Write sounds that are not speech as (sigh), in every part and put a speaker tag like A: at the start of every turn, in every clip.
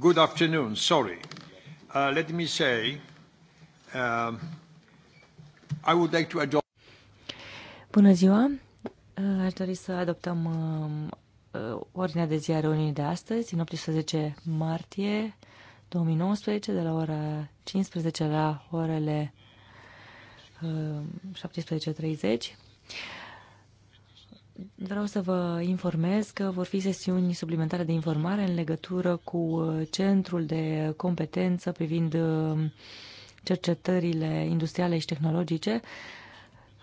A: good afternoon, sorry. Uh, let me say, um, I would like to adopt...
B: Bună ziua! Uh, aș dori să adoptăm um, uh, ordinea de zi a reuniunii de astăzi, din 18 martie 2019, de la ora 15 la orele 17.30. Uh, Vreau să vă informez că vor fi sesiuni suplimentare de informare în legătură cu uh, Centrul de Competență privind uh, cercetările industriale și tehnologice,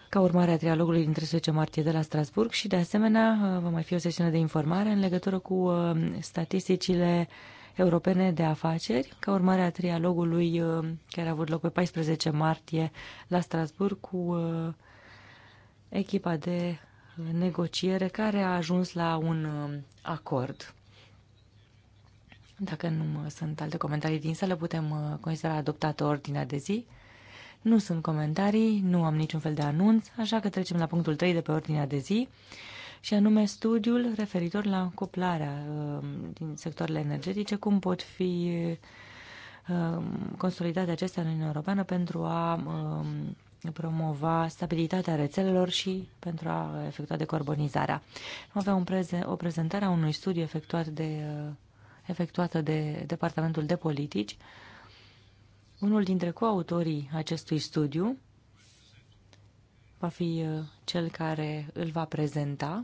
B: ca urmare a trialogului din 10 martie de la Strasburg și, de asemenea, uh, va mai fi o sesiune de informare în legătură cu statisticile europene de afaceri, ca urmare a trialogului care a avut loc pe 14 martie la Strasburg cu echipa de negociere care a ajuns la un um, acord. Dacă nu sunt alte comentarii din sală, putem uh, considera adoptată ordinea de zi. Nu sunt comentarii, nu am niciun fel de anunț, așa că trecem la punctul 3 de pe ordinea de zi, și anume studiul referitor la cuplarea um, din sectoarele energetice, cum pot fi um, consolidate acestea în Uniunea Europeană pentru a promova stabilitatea rețelelor și pentru a efectua decarbonizarea. Avea un preze, o prezentare a unui studiu efectuat de, uh, efectuată de Departamentul de Politici. Unul dintre coautorii acestui studiu va fi uh, cel care îl va prezenta.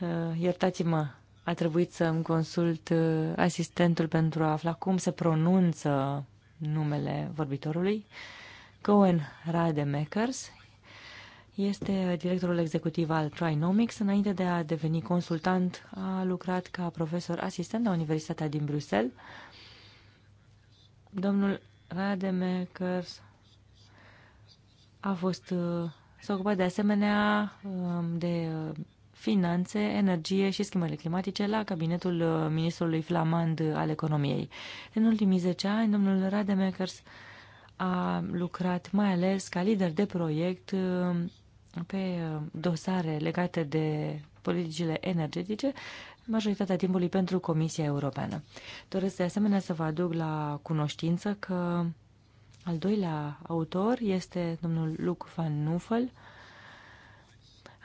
B: Uh, iertați-mă a trebuit să îmi consult uh, asistentul pentru a afla cum se pronunță numele vorbitorului. Cohen Rademekers este directorul executiv al Trinomics. Înainte de a deveni consultant, a lucrat ca profesor asistent la Universitatea din Bruxelles. Domnul Rademekers a fost uh, s-a ocupat de asemenea um, de uh, finanțe, energie și schimbările climatice la cabinetul uh, ministrului flamand al economiei. În ultimii 10 ani, domnul Rademekers a lucrat mai ales ca lider de proiect uh, pe uh, dosare legate de politicile energetice, majoritatea timpului pentru Comisia Europeană. Doresc de asemenea să vă aduc la cunoștință că al doilea autor este domnul Luc van Nuffel,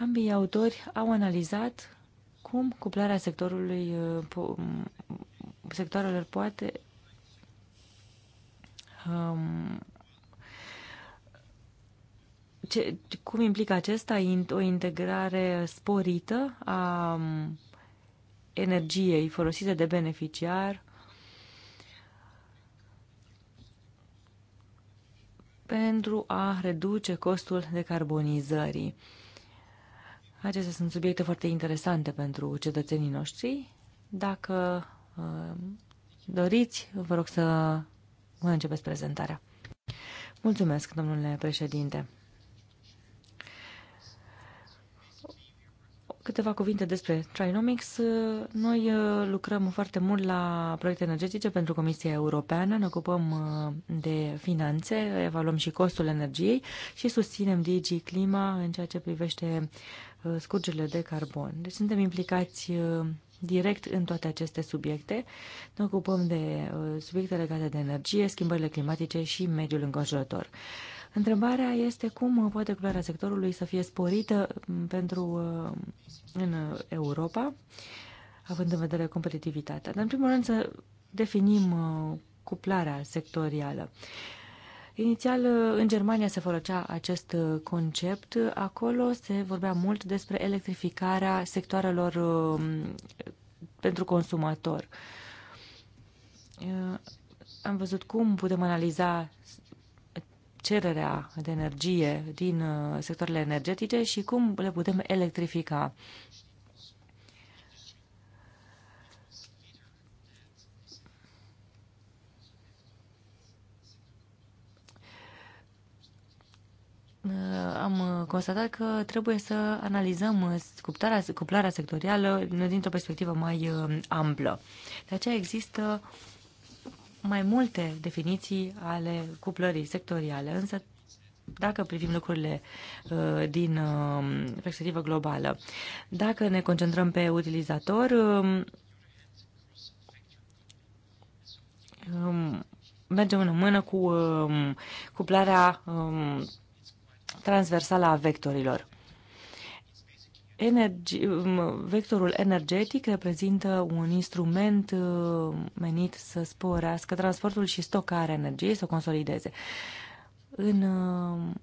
B: Ambii autori au analizat cum cuplarea sectorului uh, mm, sectoarelor poate um, ce, cum implică acesta o integrare sporită a mm, energiei folosite de beneficiar pentru a reduce costul decarbonizării. Acestea sunt subiecte foarte interesante pentru cetățenii noștri. Dacă uh, doriți, vă rog să mă începeți prezentarea. Mulțumesc, domnule președinte. Câteva cuvinte despre Trinomics. Noi uh, lucrăm foarte mult la proiecte energetice pentru Comisia Europeană, ne ocupăm uh, de finanțe, evaluăm și costul energiei și susținem Digi Clima în ceea ce privește uh, Uh, scurgerile de carbon. Deci suntem implicați uh, direct în toate aceste subiecte. Ne ocupăm de uh, subiecte legate de energie, schimbările climatice și mediul înconjurător. Întrebarea este cum poate culoarea sectorului să fie sporită mm, pentru în Europa, având în vedere competitivitatea. Dar, în primul rând, să definim cuplarea sectorială. Inițial, în Germania se folosea acest uh, concept. Acolo se vorbea mult despre electrificarea sectoarelor um, pentru consumator. Uh, am văzut cum putem analiza cererea de energie din uh, sectoarele energetice și cum le putem electrifica. Uh, am uh, constatat că trebuie să analizăm uh, cuplarea, sectorială dintr-o perspectivă mai amplă. De aceea există mai multe definiții ale cuplării sectoriale, însă dacă privim lucrurile din perspectivă globală, dacă ne concentrăm pe utilizator, um, um, mergem în mână cu um, cuplarea transversală a vectorilor. Energi, vectorul energetic reprezintă un instrument uh, menit să sporească transportul și stocarea energiei, să o consolideze. În, uh,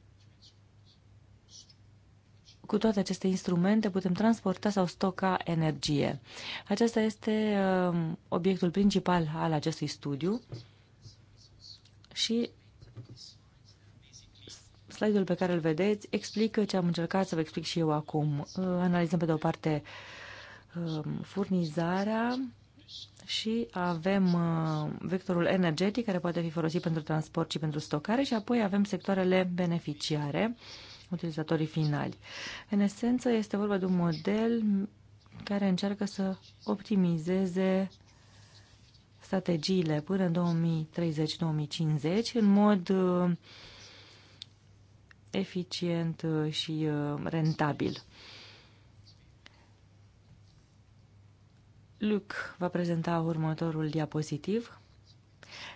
B: cu toate aceste instrumente putem transporta sau stoca energie. Acesta este uh, obiectul principal al acestui studiu și Slide-ul pe care îl vedeți explică ce am încercat să vă explic și eu acum. Uh, analizăm pe de o parte um, furnizarea și avem uh, vectorul energetic care poate fi folosit pentru transport și pentru stocare și apoi avem sectoarele beneficiare, utilizatorii finali. În esență este vorba de un model care încearcă să optimizeze strategiile până în 2030-2050 în mod uh, eficient uh, și uh, rentabil. Luc va prezenta următorul diapozitiv.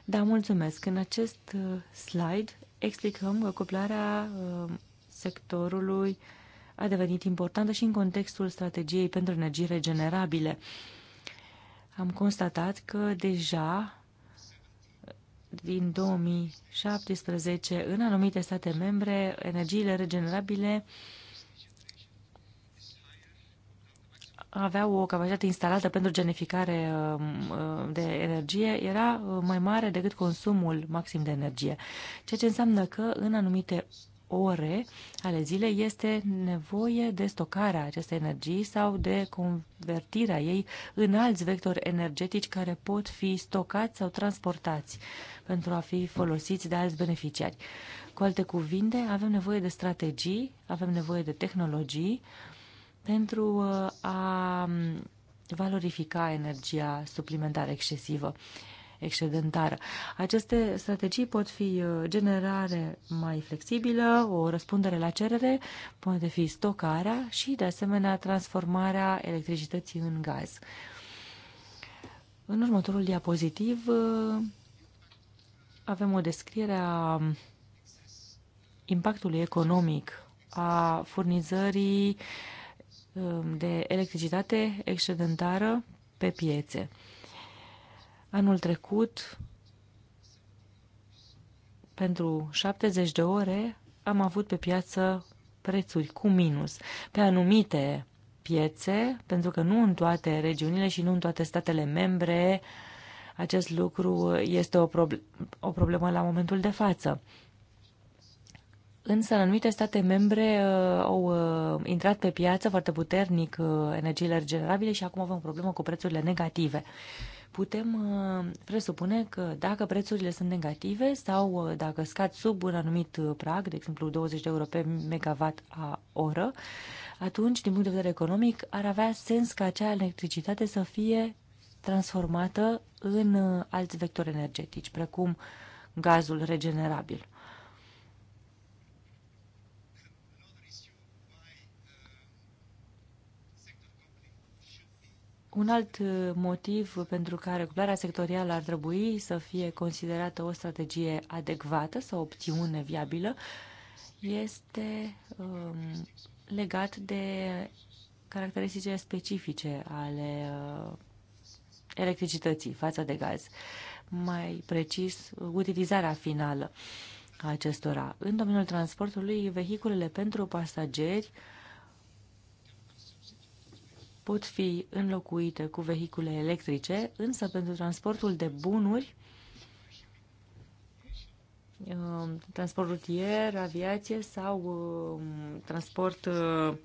B: Da, mulțumesc. În acest uh, slide explicăm că cuplarea sectorului a devenit importantă și în contextul strategiei pentru energii regenerabile. Am constatat că deja din 2017 în anumite state membre, energiile regenerabile aveau o capacitate instalată pentru genificare um, uh, de energie era uh, mai mare decât consumul maxim de energie, ceea ce înseamnă că în anumite ore ale zilei este nevoie de stocarea acestei energii sau de convertirea ei în alți vectori energetici care pot fi stocați sau transportați pentru a fi folosiți de alți beneficiari. Cu alte cuvinte, avem nevoie de strategii, avem nevoie de tehnologii pentru uh, a valorifica energia suplimentară excesivă excedentară. Aceste strategii pot fi uh, generare mai flexibilă, o răspundere la cerere, poate fi stocarea și, de asemenea, transformarea electricității în gaz. În următorul diapozitiv uh, avem o descriere a impactului economic a furnizării uh, de electricitate excedentară pe piețe. Anul trecut, pentru 70 de ore, am avut pe piață prețuri cu minus. Pe anumite piețe, pentru că nu în toate regiunile și nu în toate statele membre, acest lucru este o, prob- o problemă la momentul de față. Însă, în anumite state membre uh, au uh, intrat pe piață foarte puternic uh, energiile regenerabile și acum avem o problemă cu prețurile negative. Uh, putem uh, presupune că dacă prețurile sunt negative sau uh, dacă scad sub un anumit uh, prag, de exemplu 20 de euro pe megawatt a oră, atunci, din punct de vedere economic, ar avea sens ca acea electricitate să fie transformată în alți vectori energetici, precum gazul regenerabil. Un alt uh, motiv pentru care recuperarea sectorială ar trebui să fie considerată o strategie adecvată sau opțiune viabilă este um, legat de caracteristicile specifice ale uh, electricității față de gaz, mai precis uh, utilizarea finală a acestora. În domeniul transportului, vehiculele pentru pasageri uh, pot fi înlocuite cu vehicule electrice, însă pentru transportul de bunuri, um, transport rutier, aviație sau um, transport uh,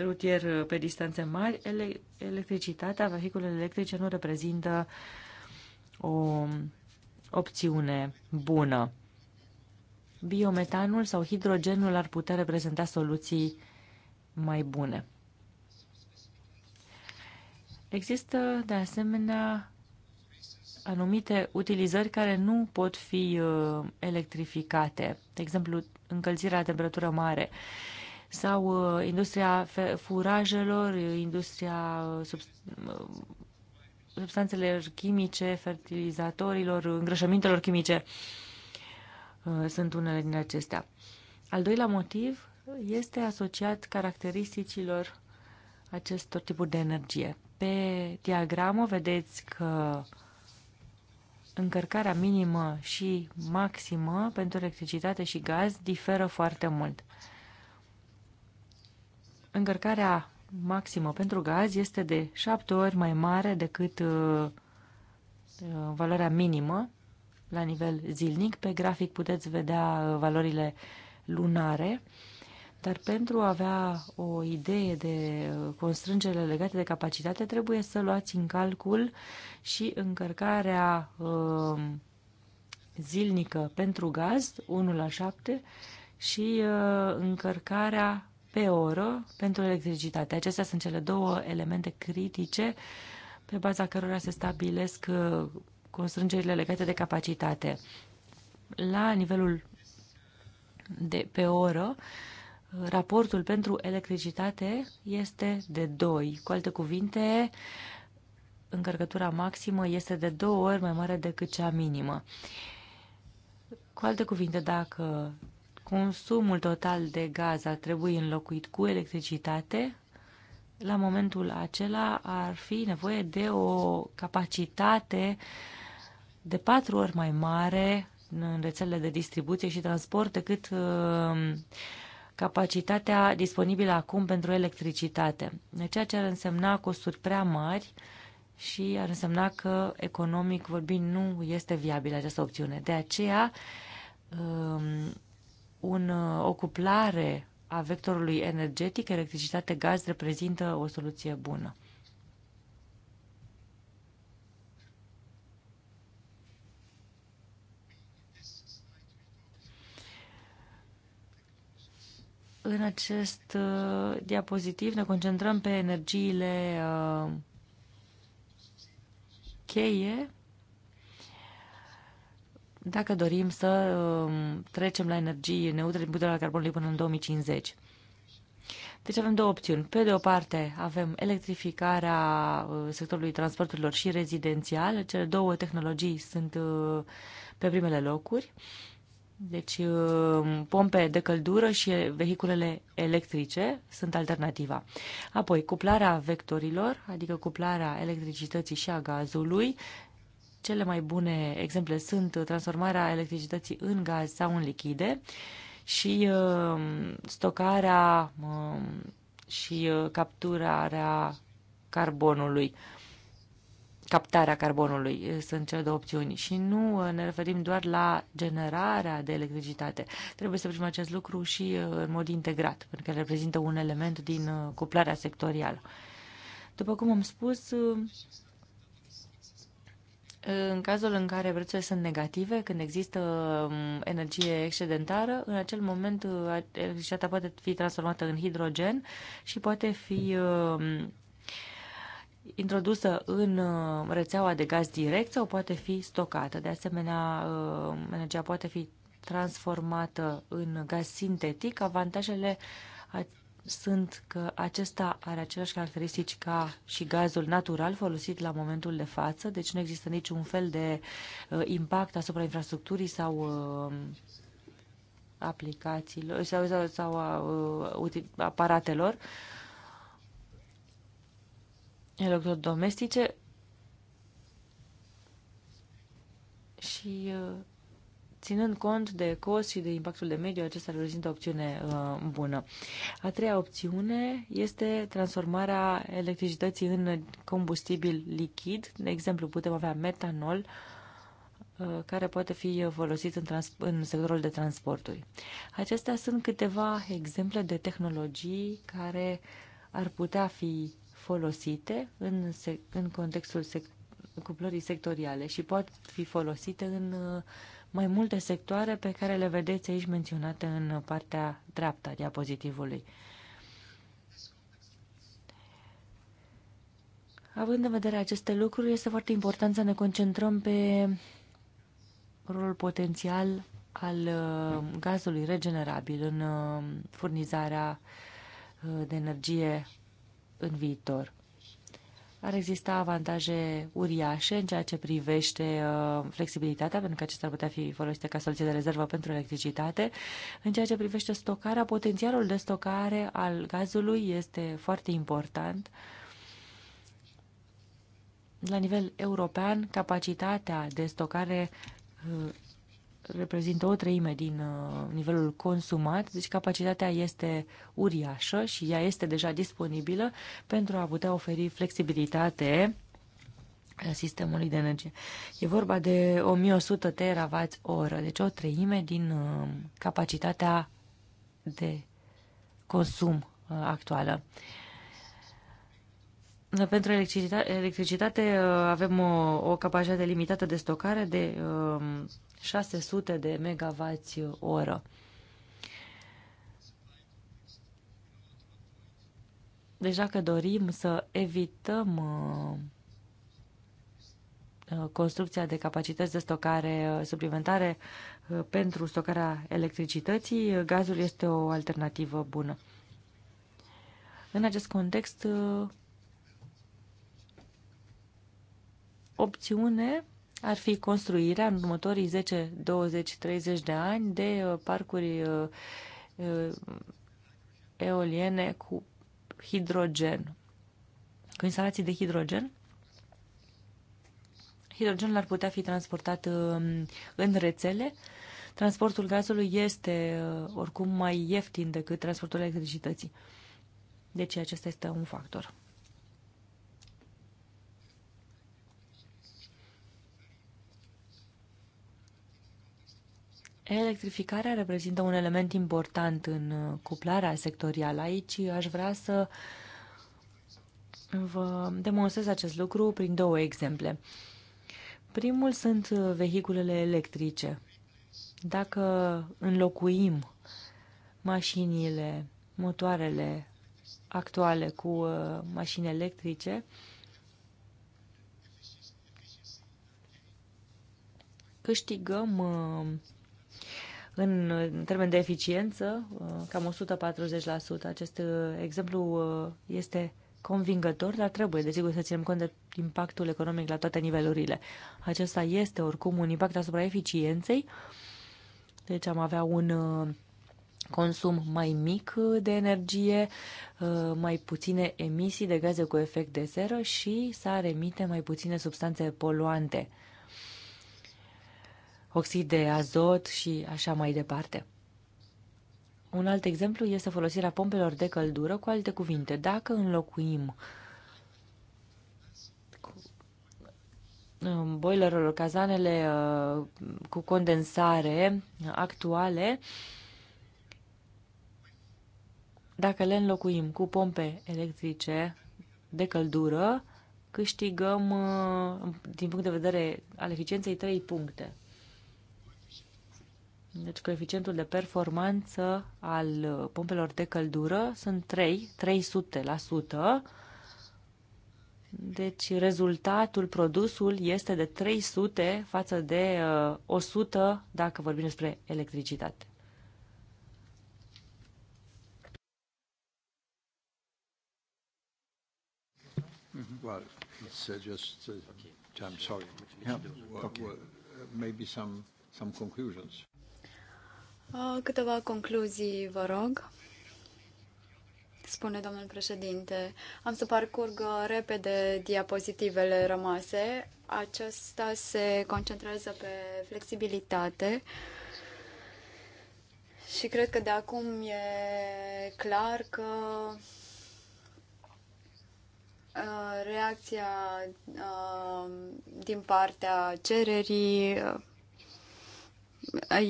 B: rutier uh, pe distanțe mari, electricitatea, vehiculele electrice nu reprezintă o opțiune bună. Biometanul sau hidrogenul ar putea reprezenta soluții mai bune. Există, de asemenea, anumite utilizări care nu pot fi uh, electrificate, de exemplu, încălzirea la temperatură mare sau uh, industria furajelor, industria uh, substanțelor chimice, fertilizatorilor, îngrășămintelor chimice sunt unele din acestea. Al doilea motiv este asociat caracteristicilor acestor tipuri de energie. Pe diagramă vedeți că încărcarea minimă și maximă pentru electricitate și gaz diferă foarte mult. Încărcarea maximă pentru gaz este de 7 ori mai mare decât uh, uh, valoarea minimă la nivel zilnic. Pe grafic puteți vedea uh, valorile lunare. Dar pentru a avea o idee de constrângerile legate de capacitate, trebuie să luați în calcul și încărcarea um, zilnică pentru gaz, 1 la 7, și uh, încărcarea pe oră pentru electricitate. Acestea sunt cele două elemente critice pe baza cărora se stabilesc uh, constrângerile legate de capacitate. La nivelul de pe oră, uh, raportul pentru electricitate este de 2. Cu alte cuvinte, încărcătura maximă este de două ori mai mare decât cea minimă. Cu alte cuvinte, dacă consumul total de gaz ar trebui înlocuit cu electricitate, la momentul acela ar fi nevoie de o capacitate de patru ori mai mare în rețelele de distribuție și transport decât uh, capacitatea disponibilă acum pentru electricitate, deci, ceea ce ar însemna costuri prea mari și ar însemna că, economic vorbind, nu este viabilă această opțiune. De aceea, um, un, uh, o a vectorului energetic, electricitate, gaz, reprezintă o soluție bună. În acest uh, diapozitiv ne concentrăm pe energiile uh, cheie dacă dorim să uh, trecem la energii neutre din punctul de vedere carbonului până în 2050. Deci avem două opțiuni. Pe de o parte avem electrificarea sectorului transporturilor și rezidențial. Cele două tehnologii sunt pe primele locuri. Deci uh, pompe de căldură și vehiculele electrice sunt alternativa. Apoi, cuplarea vectorilor, adică cuplarea electricității și a gazului. Cele mai bune exemple sunt transformarea electricității în gaz sau în lichide și uh, stocarea um, și uh, capturarea carbonului captarea carbonului sunt cele două opțiuni și nu ne referim doar la generarea de electricitate. Trebuie să primim acest lucru și în mod integrat, pentru că reprezintă un element din cuplarea sectorială. După cum am spus, în cazul în care prețurile sunt negative, când există energie excedentară, în acel moment electricitatea poate fi transformată în hidrogen și poate fi introdusă în uh, rețeaua de gaz direct sau poate fi stocată. De asemenea, uh, energia poate fi transformată în gaz sintetic. Avantajele sunt că acesta are aceleași caracteristici ca și gazul natural folosit la momentul de față, deci nu există niciun fel de uh, impact asupra infrastructurii sau aplicațiilor sau, sau, sau aparatelor. Uh, electrodomestice și uh, ținând cont de cost și de impactul de mediu, acesta reprezintă o opțiune uh, bună. A treia opțiune este transformarea electricității în combustibil lichid. De exemplu, putem avea metanol uh, care poate fi folosit în, în sectorul de transporturi. Acestea sunt câteva exemple de tehnologii care ar putea fi folosite în, în contextul sec- cuplării sectoriale și pot fi folosite în uh, mai multe sectoare pe care le vedeți aici menționate în partea dreaptă a diapozitivului. Având în vedere aceste lucruri, este foarte important să ne concentrăm pe rolul potențial al uh, gazului regenerabil în uh, furnizarea de energie în viitor. Ar exista avantaje uriașe în ceea ce privește uh, flexibilitatea, pentru că acesta ar putea fi folosită ca soluție de rezervă pentru electricitate. În ceea ce privește stocarea, potențialul de stocare al gazului este foarte important. La nivel european, capacitatea de stocare uh, reprezintă o treime din uh, nivelul consumat, deci capacitatea este uriașă și ea este deja disponibilă pentru a putea oferi flexibilitate uh, sistemului de energie. E vorba de 1100 terawatt oră, deci o treime din uh, capacitatea de consum actuală. Pentru electricitate, electricitate avem o, o capacitate limitată de stocare de 600 de megavați oră. Deci dacă dorim să evităm uh, uh, construcția de capacități de stocare suplimentare uh, pentru stocarea electricității, gazul este o alternativă bună. În acest context, opțiune ar fi construirea în următorii 10, 20, 30 de ani de uh, parcuri uh, uh, eoliene cu hidrogen, cu instalații de hidrogen. Hidrogenul ar putea fi transportat um, în rețele. Transportul gazului este oricum mai ieftin decât transportul electricității. Deci acesta este un factor. Electrificarea reprezintă un element important în uh, cuplarea sectorială. Aici aș vrea să vă demonstrez acest lucru prin două exemple. Primul sunt uh, vehiculele electrice. Dacă înlocuim mașinile, motoarele actuale cu uh, mașini electrice, câștigăm în, în termen de eficiență, uh, cam 140%. Acest uh, exemplu uh, este convingător, dar trebuie, desigur, să ținem cont de impactul economic la toate nivelurile. Acesta este, oricum, un impact asupra eficienței, deci am avea un consum mai mic de energie, mai puține emisii de gaze cu efect de seră și s-ar emite mai puține substanțe poluante oxid de azot și așa mai departe. Un alt exemplu este folosirea pompelor de căldură, cu alte cuvinte, dacă înlocuim um, boilerul, cazanele uh, cu condensare actuale, dacă le înlocuim cu pompe electrice de căldură, câștigăm, uh, din punct de vedere al eficienței, 3 puncte. Deci coeficientul de performanță al uh, pompelor de căldură sunt 3, 300%. Deci rezultatul, produsul este de 300 față de 100 uh, dacă vorbim despre electricitate.
A: Well, it's uh, just, uh, okay. I'm sorry. Yeah. Well, well, uh, maybe some, some conclusions.
C: Uh, câteva concluzii, vă rog. Spune domnul președinte, am să parcurg uh, repede diapozitivele rămase. Aceasta se concentrează pe flexibilitate și cred că de acum e clar că uh, reacția din partea cererii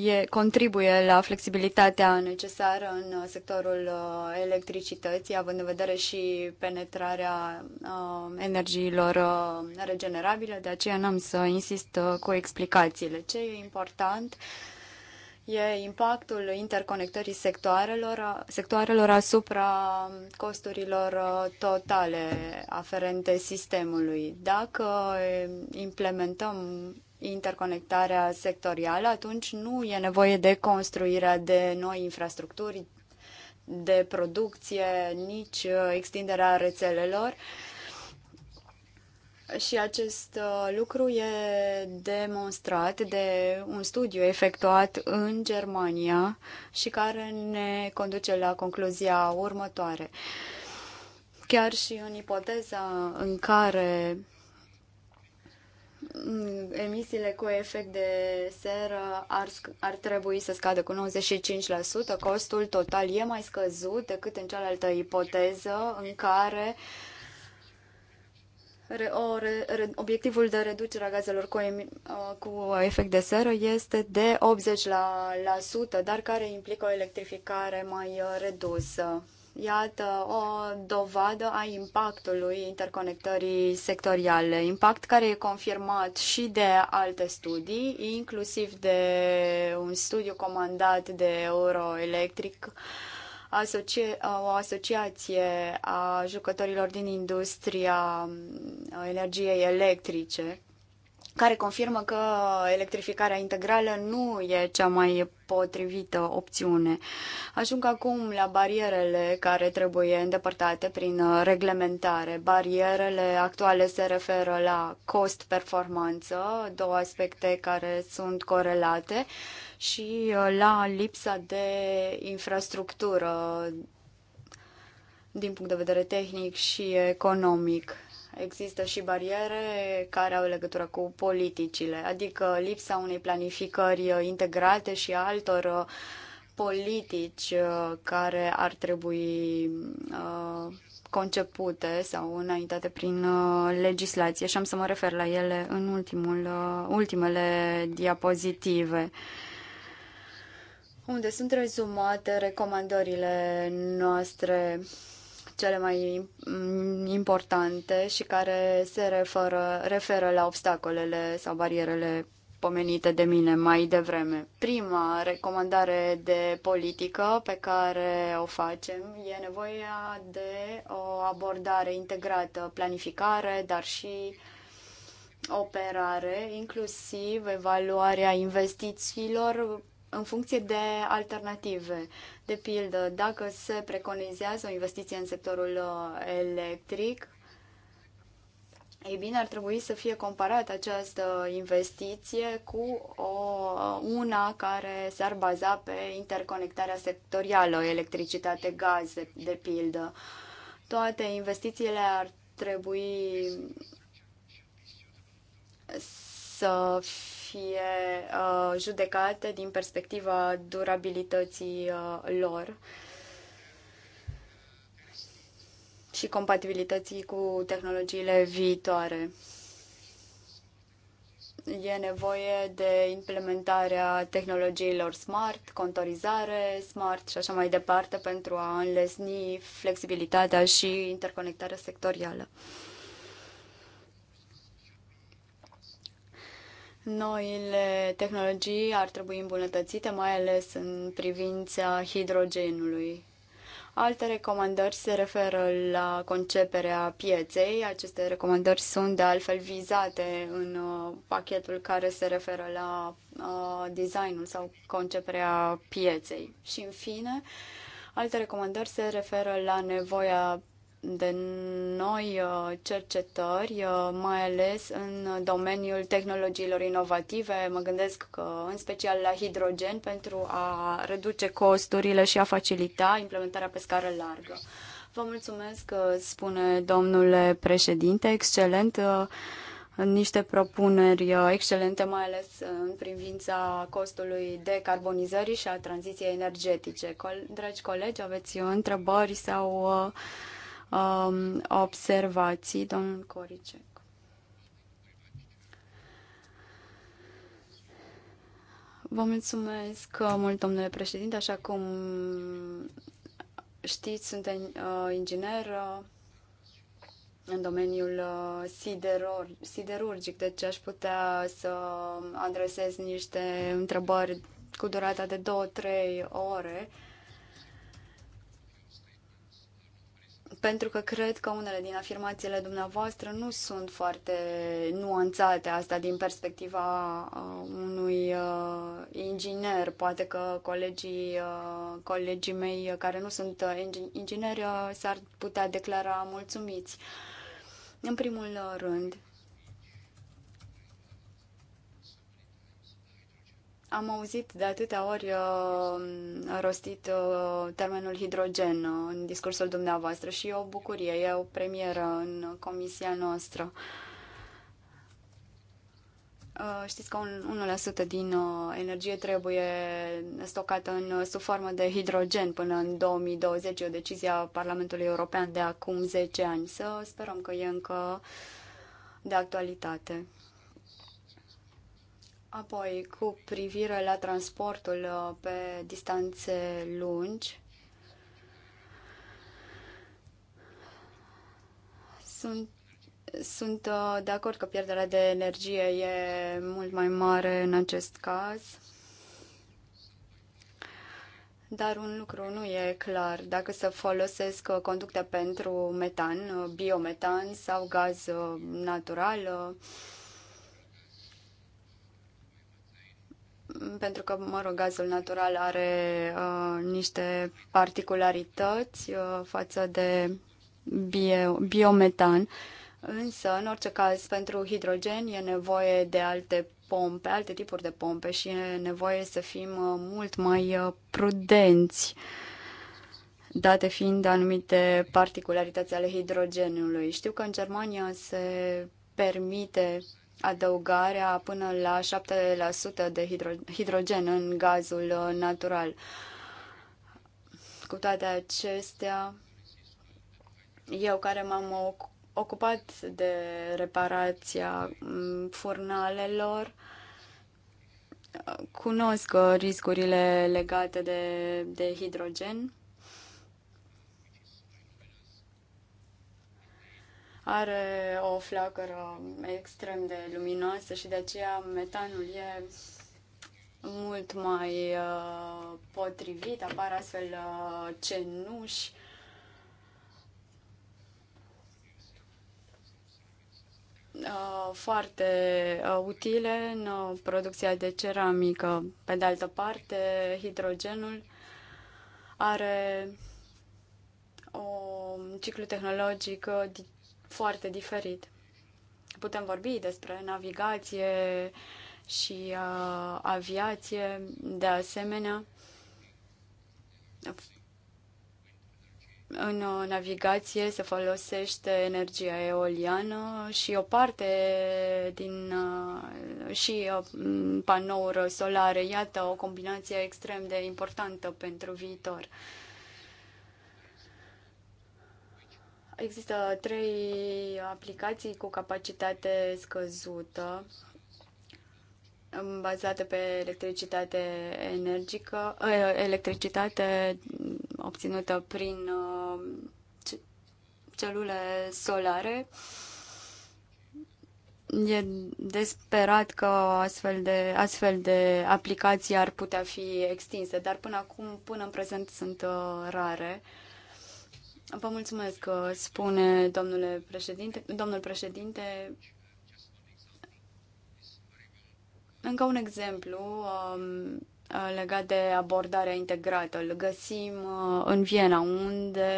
C: e, contribuie la flexibilitatea necesară în uh, sectorul uh, electricității, având în vedere și penetrarea uh, energiilor uh, regenerabile, de aceea n-am să insist uh, cu explicațiile. Ce e important e impactul interconectării sectoarelor, sectoarelor asupra costurilor uh, totale aferente sistemului. Dacă implementăm interconectarea sectorială, atunci nu e nevoie de construirea de noi infrastructuri de producție, nici uh, extinderea rețelelor. Și acest uh, lucru e demonstrat de un studiu efectuat în Germania și care ne conduce la concluzia următoare. Chiar și în ipoteza în care Mm, emisiile cu efect de seră ar, ar trebui să scadă cu 95%, costul total e mai scăzut decât în cealaltă ipoteză în care o, re, obiectivul de reducere a gazelor cu, uh, cu efect de seră este de 80%, la, la sută, dar care implică o electrificare mai uh, redusă. Iată o dovadă a impactului interconectării sectoriale, impact care e confirmat și de alte studii, inclusiv de un studiu comandat de Euroelectric, asoci- o asociație a jucătorilor din industria um, energiei electrice, care confirmă că electrificarea integrală nu e cea mai potrivită opțiune. Ajung acum la barierele care trebuie îndepărtate prin reglementare. Barierele actuale se referă la cost-performanță, două aspecte care sunt corelate, și la lipsa de infrastructură din punct de vedere tehnic și economic există și bariere care au legătură cu politicile, adică lipsa unei planificări uh, integrate și altor uh, politici uh, care ar trebui concepute sau înaintate prin legislație și am să mă refer la ele în ultimul, ultimele diapozitive unde sunt rezumate recomandările noastre cele mai importante și care se referă, referă la obstacolele sau barierele pomenite de mine mai devreme. Prima recomandare de politică pe care o facem e nevoia de o abordare integrată, planificare, dar și operare, inclusiv evaluarea investițiilor în funcție de alternative. De pildă, dacă se preconizează o investiție în sectorul uh, electric, ei bine, ar trebui să fie comparată această investiție cu o, uh, una care s-ar baza pe interconectarea sectorială, electricitate, gaze, de pildă. Toate investițiile ar trebui să fie uh, judecate din perspectiva durabilității uh, lor și compatibilității cu tehnologiile viitoare. E nevoie de implementarea tehnologiilor smart, contorizare smart și așa mai departe pentru a înlesni flexibilitatea și interconectarea sectorială. Noile tehnologii ar trebui îmbunătățite, mai ales în privința hidrogenului. Alte recomandări se referă la conceperea pieței. Aceste recomandări sunt de altfel vizate în uh, pachetul care se referă la uh, designul sau conceperea pieței. Și în fine, alte recomandări se referă la nevoia de noi uh, cercetări, uh, mai ales în domeniul tehnologiilor inovative. Mă gândesc că, în special la hidrogen pentru a reduce costurile și a facilita implementarea pe scară largă. Vă mulțumesc, uh, spune domnule președinte, excelent niște propuneri excelente, mai ales în privința costului decarbonizării și a tranziției energetice. Dragi colegi, aveți întrebări sau um, observații. Domnul Coricec. Vă mulțumesc uh, mult, domnule președinte. Așa cum știți, sunt uh, inginer uh, în domeniul sideror, siderurgic, deci aș putea să adresez niște întrebări cu durata de 2-3 ore pentru că cred că unele din afirmațiile dumneavoastră nu sunt foarte nuanțate, asta din perspectiva uh, unui uh, inginer. Poate că colegii, uh, colegii mei care nu sunt ingineri s-ar putea declara mulțumiți. În primul rând, Am auzit de atâtea ori uh, rostit uh, termenul hidrogen uh, în discursul dumneavoastră și e o bucurie, e o premieră în comisia noastră. Uh, știți că un, 1% din uh, energie trebuie stocată în, uh, sub formă de hidrogen până în 2020, o decizie a Parlamentului European de acum 10 ani. Să sperăm că e încă de actualitate. Apoi, cu privire la transportul uh, pe distanțe lungi, sunt, sunt uh, de acord că pierderea de energie e mult mai mare în acest caz. Dar un lucru nu e clar. Dacă să folosesc uh, conducte pentru metan, biometan sau gaz natural, pentru că, mă rog, gazul natural are uh, niște particularități uh, față de bio, biometan, însă, în orice caz, pentru hidrogen e nevoie de alte pompe, alte tipuri de pompe și e nevoie să fim uh, mult mai uh, prudenți, date fiind anumite particularități ale hidrogenului. Știu că în Germania se permite adăugarea până la 7% de hidro- hidrogen în gazul uh, natural. Cu toate acestea, eu care m-am ocupat de reparația mm, furnalelor, uh, cunosc uh, riscurile legate de, de hidrogen are o flacără extrem de luminoasă și de aceea metanul e mult mai uh, potrivit, apar astfel uh, cenuși. Uh, foarte uh, utile în uh, producția de ceramică. Pe de altă parte, hidrogenul are un ciclu tehnologic foarte diferit. Putem vorbi despre navigație și uh, aviație, de asemenea. În navigație se folosește energia eoliană și o parte din uh, și uh, panouri solare. Iată o combinație extrem de importantă pentru viitor. Există trei aplicații cu capacitate scăzută, um, bazate pe electricitate energică, eh, electricitate obținută prin um, celule solare. E desperat că astfel de, astfel de aplicații ar putea fi extinse, dar până acum, până în prezent, sunt uh, rare. Vă mulțumesc, că uh, spune domnule președinte, domnul președinte. Încă un exemplu um, uh, legat de abordarea integrată. Îl găsim uh, în Viena, unde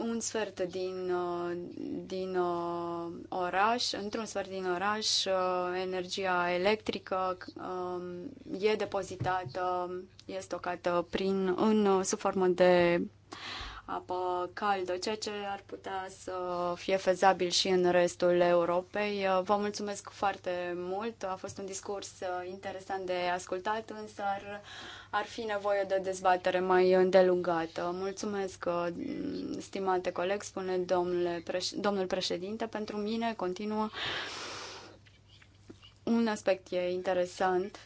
C: un sfert din, uh, din uh, oraș, într-un sfert din oraș, uh, energia electrică um, e depozitată, e stocată prin, în, sub formă de apă caldă, ceea ce ar putea să fie fezabil și în restul Europei. Vă mulțumesc foarte mult, a fost un discurs uh, interesant de ascultat, însă ar, ar fi nevoie de dezbatere mai îndelungată. Mulțumesc, uh, stimate coleg, spune domnule domnul președinte, pentru mine continuă un aspect e interesant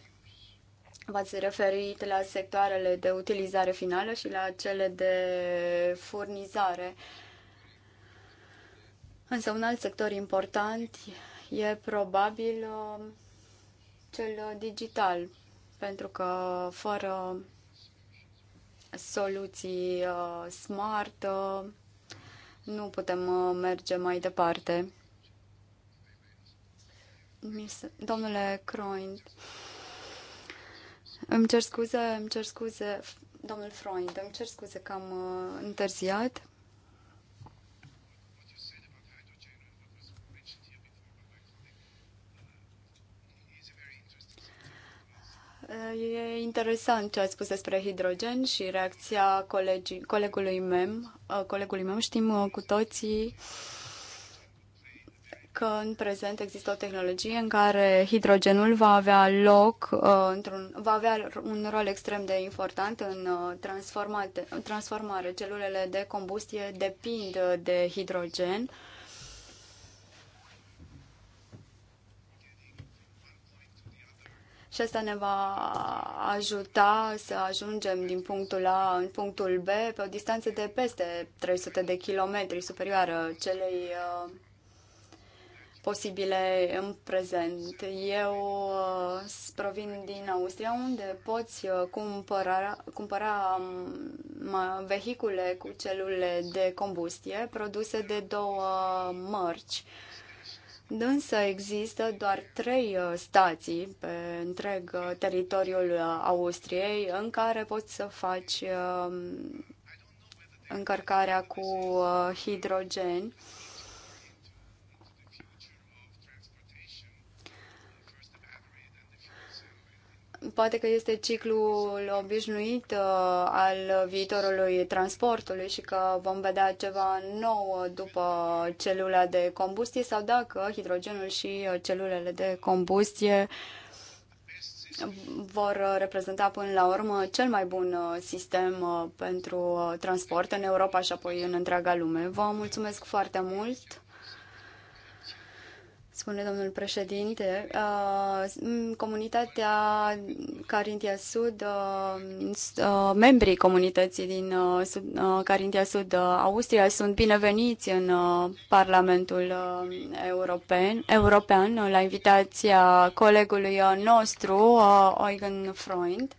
C: V-ați referit la sectoarele de utilizare finală și la cele de furnizare. Însă un alt sector important e probabil uh, cel digital, pentru că fără soluții uh, smart uh, nu putem merge mai departe. Domnule Croind, îmi cer scuze, îmi cer scuze, domnul Freund, îmi cer scuze că am uh, întârziat. E interesant ce ați spus despre hidrogen și reacția colegii, colegului meu. Uh, colegului meu știm uh, cu toții uh, că în prezent există o tehnologie în care hidrogenul va avea loc, uh, într-un, va avea un rol extrem de important uh, în transformare. Celulele de combustie depind de hidrogen. și asta ne va ajuta să ajungem din punctul A în punctul B pe o distanță de peste 300 de kilometri, superioară celei uh, posibile în prezent. Eu uh, provin din Austria, unde poți uh, cumpăra, cumpăra um, vehicule cu celule de combustie produse de două mărci. Însă există doar trei uh, stații pe întreg teritoriul Austriei în care poți să faci um, încărcarea cu hidrogen poate că este ciclul obișnuit uh, al viitorului transportului și că vom vedea ceva nou după celula de combustie sau dacă hidrogenul și uh, celulele de combustie vor uh, reprezenta până la urmă cel mai bun sistem pentru transport în Europa și apoi în întreaga lume. Vă mulțumesc foarte mult! spune domnul președinte. Uh, comunitatea Carintia Sud, uh, uh, membrii comunității din Carintia Sud, Austria, sunt bineveniți în Parlamentul European, European la invitația colegului nostru, Eugen Freund.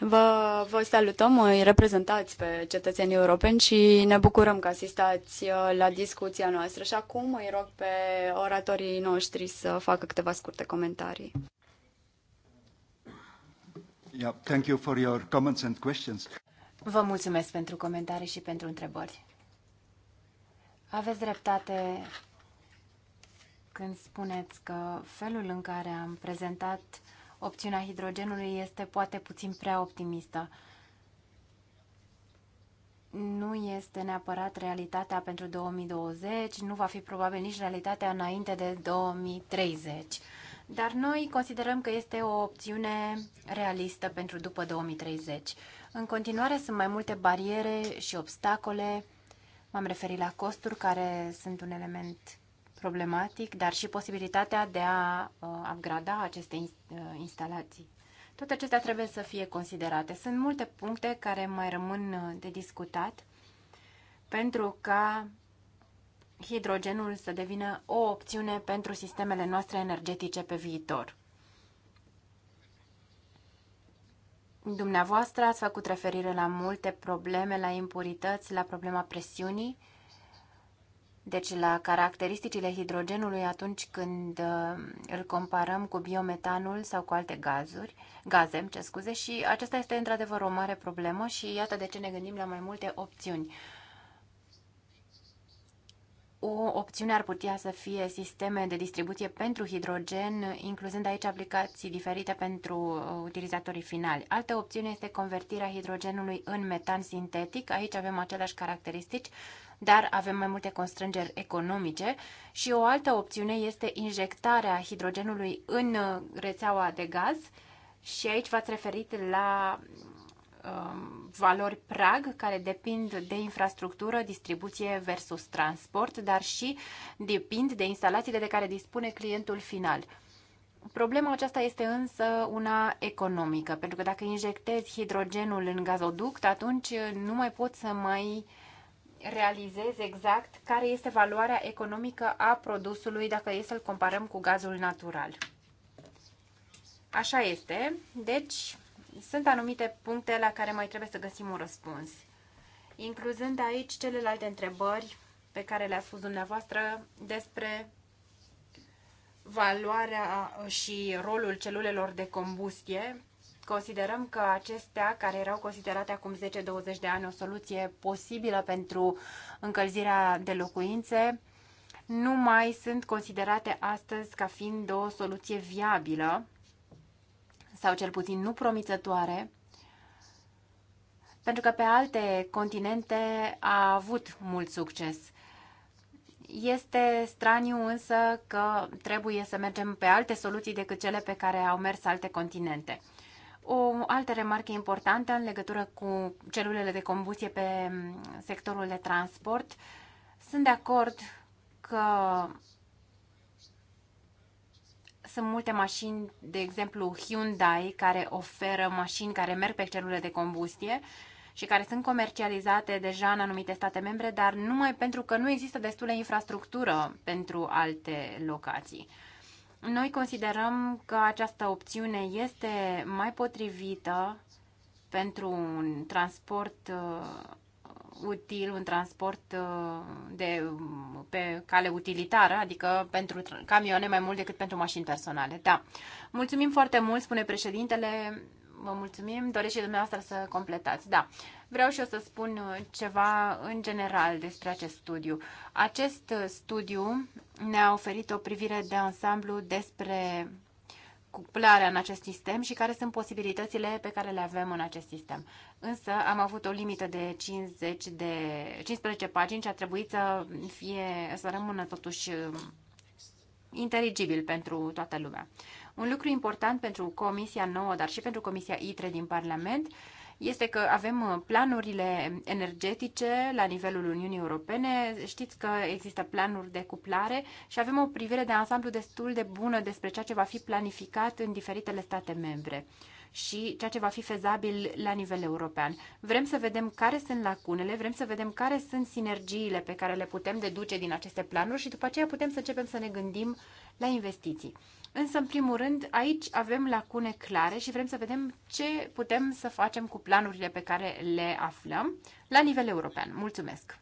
C: Vă, vă salutăm, îi reprezentați pe cetățenii europeni și ne bucurăm că asistați uh, la discuția noastră. Și acum îi rog pe oratorii noștri să facă
D: câteva scurte comentarii.
A: Yeah, thank you for your comments and questions.
D: Vă mulțumesc pentru comentarii și pentru întrebări. Aveți dreptate când spuneți că felul în care am prezentat uh, opțiunea hidrogenului este poate puțin prea optimistă. Nu este neapărat realitatea pentru 2020, nu va fi probabil nici realitatea înainte de 2030. Dar noi considerăm că este o opțiune realistă pentru după 2030. În continuare sunt mai multe bariere și obstacole. M-am referit la costuri care sunt un element problematic, dar și posibilitatea de a uh, upgrada aceste uh, instalații. Toate acestea trebuie să fie considerate. Sunt multe puncte care mai rămân uh, de discutat pentru ca hidrogenul să devină o opțiune pentru sistemele noastre energetice pe viitor. Dumneavoastră ați făcut referire la multe probleme, la impurități, la problema presiunii deci la caracteristicile hidrogenului atunci când uh, îl comparăm cu biometanul sau cu alte gazuri, gaze, ce scuze, și aceasta este într-adevăr o mare problemă și iată de ce ne gândim la mai multe opțiuni. O opțiune ar putea să fie sisteme de distribuție pentru hidrogen, incluzând aici aplicații diferite pentru uh, utilizatorii finali. Altă opțiune este convertirea hidrogenului în metan sintetic. Aici avem aceleași caracteristici, dar avem mai multe constrângeri economice și o altă opțiune este injectarea hidrogenului în uh, rețeaua de gaz și aici v-ați referit la um, valori prag care depind de infrastructură, distribuție versus transport, dar și depind de instalațiile de care dispune clientul final. Problema aceasta este însă una economică, pentru că dacă injectezi hidrogenul în gazoduct, atunci nu mai poți să mai uh, realizezi exact care este valoarea economică a produsului dacă e să-l comparăm cu gazul natural. Așa este. Deci, sunt anumite puncte la care mai trebuie să găsim un răspuns. Incluzând aici celelalte întrebări pe care le a spus dumneavoastră despre valoarea și rolul celulelor de combustie Considerăm că acestea, care erau considerate acum 10-20 de ani o soluție posibilă pentru încălzirea de locuințe, nu mai sunt considerate astăzi ca fiind o soluție viabilă sau cel puțin nu promițătoare, pentru că pe alte continente a avut mult succes. Este straniu însă că trebuie să mergem pe alte soluții decât cele pe care au mers alte continente. O altă remarcă importantă în legătură cu celulele de combustie pe sectorul de transport. Sunt de acord că sunt multe mașini, de exemplu Hyundai, care oferă mașini care merg pe celule de combustie și care sunt comercializate deja în anumite state membre, dar numai pentru că nu există destulă infrastructură pentru alte locații. Noi considerăm că această opțiune este mai potrivită pentru un transport uh, util, un transport uh, de, pe cale utilitară, adică pentru camioane mai mult decât pentru mașini personale. Da. Mulțumim foarte mult, spune președintele. Vă mulțumim. și dumneavoastră să completați. Da. Vreau și eu să spun uh, ceva în general despre acest studiu. Acest uh, studiu ne-a oferit o privire de ansamblu despre cuplarea în acest sistem și care sunt posibilitățile pe care le avem în acest sistem. Însă am avut o limită de 50 de 15 pagini și a trebuit să fie să rămână totuși uh, inteligibil pentru toată lumea. Un lucru important pentru Comisia nouă, dar și pentru Comisia ITRE din Parlament, este că avem uh, planurile energetice la nivelul Uniunii Europene. Știți că există planuri de cuplare și avem o privire de ansamblu destul de bună despre ceea ce va fi planificat în diferitele state membre și ceea ce va fi fezabil la nivel european. Vrem să vedem care sunt lacunele, vrem să vedem care sunt sinergiile pe care le putem deduce din aceste planuri și după aceea putem să începem să ne gândim la investiții. Însă, în primul rând, aici avem lacune clare și vrem să vedem ce putem să facem cu planurile pe care le aflăm la nivel european. Mulțumesc!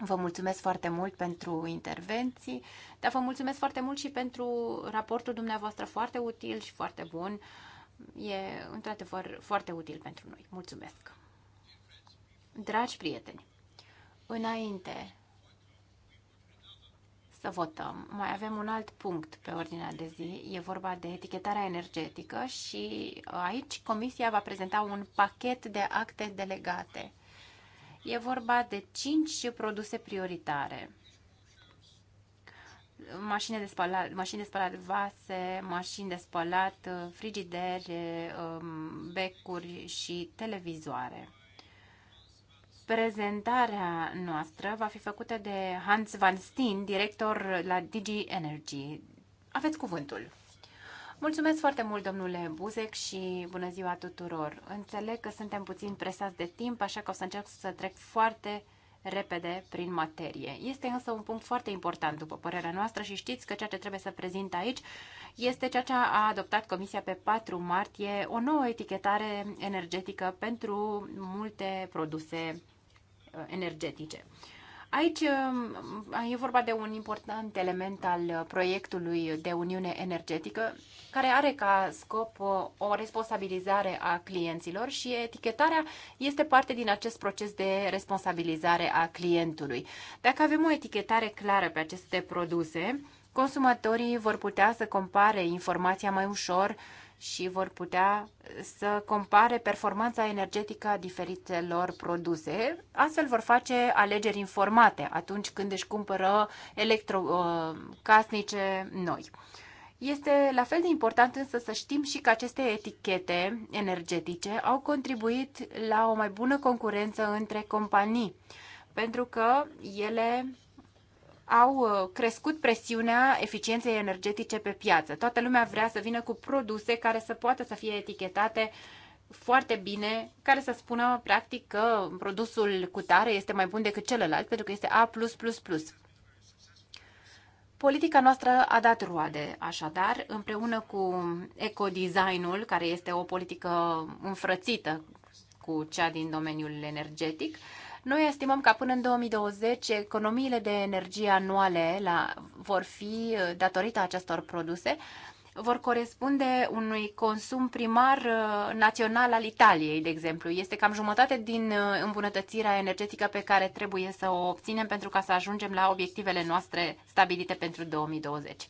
D: Vă mulțumesc foarte mult pentru intervenții, dar vă mulțumesc foarte mult și pentru raportul dumneavoastră foarte util și foarte bun. E, într-adevăr, foarte util pentru noi. Mulțumesc! Dragi prieteni, înainte să votăm. Mai avem un alt punct pe ordinea de zi. E vorba de etichetarea energetică și aici Comisia va prezenta un pachet de acte delegate. E vorba de 5 produse prioritare. Mașini de spălat, mașini de spălat vase, mașini de spălat, frigideri, um, becuri și televizoare. Prezentarea noastră va fi făcută de Hans Van Steen, director la Digi Energy. Aveți cuvântul. Mulțumesc foarte mult, domnule Buzec, și bună ziua tuturor. Înțeleg că suntem puțin presați de timp, așa că o să încerc să trec foarte repede prin materie. Este însă un punct foarte important, după părerea noastră, și știți că ceea ce trebuie să prezint aici este ceea ce a adoptat Comisia pe 4 martie, o nouă etichetare energetică pentru multe produse Uh, energetice. Aici um, e vorba de un important element al uh, proiectului de Uniune Energetică, care are ca scop uh, o responsabilizare a clienților și etichetarea este parte din acest proces de responsabilizare a clientului. Dacă avem o etichetare clară pe aceste produse, consumatorii vor putea să compare informația mai ușor și vor putea să compare performanța energetică a diferitelor produse. Astfel vor face alegeri informate atunci când își cumpără electrocasnice uh, noi. Este la fel de important însă să știm și că aceste etichete energetice au contribuit la o mai bună concurență între companii, pentru că ele au uh, crescut presiunea eficienței energetice pe piață. Toată lumea vrea să vină cu produse care să poată să fie etichetate foarte bine, care să spună practic că produsul cu tare este mai bun decât celălalt, pentru că este A++. Politica noastră a dat roade, așadar, împreună cu ecodesignul, care este o politică înfrățită cu cea din domeniul energetic, noi estimăm că până în 2020 economiile de energie anuale la, vor fi uh, datorită acestor produse vor corespunde unui consum primar uh, național al Italiei, de exemplu. Este cam jumătate din uh, îmbunătățirea energetică pe care trebuie să o obținem pentru ca să ajungem la obiectivele noastre stabilite pentru 2020.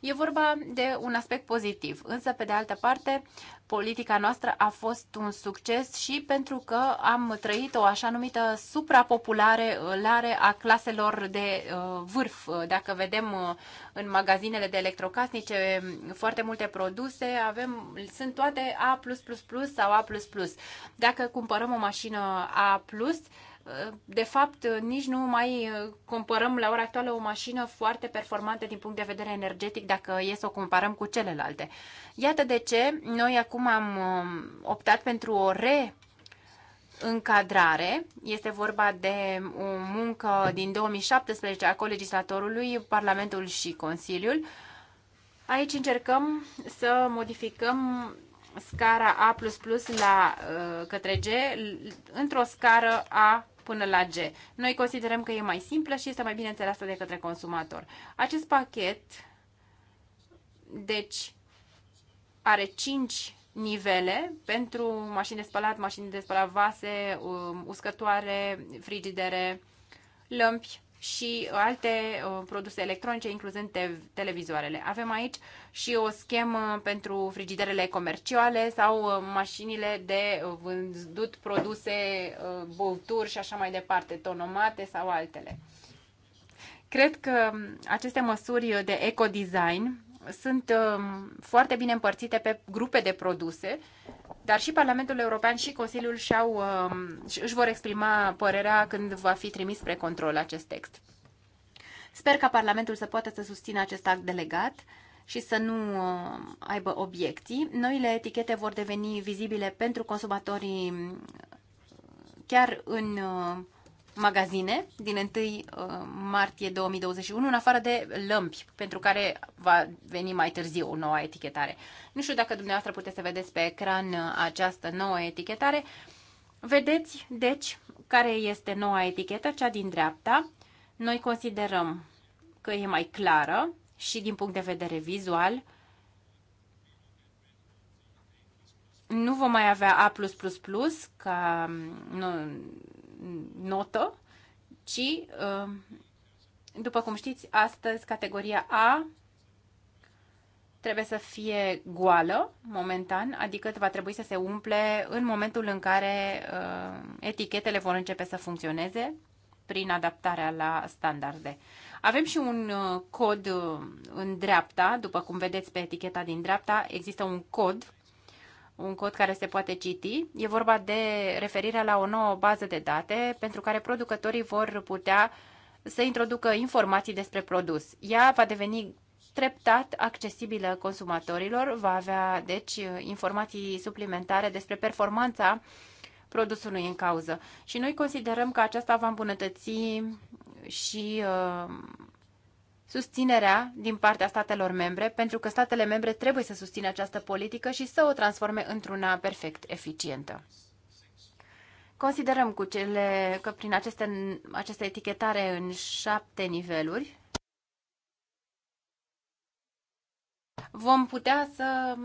D: E vorba de un aspect pozitiv, însă, pe de altă parte, politica noastră a fost un succes și pentru că am trăit o așa numită suprapopulare uh, lare a claselor de uh, vârf. Dacă vedem uh, în magazinele de electrocasnice foarte multe produse, avem, sunt toate A++ sau A++. Dacă cumpărăm o mașină A+, de fapt, nici nu mai uh, comparăm la ora actuală o mașină foarte performantă din punct de vedere energetic dacă e să o comparăm cu celelalte. Iată de ce noi acum am um, optat pentru o re încadrare. Este vorba de o muncă din 2017 a colegislatorului, Parlamentul și Consiliul. Aici încercăm să modificăm scara A++ la uh, către G într-o scară A până la G. Noi considerăm că e mai simplă și este mai bine înțeleasă de către consumator. Acest pachet, deci, are 5 nivele pentru mașini de spălat, mașini de spălat vase, um, uscătoare, frigidere, lămpi și alte uh, produse electronice, incluzând televizoarele. Avem aici și o schemă pentru frigiderele comerciale sau uh, mașinile de uh, vândut produse, băuturi și așa mai departe, tonomate sau altele. Cred că um, aceste măsuri de ecodesign sunt um, foarte bine împărțite pe grupe de produse, dar și Parlamentul European și Consiliul și-au, um, își vor exprima părerea când va fi trimis spre control acest text. Sper ca Parlamentul să poată să susțină acest act delegat și să nu um, aibă obiecții. Noile etichete vor deveni vizibile pentru consumatorii chiar în magazine din 1 uh, martie 2021, în afară de lămpi, pentru care va veni mai târziu o nouă etichetare. Nu știu dacă dumneavoastră puteți să vedeți pe ecran uh, această nouă etichetare. Vedeți, deci, care este noua etichetă, cea din dreapta. Noi considerăm că e mai clară și din punct de vedere vizual. Nu vom mai avea A++, ca notă, ci, uh, după cum știți, astăzi categoria A trebuie să fie goală momentan, adică va trebui să se umple în momentul în care uh, etichetele vor începe să funcționeze prin adaptarea la standarde. Avem și un uh, cod în dreapta, după cum vedeți pe eticheta din dreapta, există un cod un cod care se poate citi. E vorba de referirea la o nouă bază de date pentru care producătorii vor putea să introducă informații despre produs. Ea va deveni treptat accesibilă consumatorilor, va avea deci informații suplimentare despre performanța produsului în cauză. Și noi considerăm că aceasta va îmbunătăți și uh, susținerea din partea statelor membre, pentru că statele membre trebuie să susțină această politică și să o transforme într-una perfect eficientă. Considerăm cu cele, că prin aceste, această etichetare în șapte niveluri vom putea să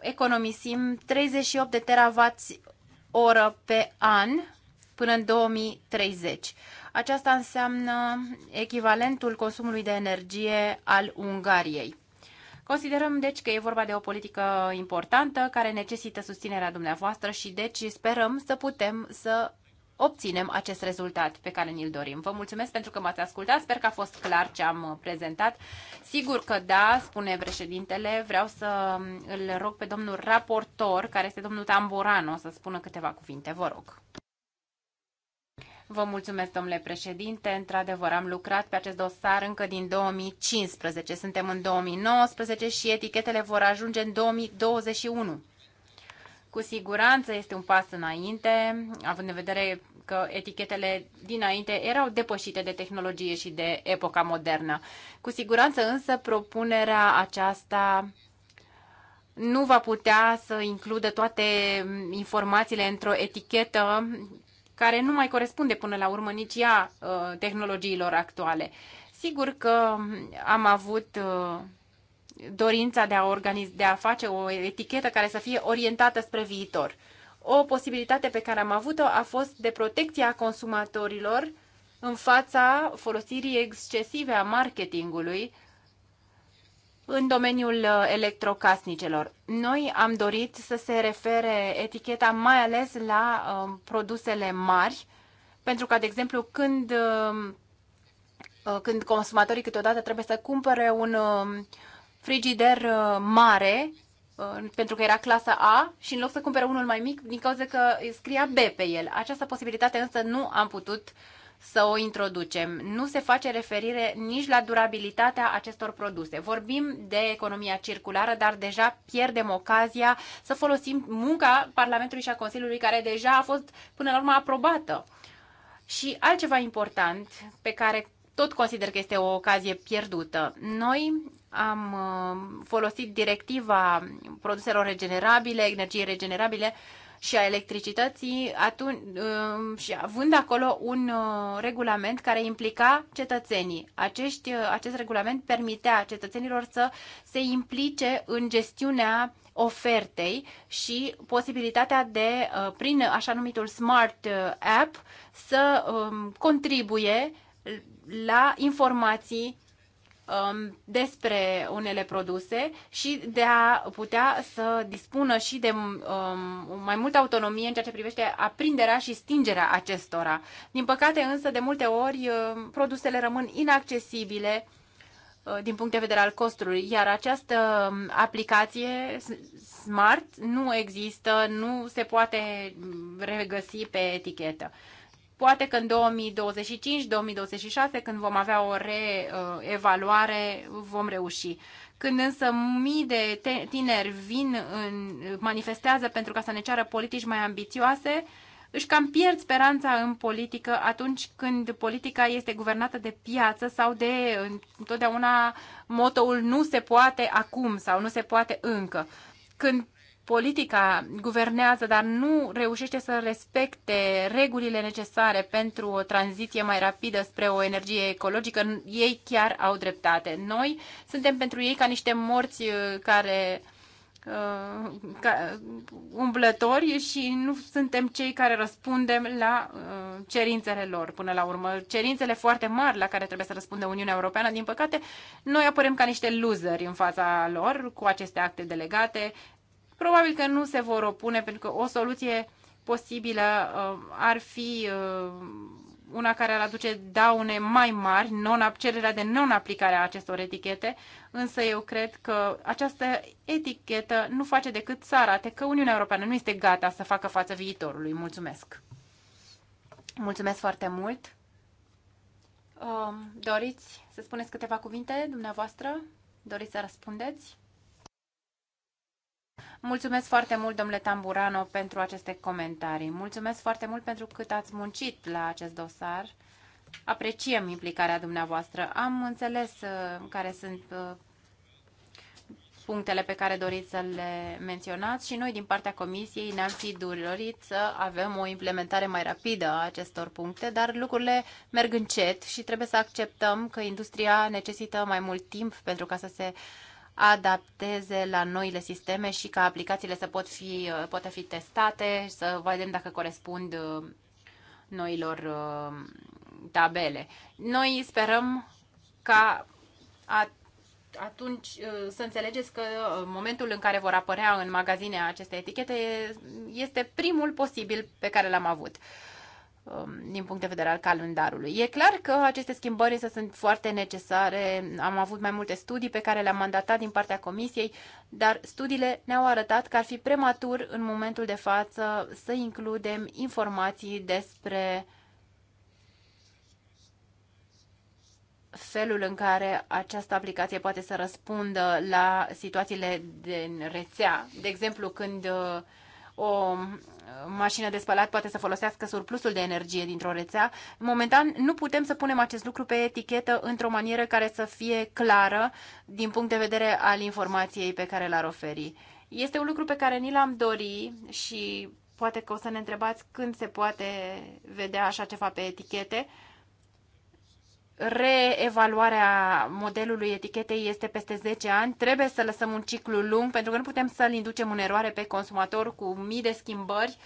D: economisim 38 de teravați oră pe an până în 2030. Aceasta înseamnă echivalentul consumului de energie al Ungariei. Considerăm deci că e vorba de o politică importantă care necesită susținerea dumneavoastră și deci sperăm să putem să obținem acest rezultat pe care ni-l dorim. Vă mulțumesc pentru că m-ați ascultat, sper că a fost clar ce am prezentat. Sigur că da, spune președintele, vreau să îl rog pe domnul raportor, care este domnul Tamborano, să spună câteva cuvinte, vă rog. Vă mulțumesc, domnule președinte. Într-adevăr, am lucrat pe acest dosar încă din 2015. Suntem în 2019 și etichetele vor ajunge în 2021. Cu siguranță este un pas înainte, având în vedere că etichetele dinainte erau depășite de tehnologie și de epoca modernă. Cu siguranță însă propunerea aceasta nu va putea să includă toate informațiile într-o etichetă care nu mai corespunde până la urmă nici ea uh, tehnologiilor actuale. Sigur că am avut uh, dorința de a, organiz, de a face o etichetă care să fie orientată spre viitor. O posibilitate pe care am avut-o a fost de protecția consumatorilor în fața folosirii excesive a marketingului în domeniul uh, electrocasnicelor. Noi am dorit să se refere eticheta mai ales la uh, produsele mari, pentru că, de exemplu, când, um, uh, când consumatorii câteodată trebuie să cumpere un um, uh, frigider mare, uh, pentru că era clasa A și în loc să cumpere unul mai mic, din cauza că scria B pe el. Această posibilitate însă nu am putut uh, să o introducem. Nu se face referire nici la durabilitatea acestor produse. Vorbim de economia circulară, dar deja pierdem ocazia să folosim munca Parlamentului și a Consiliului, care deja a fost până la urmă aprobată. Și altceva important pe care tot consider că este o ocazie pierdută. Noi am uh, folosit directiva produselor regenerabile, energiei regenerabile, și a electricității, atunci, um, și având acolo un uh, regulament care implica cetățenii. Acești, uh, acest regulament permitea cetățenilor să se implice în gestiunea ofertei și posibilitatea de, uh, prin așa numitul Smart App, să um, contribuie la informații um, despre unele produse și de a putea să dispună și de um, mai multă autonomie în ceea ce privește aprinderea și stingerea acestora. Din păcate însă, de multe ori, um, produsele rămân inaccesibile uh, din punct de vedere al costului, iar această um, aplicație smart nu există, nu se poate um, regăsi pe etichetă. Poate că în 2025-2026, când vom avea o reevaluare, vom reuși. Când însă mii de tineri vin, în, manifestează pentru ca să ne ceară politici mai ambițioase, își cam pierd speranța în politică atunci când politica este guvernată de piață sau de întotdeauna motoul nu se poate acum sau nu se poate încă. Când politica guvernează, dar nu reușește să respecte regulile necesare pentru o tranziție mai rapidă spre o energie ecologică, ei chiar au dreptate. Noi suntem pentru ei ca niște morți uh, care uh, umblători și nu suntem cei care răspundem la uh, cerințele lor până la urmă. Cerințele foarte mari la care trebuie să răspundă Uniunea Europeană, din păcate, noi apărăm ca niște loseri în fața lor cu aceste acte delegate, Probabil că nu se vor opune, pentru că o soluție posibilă uh, ar fi uh, una care ar aduce daune mai mari, non, cererea de non-aplicare a acestor etichete, însă eu cred că această etichetă nu face decât să arate că Uniunea Europeană nu este gata să facă față viitorului. Mulțumesc! Mulțumesc foarte mult! Um, doriți să spuneți câteva cuvinte dumneavoastră? Doriți să răspundeți? Mulțumesc foarte mult, domnule Tamburano, pentru aceste comentarii. Mulțumesc foarte mult pentru cât ați muncit la acest dosar. Apreciem implicarea dumneavoastră. Am înțeles uh, care sunt uh, punctele pe care doriți să le menționați și noi din partea Comisiei ne-am fi dorit să avem o implementare mai rapidă a acestor puncte, dar lucrurile merg încet și trebuie să acceptăm că industria necesită mai mult timp pentru ca să se uh, adapteze la noile sisteme și ca aplicațiile să pot fi, pot fi testate, să vedem dacă corespund uh, noilor uh, tabele. Noi sperăm ca atunci uh, să înțelegeți că momentul în care vor apărea în magazine aceste etichete este primul posibil pe care l-am avut. Um, din punct de vedere al calendarului. E clar că aceste schimbări însă sunt foarte necesare. Am avut mai multe studii pe care le-am mandatat din partea comisiei, dar studiile ne-au arătat că ar fi prematur în momentul de față să includem informații despre felul în care această aplicație poate să răspundă la situațiile din rețea. De exemplu, când uh, o mașină de spălat poate să folosească surplusul de energie dintr-o rețea. Momentan nu putem să punem acest lucru pe etichetă într-o manieră care să fie clară din punct de vedere al informației pe care l-ar oferi. Este un lucru pe care ni l-am dori și poate că o să ne întrebați când se poate vedea așa ceva pe etichete reevaluarea modelului etichetei este peste 10 ani, trebuie să lăsăm un ciclu lung pentru că nu putem să-l inducem în eroare pe consumator cu mii de schimbări,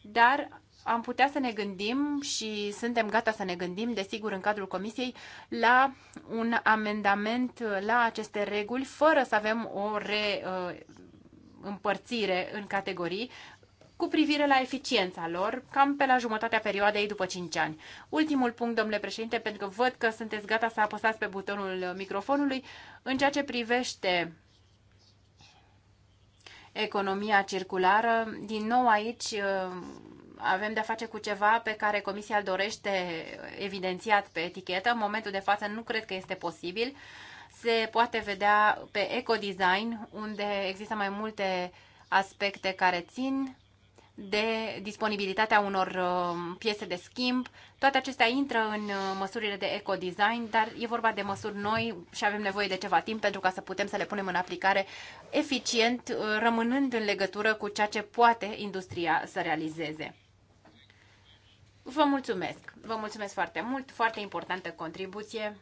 D: dar am putea să ne gândim și suntem gata să ne gândim, desigur, în cadrul comisiei, la un amendament la aceste reguli, fără să avem o re împărțire în categorii, cu privire la eficiența lor, cam pe la jumătatea perioadei după 5 ani. Ultimul punct, domnule președinte, pentru că văd că sunteți gata să apăsați pe butonul microfonului, în ceea ce privește economia circulară, din nou aici uh, avem de-a face cu ceva pe care Comisia îl dorește evidențiat pe etichetă. În momentul de față nu cred că este posibil. Se poate vedea pe ecodesign, unde există mai multe aspecte care țin de disponibilitatea unor um, piese de schimb. Toate acestea intră în uh, măsurile de ecodesign, dar e vorba de măsuri noi și avem nevoie de ceva timp pentru ca să putem să le punem în aplicare eficient, uh, rămânând în legătură cu ceea ce poate industria să realizeze. Vă mulțumesc! Vă mulțumesc foarte mult! Foarte importantă contribuție!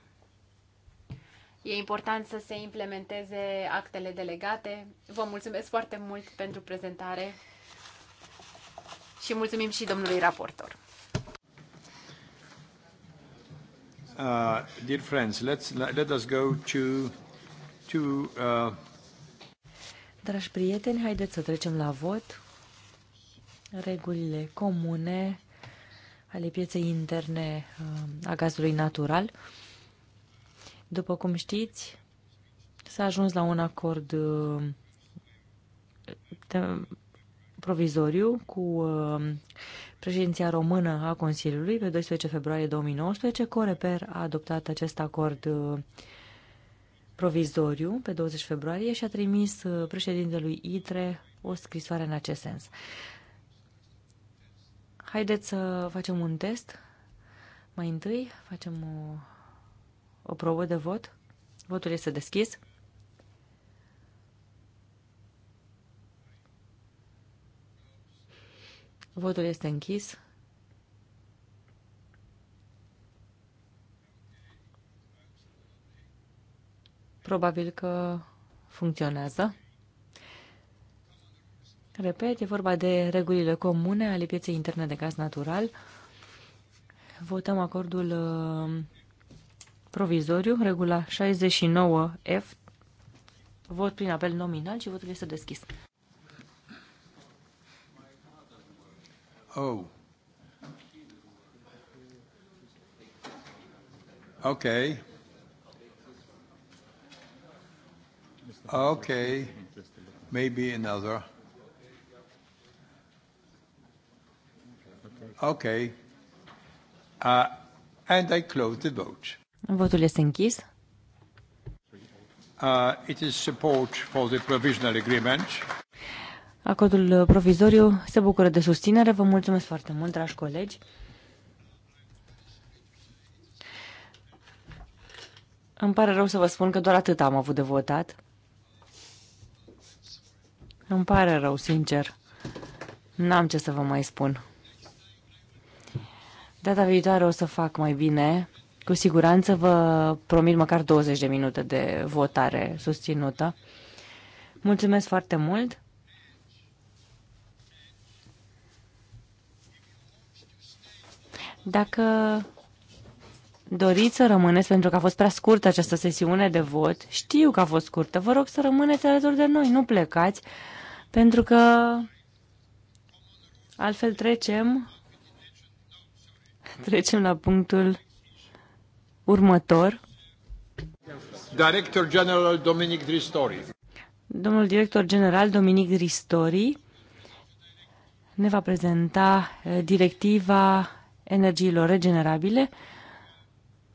D: E important să se implementeze actele delegate. Vă mulțumesc foarte mult pentru prezentare și mulțumim și domnului raportor.
A: Uh, dear friends, let's, let us go to, to uh...
B: Dragi prieteni, haideți să trecem la vot. Regulile comune ale pieței interne uh, a gazului natural. După cum știți, s-a ajuns la un acord uh, provizoriu cu uh, președinția română a Consiliului pe 12 februarie 2019. Coreper a adoptat acest acord uh, provizoriu pe 20 februarie și a trimis uh, președintelui ITRE o scrisoare în acest sens. Haideți să facem un test. Mai întâi facem o, o probă de vot. Votul este deschis. Votul este închis. Probabil că funcționează. Repet, e vorba de regulile comune ale pieței interne de gaz natural. Votăm acordul uh, provizoriu, regula 69F, vot prin apel nominal și votul este deschis.
A: Oh. Okay. Okay. Maybe another. Okay. Uh, and I close the vote.
B: Votul este închis.
A: Uh, it is support for the provisional agreement.
B: Acordul uh, provizoriu se bucură de susținere. Vă mulțumesc foarte mult, dragi colegi. Îmi pare rău să vă spun că doar atât am avut de votat. Îmi pare rău, sincer. N-am ce să vă mai spun. Data viitoare o să fac mai bine. Cu siguranță vă promit măcar 20 de minute de votare susținută. Mulțumesc foarte mult! Dacă doriți să rămâneți, pentru că a fost prea scurtă această sesiune de vot, știu că a fost scurtă, vă rog să rămâneți alături de noi, nu plecați, pentru că altfel trecem, (laughs) trecem la punctul următor.
A: Director General Dominic Dristori.
B: Domnul director general Dominic Dristori ne va prezenta directiva energiilor regenerabile,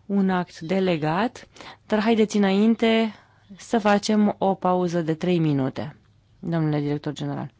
B: un act delegat, dar haideți înainte să facem o pauză de 3 minute, domnule director general.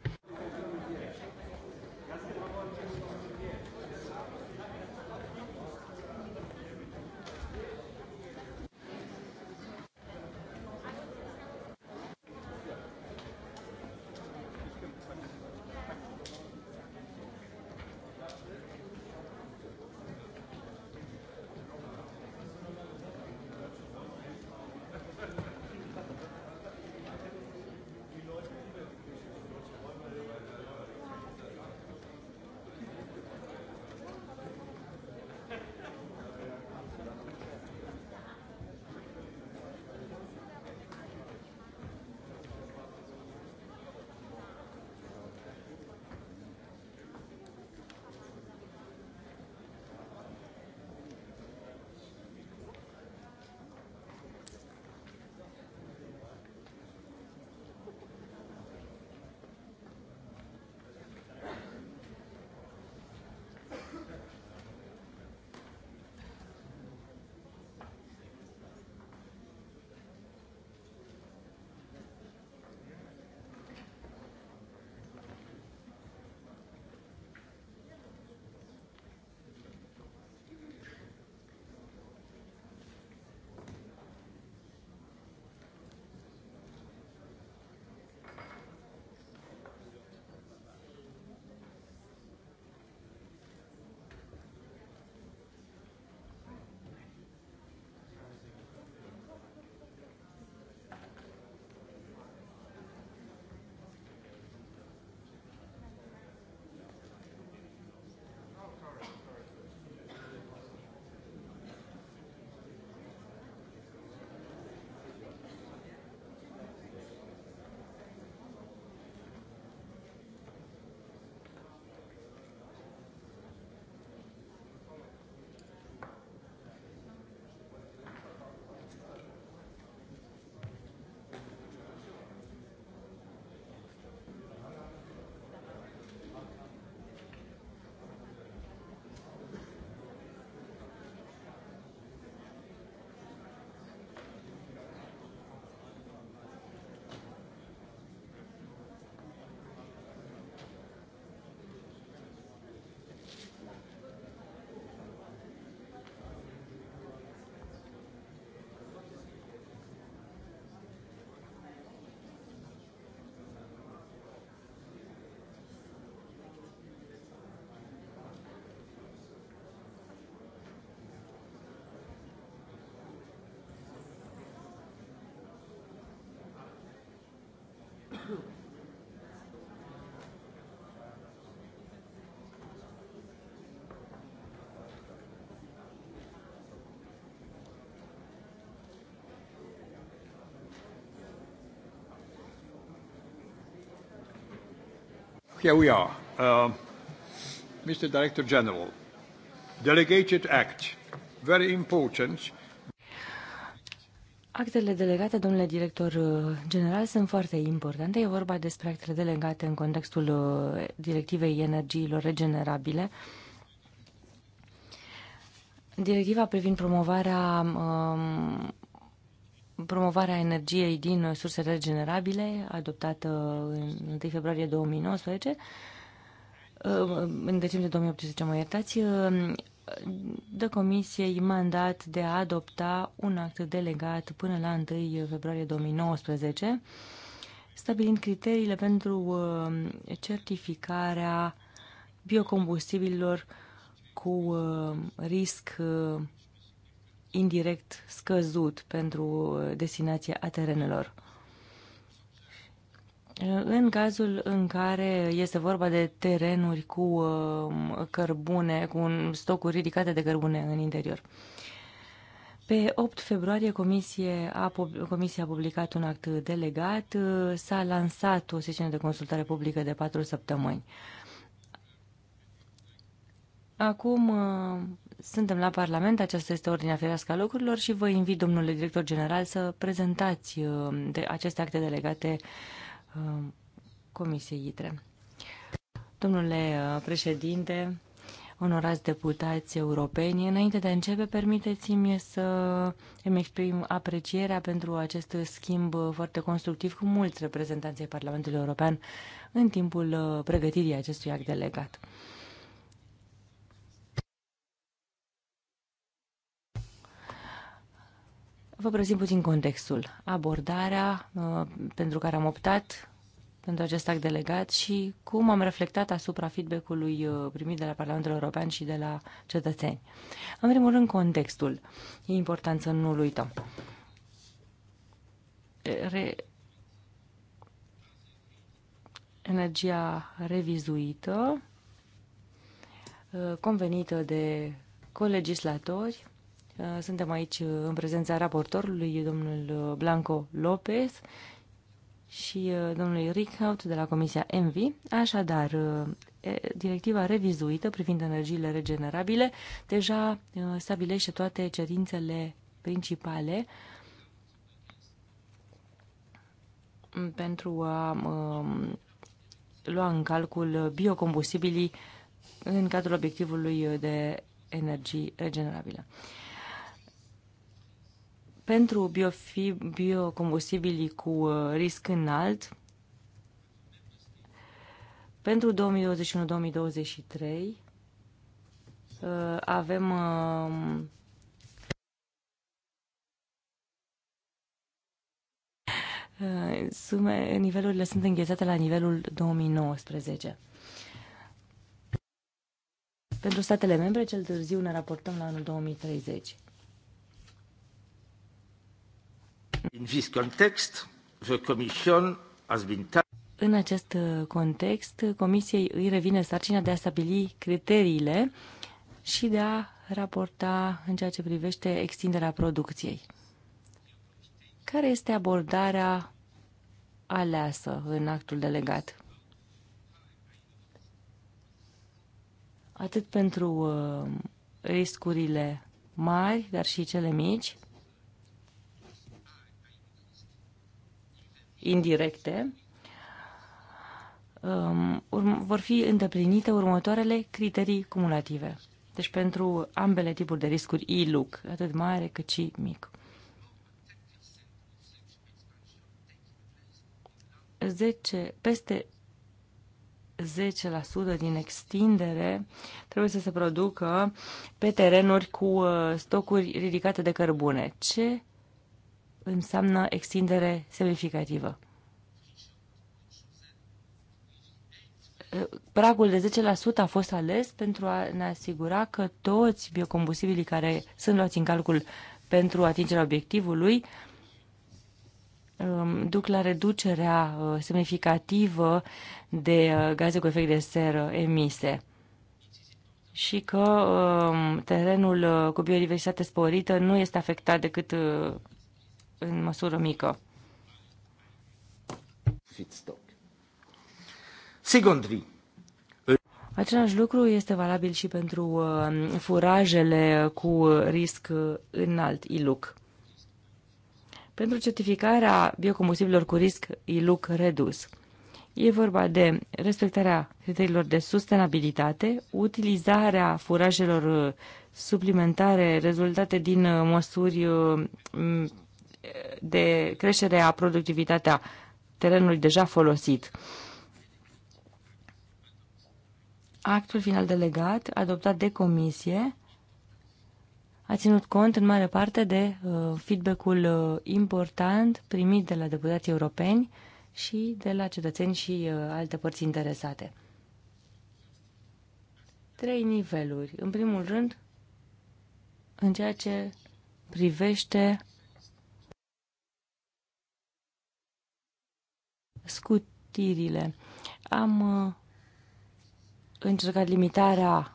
A: here we are. Uh, Mr. Director General, Delegated Act, very important.
B: Actele delegate, domnule director uh, general, sunt foarte importante. E vorba despre actele delegate în contextul uh, directivei energiilor regenerabile. Directiva privind promovarea um, promovarea energiei din surse regenerabile, adoptată în 1 februarie 2019, în decembrie 2018, mă iertați, dă Comisiei mandat de a adopta un act delegat până la 1 februarie 2019, stabilind criteriile pentru uh, certificarea biocombustibililor cu uh, risc uh, indirect scăzut pentru destinația a terenelor. În cazul în care este vorba de terenuri cu um, cărbune, cu stocuri ridicate de cărbune în interior. Pe 8 februarie comisie a, Comisia a publicat un act delegat, s-a lansat o sesiune de consultare publică de patru săptămâni. Acum suntem la Parlament, aceasta este ordinea ferească a locurilor și vă invit, domnule director general, să prezentați uh, de aceste acte delegate uh, Comisiei ITRE. Domnule uh, președinte, onorați deputați europeni, înainte de a începe, permiteți-mi să îmi exprim aprecierea pentru acest schimb foarte constructiv cu mulți reprezentanți Parlamentului European în timpul pregătirii acestui act delegat. vă prezint puțin contextul, abordarea uh, pentru care am optat pentru acest act delegat și cum am reflectat asupra feedback-ului uh, primit de la Parlamentul European și de la cetățeni. În primul rând, contextul. E important să nu-l uităm. Re... Energia revizuită, uh, convenită de colegislatori, Uh, suntem aici uh, în prezența raportorului, domnul uh, Blanco Lopez și domnului Rickhout de la Comisia ENVI. Așadar, directiva revizuită privind energiile regenerabile deja stabilește toate cerințele principale mm, pentru a um, lua în calcul biocombustibilii în cadrul obiectivului de energii regenerabile. Pentru biocombustibilii cu uh, risc înalt, pentru 2021-2023 uh, avem um, uh, sume, nivelurile sunt înghețate la nivelul 2019. Pentru statele membre, cel târziu ne raportăm la anul 2030. în acest uh, context, Comisiei îi revine sarcina de a stabili criteriile și de a raporta în ceea ce privește extinderea producției. Care este abordarea aleasă în actul delegat? Atât pentru uh, riscurile mari, dar și cele mici, indirecte, um, vor fi îndeplinite următoarele criterii cumulative. Deci pentru ambele tipuri de riscuri ILUC, atât mare cât și mic. 10, peste 10% din extindere trebuie să se producă pe terenuri cu uh, stocuri ridicate de cărbune. Ce înseamnă extindere semnificativă. Pragul de 10% a fost ales pentru a ne asigura că toți biocombustibilii care sunt luați în calcul pentru atingerea obiectivului um, duc la reducerea uh, semnificativă de uh, gaze cu efect de seră emise și că um, terenul uh, cu biodiversitate sporită nu este afectat decât în măsură mică. Secondary. Același lucru este valabil și pentru uh, furajele cu risc înalt, ILUC. Pentru certificarea biocombustibilor cu risc ILUC redus, e vorba de respectarea criteriilor de sustenabilitate, utilizarea furajelor uh, suplimentare rezultate din uh, măsuri de creștere a productivitatea terenului deja folosit. Actul final delegat, adoptat de comisie, a ținut cont în mare parte de uh, feedback-ul uh, important primit de la deputații europeni și de la cetățeni și uh, alte părți interesate. Trei niveluri. În primul rând, în ceea ce privește scutirile. Am uh, încercat limitarea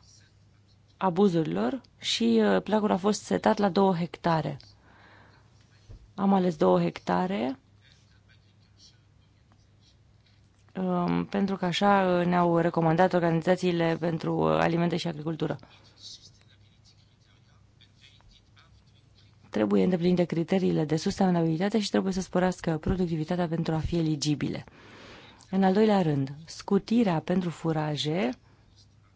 B: abuzurilor și uh, placul a fost setat la două hectare. Am ales două hectare um, pentru că așa uh, ne-au recomandat organizațiile pentru alimente și agricultură. trebuie îndeplinite criteriile de sustenabilitate și trebuie să sporească productivitatea pentru a fi eligibile. În al doilea rând, scutirea pentru furaje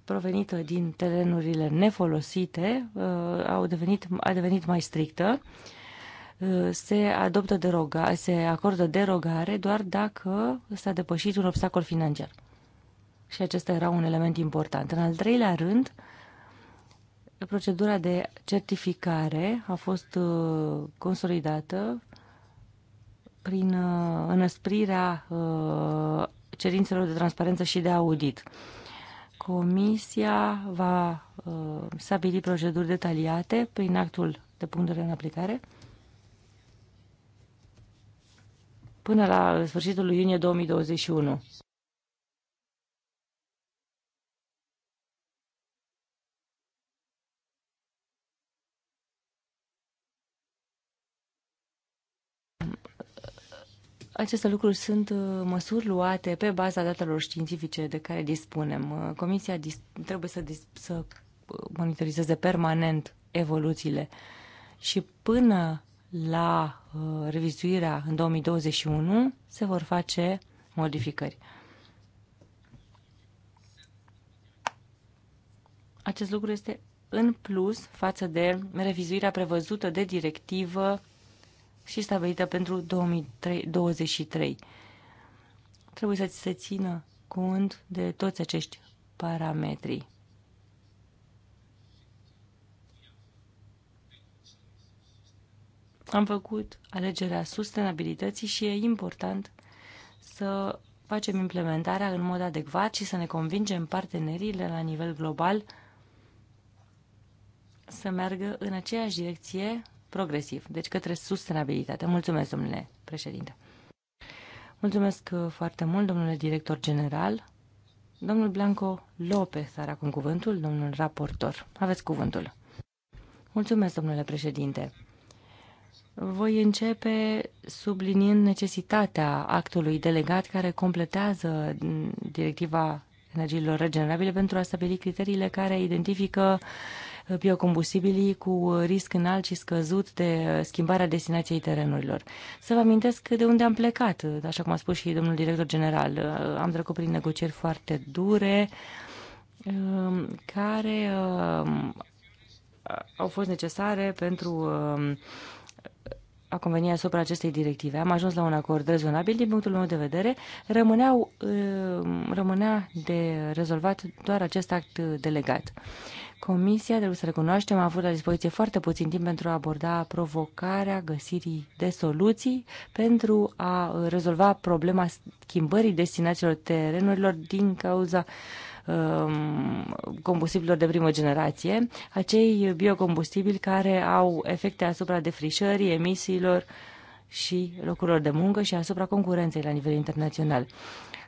B: provenită din terenurile nefolosite uh, au devenit, a devenit mai strictă. Uh, se, adoptă deroga, se acordă derogare doar dacă s-a depășit un obstacol financiar. Și acesta era un element important. În al treilea rând, uh, Procedura de certificare a fost uh, consolidată prin uh, înăsprirea uh, cerințelor de transparență și de audit. Comisia va stabili proceduri detaliate prin actul de punere în aplicare până la sfârșitul lui iunie 2021. Aceste lucruri sunt uh, măsuri luate pe baza datelor științifice de care dispunem. Uh, Comisia dis trebuie să, dis să uh, monitorizeze permanent evoluțiile și până la uh, revizuirea în 2021 se vor face modificări. Acest lucru este în plus față de revizuirea prevăzută de directivă și stabilită pentru 2023. Trebuie să se țină cont de toți acești parametri. Am făcut alegerea sustenabilității și e important să facem implementarea în mod adecvat și să ne convingem partenerile la nivel global să meargă în aceeași direcție progresiv, deci către sustenabilitate. Mulțumesc, domnule președinte. Mulțumesc uh, foarte mult, domnule director general. Domnul Blanco Lopez are acum cuvântul, domnul raportor. Aveți cuvântul. Mulțumesc, domnule președinte. Voi începe subliniind necesitatea actului delegat care completează directiva energiilor regenerabile pentru a stabili criteriile care identifică biocombustibilii cu risc înalt și scăzut de schimbarea destinației terenurilor. Să vă amintesc de unde am plecat, așa cum a spus și domnul director general. Am trecut prin negocieri foarte dure, um, care um, au fost necesare pentru um, a conveni asupra acestei directive. Am ajuns la un acord rezonabil din punctul meu de vedere. Rămâneau, uh, rămânea de rezolvat doar acest act delegat. Comisia, trebuie să recunoaștem, a avut la dispoziție foarte puțin timp pentru a aborda provocarea găsirii de soluții pentru a rezolva problema schimbării destinațiilor terenurilor din cauza uh, Um, combustibilor de primă generație, acei biocombustibili care au efecte asupra defrișării, emisiilor și locurilor de muncă și asupra concurenței la nivel internațional.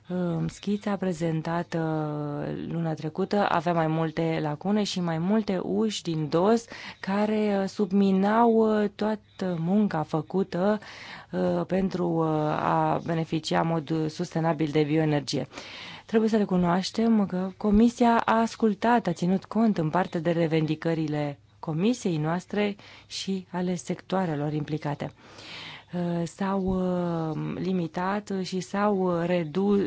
B: Um, schița prezentată uh, luna trecută avea mai multe lacune și mai multe uși din dos care uh, subminau uh, toată munca făcută pentru a beneficia în mod sustenabil de bioenergie. Trebuie să recunoaștem că Comisia a ascultat, a ținut cont în parte de revendicările Comisiei noastre și ale sectoarelor implicate. Uh, s-au uh, limitat și s-au redus,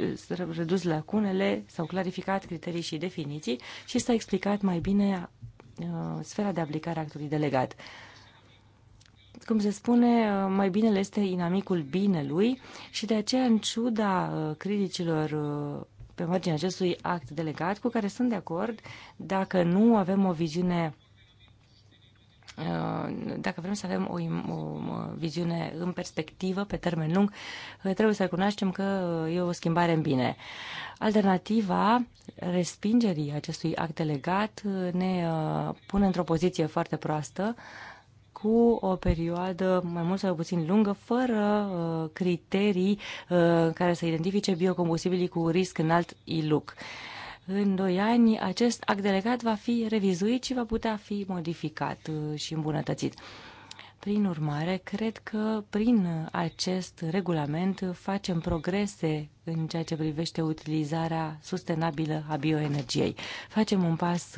B: redus lacunele, s-au clarificat criterii și definiții și s-a explicat mai bine uh, sfera de aplicare a actului delegat cum se spune, mai binele este inamicul binelui și de aceea, în ciuda criticilor pe marginea acestui act delegat cu care sunt de acord dacă nu avem o viziune uh, dacă vrem să avem o, o, o viziune în perspectivă, pe termen lung, uh, trebuie să recunoaștem că uh, e o schimbare în bine. Alternativa respingerii acestui act delegat ne pune într-o poziție foarte proastă cu o perioadă mai mult sau puțin lungă, fără uh, criterii uh, care să identifice biocombustibilii cu risc înalt ILUC. În doi ani, acest act delegat va fi revizuit și va putea fi modificat uh, și îmbunătățit. Prin urmare, cred că prin acest regulament facem progrese în ceea ce privește utilizarea sustenabilă a bioenergiei. Facem un pas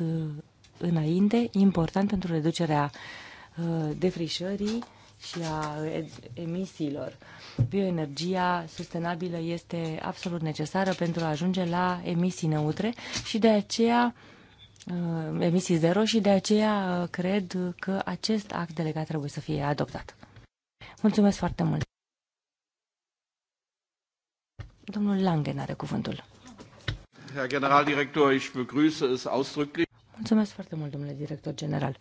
B: înainte important pentru reducerea uh, Uh, defrișării și a uh, emisiilor. Bioenergia sustenabilă este absolut necesară pentru a ajunge la emisii neutre și de aceea uh, emisii zero și de aceea cred că acest act delegat trebuie să fie adoptat. Mulțumesc foarte mult! Domnul Langen are cuvântul.
A: Herr ich begrüße es ausdrücklich.
B: Mulțumesc foarte mult, domnule director general.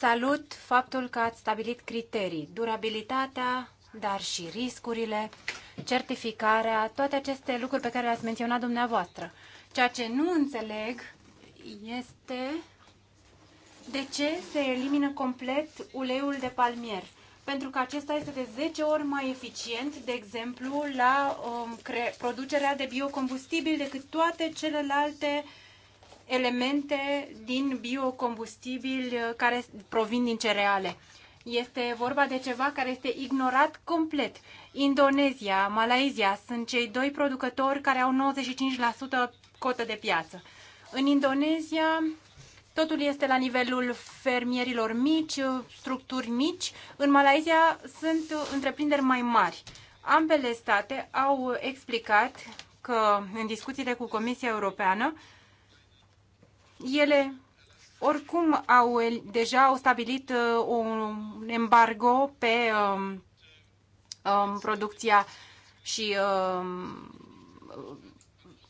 D: Salut faptul că ați stabilit criterii, durabilitatea, dar și riscurile, certificarea, toate aceste lucruri pe care le-ați menționat dumneavoastră. Ceea ce nu înțeleg este de ce se elimină complet uleiul de palmier. Pentru că acesta este de 10 ori mai eficient, de exemplu, la um, producerea de biocombustibil decât toate celelalte uh, elemente din biocombustibili uh, care provin din cereale. Este vorba de ceva care este ignorat complet. Indonezia, Malaezia sunt cei doi producători care au 95% cotă de piață. În Indonezia totul este la nivelul fermierilor mici, uh, structuri mici. În Malaezia sunt uh, întreprinderi mai mari. Ambele state au explicat că în discuțiile cu Comisia Europeană ele oricum au deja au stabilit uh, un embargo pe um, um, producția și um,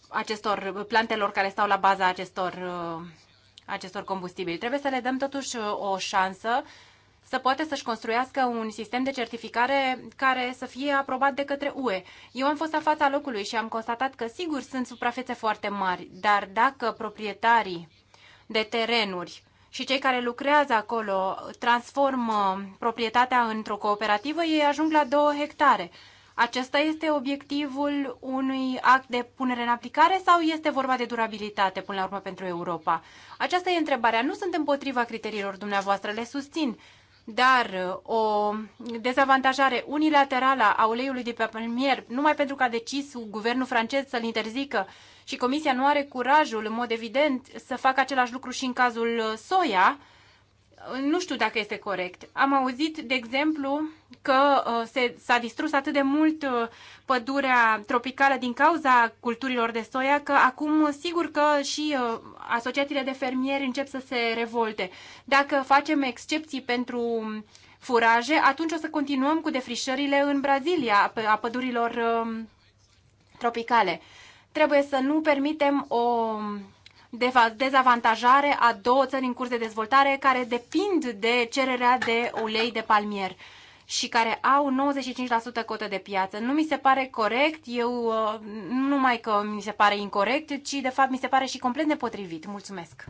D: acestor plantelor care stau la baza acestor, uh, acestor combustibili. Trebuie să le dăm totuși uh, o șansă să poată să-și construiască un sistem de certificare care să fie aprobat de către UE. Eu am fost la fața locului și am constatat că, sigur, sunt suprafețe foarte mari, dar dacă proprietarii de terenuri și cei care lucrează acolo transformă uh, proprietatea într-o cooperativă, ei ajung la două hectare. Acesta este obiectivul unui act de punere în aplicare sau este vorba de durabilitate până la urmă pentru Europa? Aceasta e întrebarea. Nu sunt împotriva criteriilor dumneavoastră, le susțin. Dar uh, o dezavantajare unilaterală a uleiului de palmier, numai pentru că a decis guvernul francez să-l interzică și Comisia nu are curajul, în mod evident, să facă același lucru și în cazul uh, soia, nu știu dacă este corect. Am auzit, de exemplu, că uh, se, s-a distrus atât de mult uh, pădurea tropicală din cauza culturilor de soia, că acum sigur că și uh, asociațiile de fermieri încep să se revolte. Dacă facem excepții pentru furaje, atunci o să continuăm cu defrișările în Brazilia a pădurilor um, tropicale. Trebuie să nu permitem o dezavantajare a două țări în curs de dezvoltare care depind de cererea de ulei de palmier și care au 95% cotă de piață. Nu mi se pare corect, eu uh, nu numai că mi se pare incorrect, ci de fapt mi se pare și complet nepotrivit. Mulțumesc.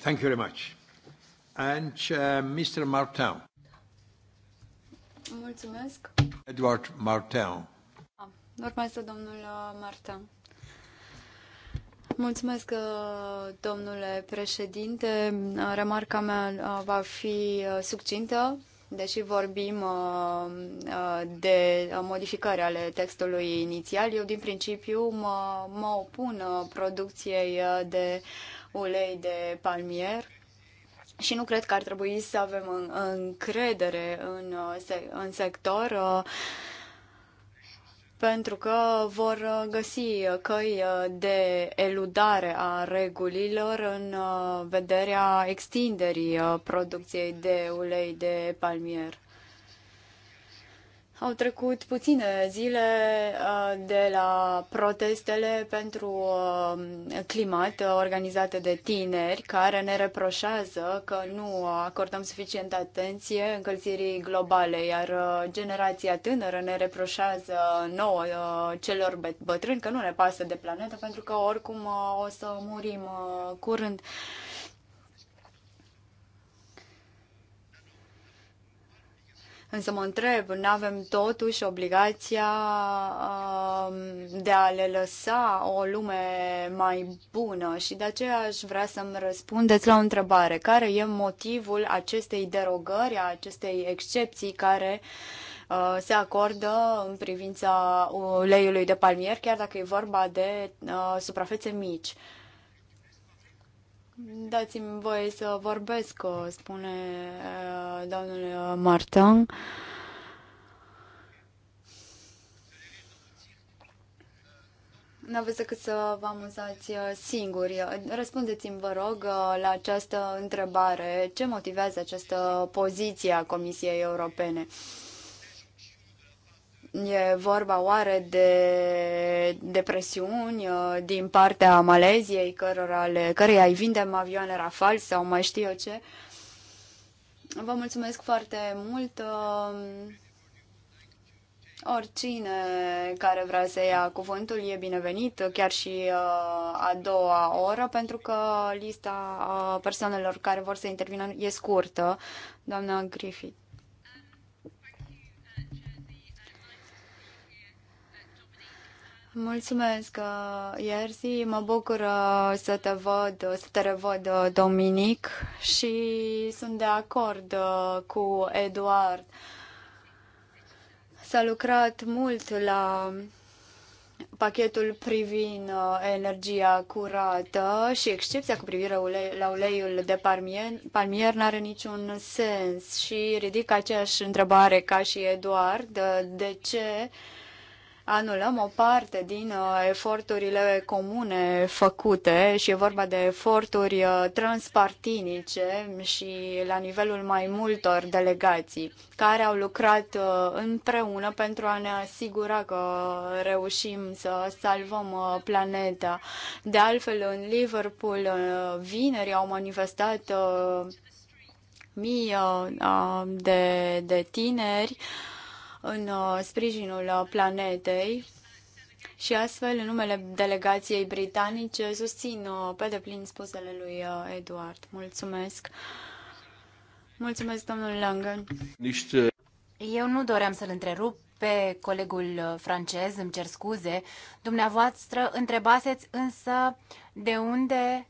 A: Thank you very much. And uh, Mr. Martin.
C: Mulțumesc.
A: Edward Martin.
C: Ah, urmează domnul uh, Martin. Mulțumesc, uh, domnule președinte. Remarca mea uh, va fi uh, succintă, deși vorbim de modificări ale textului inițial. Eu, din principiu, mă, mă opun producției de ulei de palmier și nu cred că ar trebui să avem încredere în, în sector pentru că vor uh, găsi uh, căi uh, de eludare a regulilor în vederea extinderii producției de ulei de palmier. Au trecut puține zile uh, de la protestele pentru uh, climat uh, organizate de tineri care ne reproșează că nu acordăm suficientă atenție încălzirii globale, iar generația tânără ne reproșează nouă celor bătrâni că nu ne pasă de planetă pentru că oricum o să murim curând. Însă mă întreb, nu avem totuși obligația um, de a le lăsa o lume mai bună și de aceea aș vrea să-mi răspundeți la o întrebare. Care e motivul acestei derogări, a acestei excepții care uh, se acordă în privința uleiului de palmier, chiar dacă e vorba de uh, suprafețe mici? Dați-mi voie să vorbesc, spune uh, domnul Martin. N-aveți decât să vă amuzați uh, singuri. Răspundeți-mi, vă rog, uh, la această întrebare. Ce motivează această poziție a Comisiei Europene? Uh, E vorba oare de depresiuni uh, din partea Maleziei, cărora le, căreia îi vindem avioane Rafal sau mai știu eu ce? Vă mulțumesc foarte mult. Um, oricine care vrea să ia cuvântul e binevenit, chiar și uh, a doua oră, pentru că lista persoanelor care vor să intervină e scurtă. Doamna Griffith. Mulțumesc, uh, Iersi. Mă bucur uh, să te văd, uh, să te revăd, Dominic, și sunt de acord cu Eduard. S-a lucrat mult la pachetul privind energia curată și excepția cu privire la uleiul de palmier, palmier n-are niciun sens și ridic aceeași întrebare ca și Eduard, de ce anulăm o parte din uh, eforturile comune făcute și e vorba de eforturi uh, transpartinice și la nivelul mai multor delegații care au lucrat uh, împreună pentru a ne asigura că reușim să salvăm planeta. De altfel, în Liverpool, vineri au manifestat mii de, de tineri uh, în uh, sprijinul uh, planetei și astfel, în numele delegației britanice, susțin uh, pe deplin spusele lui Eduard.
D: Mulțumesc! Mulțumesc, domnul Langen. Niște... Eu nu doream să-l întrerup pe colegul francez, îmi cer scuze. Dumneavoastră întrebaseți însă de unde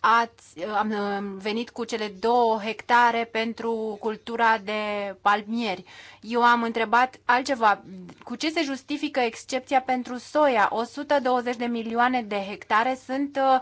D: ați, am venit cu cele două hectare pentru cultura de palmieri. Eu am întrebat altceva. Cu ce se justifică excepția pentru soia? 120 de milioane de hectare sunt uh,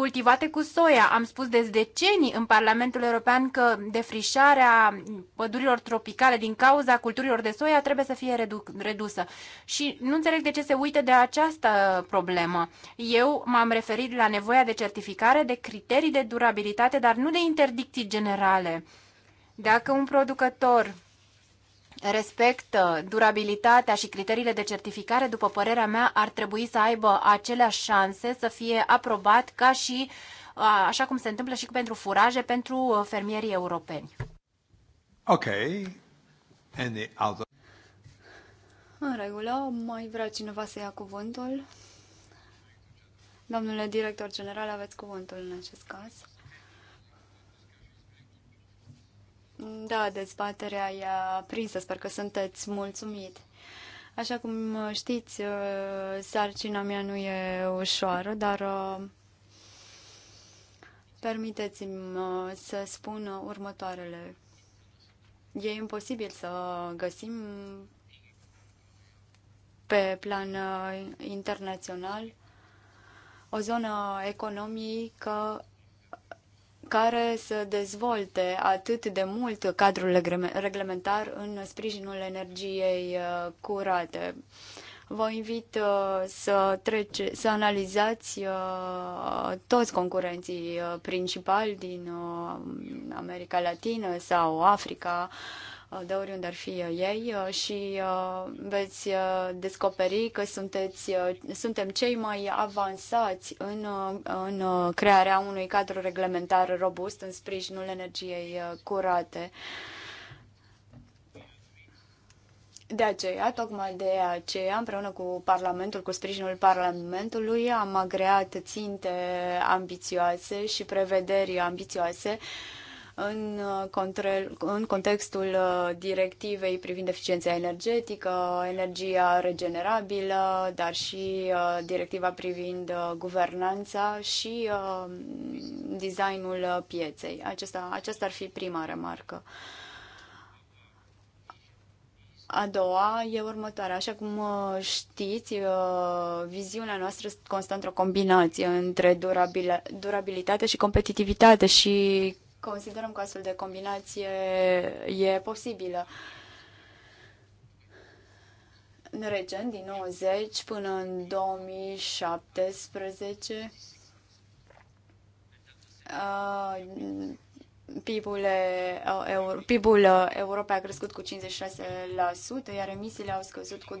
D: cultivate cu soia. Am spus de decenii în Parlamentul European că defrișarea pădurilor tropicale din cauza culturilor de soia trebuie să fie redu- redusă. Și nu înțeleg de ce se uită de această problemă. Eu m-am referit la nevoia de certificare, de criterii de durabilitate, dar nu de interdicții generale. Dacă un producător respectă uh, durabilitatea și criteriile de certificare, după părerea mea, ar trebui să aibă aceleași șanse să fie aprobat ca și uh, așa cum se întâmplă și pentru furaje pentru uh, fermierii europeni.
A: Ok. And the other...
D: În regulă, mai vrea cineva
C: să ia cuvântul? Domnule director general, aveți cuvântul în acest caz. Da, dezbaterea e prinsă. Sper că sunteți mulțumit. Așa cum știți, uh, sarcina mea nu e ușoară, dar uh, permiteți-mi uh, să spun următoarele. E imposibil să găsim pe plan internațional o zonă economică care să dezvolte atât de mult cadrul reglementar în sprijinul energiei uh, curate. Vă invit uh, să, trece, să analizați uh, toți concurenții principali din America Latină sau Africa, Uh, de oriunde ar fi uh, ei uh, și veți descoperi că sunteți, suntem cei mai avansați în, în crearea unui cadru reglementar robust în sprijinul energiei curate. De aceea, tocmai de aceea, împreună cu Parlamentul, cu sprijinul Parlamentului, am agreat ținte ambițioase și prevederi ambițioase uh, în, uh, în contextul uh, directivei privind eficiența energetică, energia regenerabilă, dar și uh, directiva privind guvernanța și designul pieței. Acesta, aceasta ar fi prima remarcă. A doua e următoarea. Așa cum știți, viziunea noastră constă într-o combinație între durabil- durabilitate și competitivitate și considerăm că astfel de combinație e posibilă. În Recent, din 90 până în 2017, uh, PIB-ul, uh, euro, pib uh, Europei a crescut cu 56%, iar emisiile au scăzut cu 22%,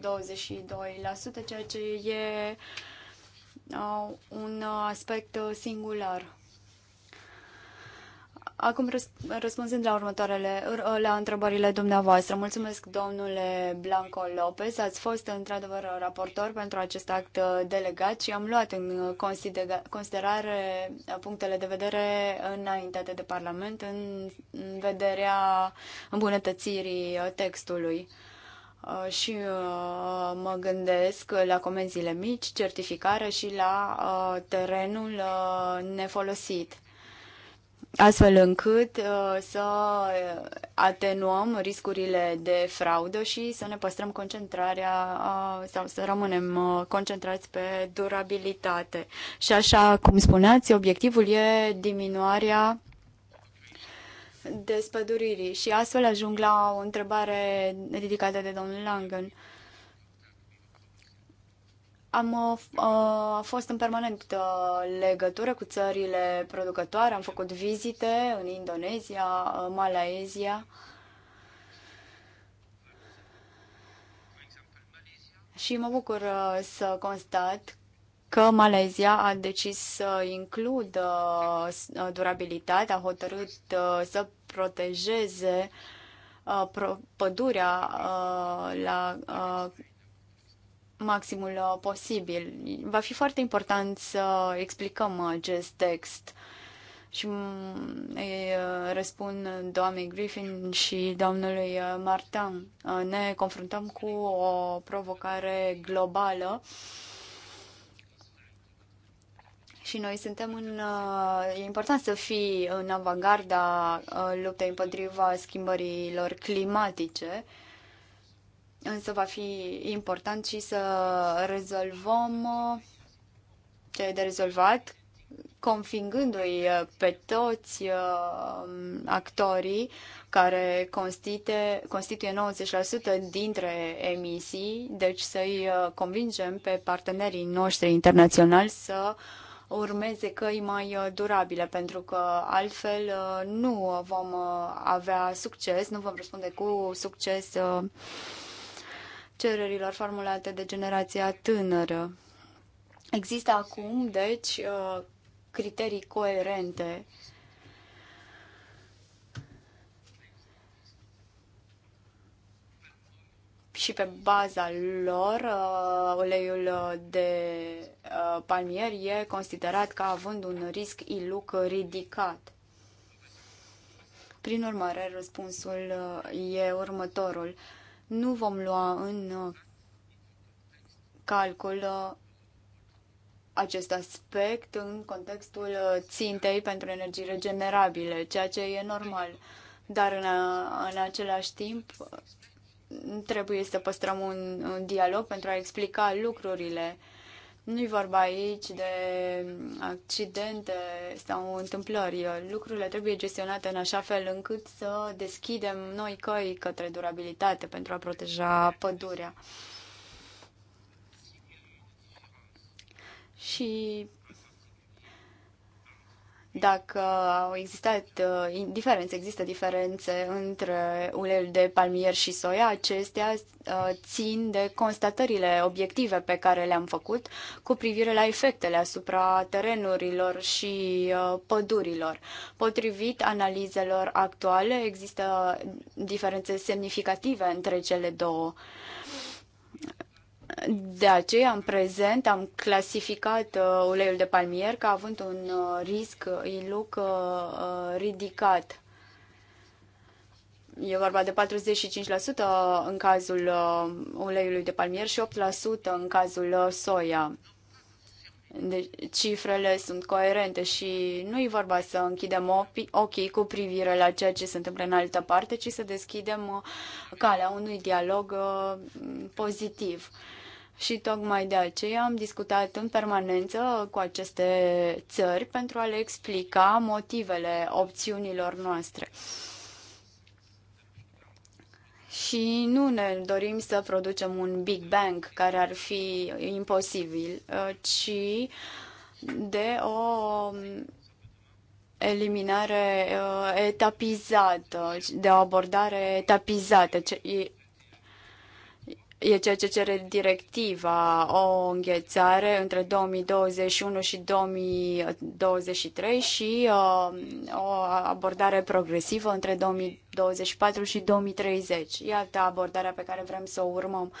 C: ceea ce e un aspect singular. Acum răspunzând la următoarele, uh, la întrebările dumneavoastră, mulțumesc domnule Blanco Lopez, ați fost într-adevăr raportor pentru acest act uh, delegat și am luat în considerare punctele de vedere înaintate de Parlament în vederea îmbunătățirii uh, textului și mă gândesc la comenzile mici, certificare și la terenul nefolosit astfel încât uh, să uh, atenuăm riscurile de fraudă și să ne păstrăm concentrarea uh, sau să rămânem concentrați pe durabilitate. Și așa cum spuneați, obiectivul e diminuarea despăduririi și astfel ajung la o întrebare ridicată de domnul Langen am uh, uh, a fost în permanent uh, legătură cu țările producătoare, am făcut vizite în Indonezia, Malaezia. Și mă bucur să constat că Malaezia a decis să includă durabilitatea, a hotărât să protejeze pădurea la maximul uh, posibil. Va fi foarte important să explicăm acest text. Și mm, îi uh, răspund doamnei Griffin și domnului uh, Martin. Ne confruntăm cu o provocare globală și noi suntem în... E important să fii în avangarda luptei împotriva schimbărilor climatice. Uh, Însă va fi important și să rezolvăm uh, ce e de rezolvat, convingându-i uh, pe toți uh, actorii care constite, constituie 90% dintre emisii, deci să-i convingem pe partenerii noștri internaționali să urmeze căi mai durabile, pentru că altfel nu vom avea succes, nu vom răspunde cu succes cererilor formulate de generația tânără. Există acum, deci, uh, criterii coerente și pe baza lor uh, uleiul de uh, palmier e considerat ca având un risc iluc ridicat. Prin urmare, răspunsul uh, e următorul nu vom lua în uh, calcul uh, acest aspect în contextul uh, țintei pentru energii regenerabile, ceea ce e normal. Dar în, a, în același timp trebuie să păstrăm un, un dialog pentru a explica lucrurile nu-i vorba aici de accidente sau întâmplări. Lucrurile trebuie gestionate în așa fel încât să deschidem noi căi către durabilitate pentru a proteja pădurea. Și dacă au existat uh, diferențe, există diferențe între uleiul de palmier și soia, acestea uh, țin de constatările obiective pe care le-am făcut cu privire la efectele asupra terenurilor și uh, pădurilor. Potrivit analizelor actuale, există diferențe semnificative între cele două. De aceea, în prezent, am clasificat uh, uleiul de palmier ca având un uh, risc iluc uh, uh, uh, ridicat. E vorba de 45% uh, în cazul uh, uleiului de palmier și 8% în cazul uh, soia. Deci, cifrele sunt coerente și nu e vorba să închidem ochii cu privire la ceea ce se întâmplă în altă parte, ci să deschidem calea unui dialog pozitiv. Și tocmai de aceea am discutat în permanență cu aceste țări pentru a le explica motivele opțiunilor noastre. Și nu ne dorim să producem un Big Bang care ar fi imposibil, uh, ci de o um, eliminare uh, etapizată, de o abordare etapizată, e ceea ce cere directiva, o înghețare între 2021 și 2023 și uh, o abordare progresivă între 2024 și 2030. Iată abordarea pe care vrem să o urmăm.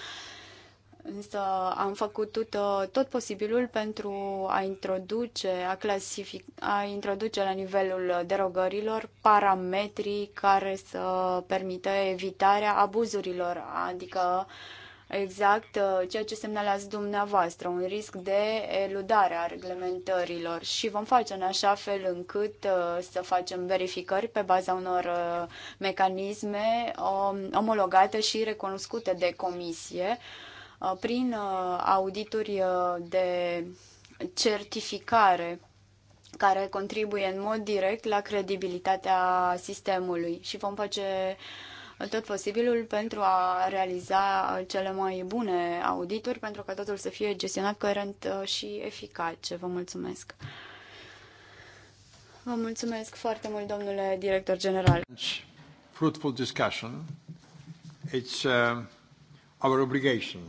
C: Însă am făcut tot, uh, tot posibilul pentru a introduce, a, clasific, a introduce la nivelul derogărilor parametrii care să permită evitarea abuzurilor, adică uh, exact uh, ceea ce semnalează dumneavoastră, un risc de eludare a reglementărilor și vom face în așa fel încât uh, să facem verificări pe baza unor uh, mecanisme omologate și recunoscute de comisie prin audituri de certificare care contribuie în mod direct la credibilitatea sistemului și vom face uh, tot posibilul pentru a realiza cele mai bune audituri, pentru că totul să fie gestionat coerent uh, și eficace. Vă mulțumesc! Vă mulțumesc foarte mult, domnule director general.
A: Fruitful discussion. It's uh, our obligation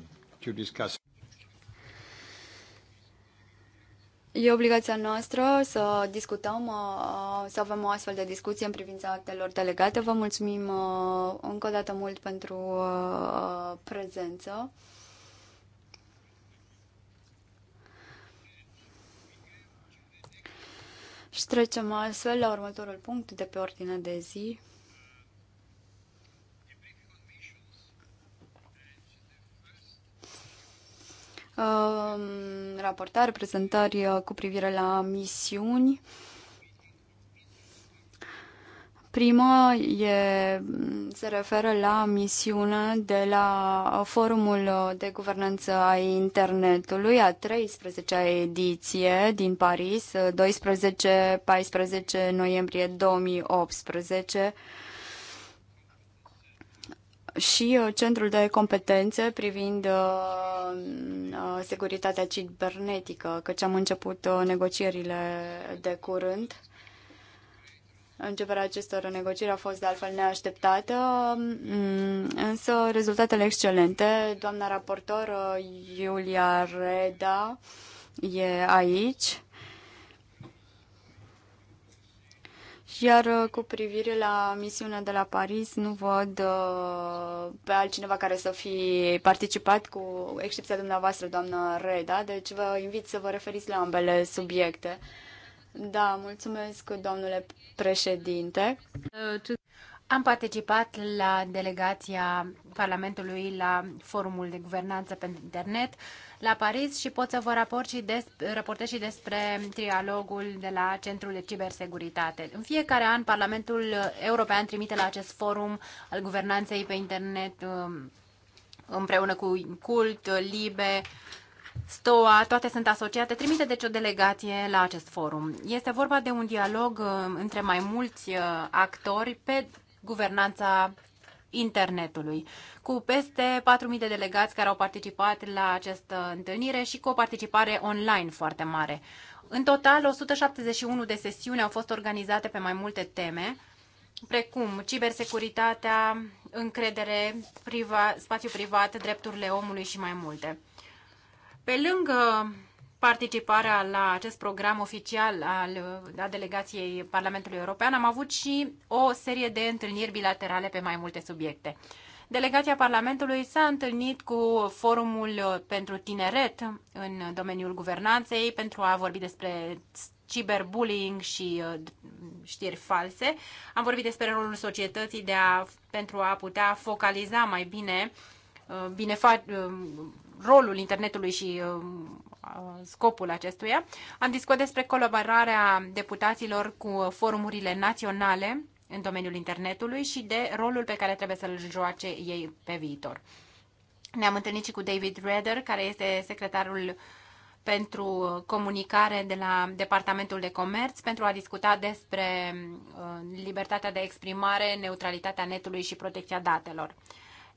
A: to discuss.
C: E obligația noastră să discutăm, uh, să avem o astfel de discuție în privința actelor delegate. Vă mulțumim uh, încă o dată mult pentru uh, prezență. Și trecem astfel la următorul punct de pe ordinea de zi. raportare, prezentări uh, cu privire la misiuni. Prima e, se referă la misiunea de la uh, Forumul uh, de Guvernanță a Internetului, a 13-a ediție din Paris, 12-14 noiembrie 2018 și uh, Centrul de Competențe privind uh, uh, securitatea cibernetică, căci am început negocierile de curând. Începerea acestor negocieri a fost de altfel neașteptată, mm, însă rezultatele excelente. Doamna raportor Iulia Reda e aici Iar uh, cu privire la misiunea de la Paris, nu văd uh, pe altcineva care să fi participat, cu excepția dumneavoastră, doamnă Reda, deci vă invit să vă referiți la ambele subiecte. Da, mulțumesc, domnule președinte.
D: Uh, am participat la delegația Parlamentului la Forumul de Guvernanță pe Internet la Paris și pot să vă raport și despre, raportez și despre trialogul de la Centrul de Cibersecuritate. În fiecare an, Parlamentul European trimite la acest forum al guvernanței pe internet um, împreună cu Cult, Libe, STOA, toate sunt asociate, trimite deci o delegație la acest forum. Este vorba de un dialog um, între mai mulți uh, actori pe guvernanța internetului, cu peste 4.000 de delegați care au participat la această întâlnire și cu o participare online foarte mare. În total, 171 de sesiuni au fost organizate pe mai multe teme, precum cibersecuritatea, încredere, priva, spațiu privat, drepturile omului și mai multe. Pe lângă participarea la acest program oficial al a delegației Parlamentului European, am avut și o serie de întâlniri bilaterale pe mai multe subiecte. Delegația Parlamentului s-a întâlnit cu Forumul pentru Tineret în domeniul guvernanței pentru a vorbi despre cyberbullying și uh, știri false. Am vorbit despre rolul societății de a, pentru a putea focaliza mai bine uh, binefa- uh, rolul internetului și uh, uh, scopul acestuia. Am discutat despre colaborarea deputaților cu forumurile naționale în domeniul internetului și de rolul pe care trebuie să-l joace ei pe viitor. Ne-am întâlnit și cu David Redder, care este secretarul pentru comunicare de la Departamentul de Comerț pentru a discuta despre uh, libertatea de exprimare, neutralitatea netului și protecția datelor.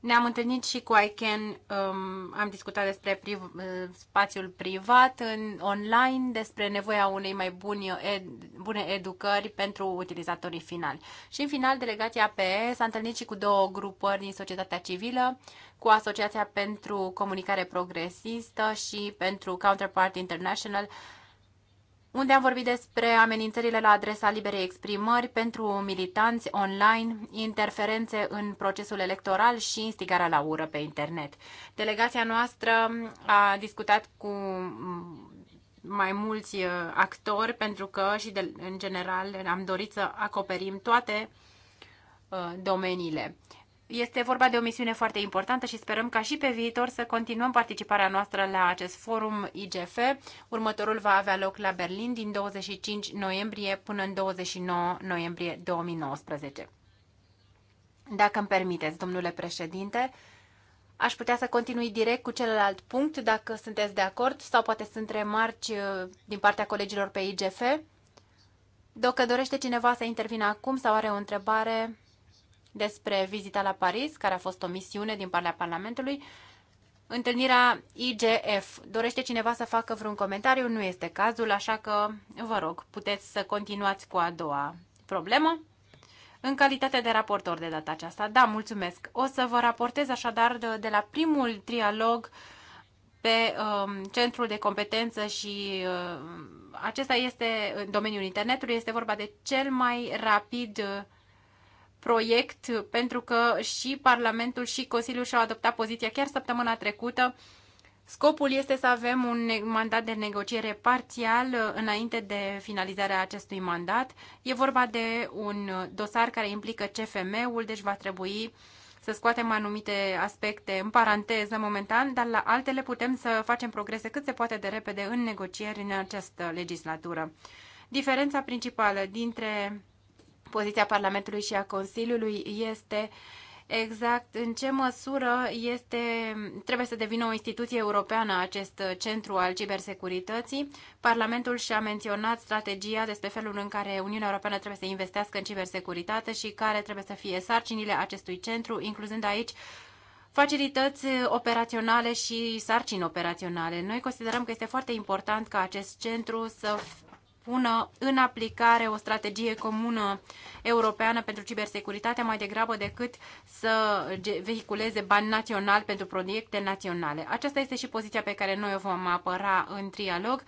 D: Ne-am întâlnit și cu ICANN, um, am discutat despre priv, uh, spațiul privat în online, despre nevoia unei mai buni uh, ed, bune educări pentru utilizatorii finali. Și în final, delegația PE s-a întâlnit și cu două grupări din societatea civilă, cu Asociația pentru Comunicare Progresistă și pentru Counterpart International, unde am vorbit despre amenințările la adresa liberei exprimări pentru militanți online, interferențe în procesul electoral și instigarea la ură pe internet. Delegația noastră a discutat cu mai mulți uh, actori pentru că și de, în general am dorit să acoperim toate uh, domeniile. Este vorba de o misiune foarte importantă și sperăm ca și pe viitor să continuăm participarea noastră la acest forum IGF. Următorul va avea loc la Berlin din 25 noiembrie până în 29 noiembrie 2019. Dacă îmi permiteți, domnule președinte, aș putea să continui direct cu celălalt punct, dacă sunteți de acord, sau poate sunt remarci uh, din partea colegilor pe IGF. Dacă dorește cineva să intervină acum sau are o întrebare, despre vizita la Paris, care a fost o misiune din partea Parlamentului. Întâlnirea IGF. Dorește cineva să facă vreun comentariu? Nu este cazul, așa că vă rog, puteți să continuați cu a doua problemă. În calitate de raportor de data aceasta, da, mulțumesc. O să vă raportez așadar de, de la primul trialog pe um, centrul de competență și um, acesta este în domeniul internetului, este vorba de cel mai rapid uh, proiect, pentru că și Parlamentul și Consiliul și-au adoptat poziția chiar săptămâna trecută. Scopul este să avem un mandat de negociere parțial uh, înainte de finalizarea acestui mandat. E vorba de un uh, dosar care implică CFM-ul, deci va trebui să scoatem anumite aspecte în paranteză momentan, dar la altele putem să facem progrese cât se poate de repede în negocieri în această legislatură. Diferența principală dintre poziția Parlamentului și a Consiliului este exact în ce măsură este, trebuie să devină o instituție europeană acest centru al cibersecurității. Parlamentul și-a menționat strategia despre felul în care Uniunea Europeană trebuie să investească în cibersecuritate și care trebuie să fie sarcinile acestui centru, incluzând aici facilități operaționale și sarcini operaționale. Noi considerăm că este foarte important ca acest centru să pună în aplicare o strategie comună europeană pentru cibersecuritate mai degrabă decât să vehiculeze bani național pentru proiecte naționale. Aceasta este și poziția pe care noi o vom apăra în trialog,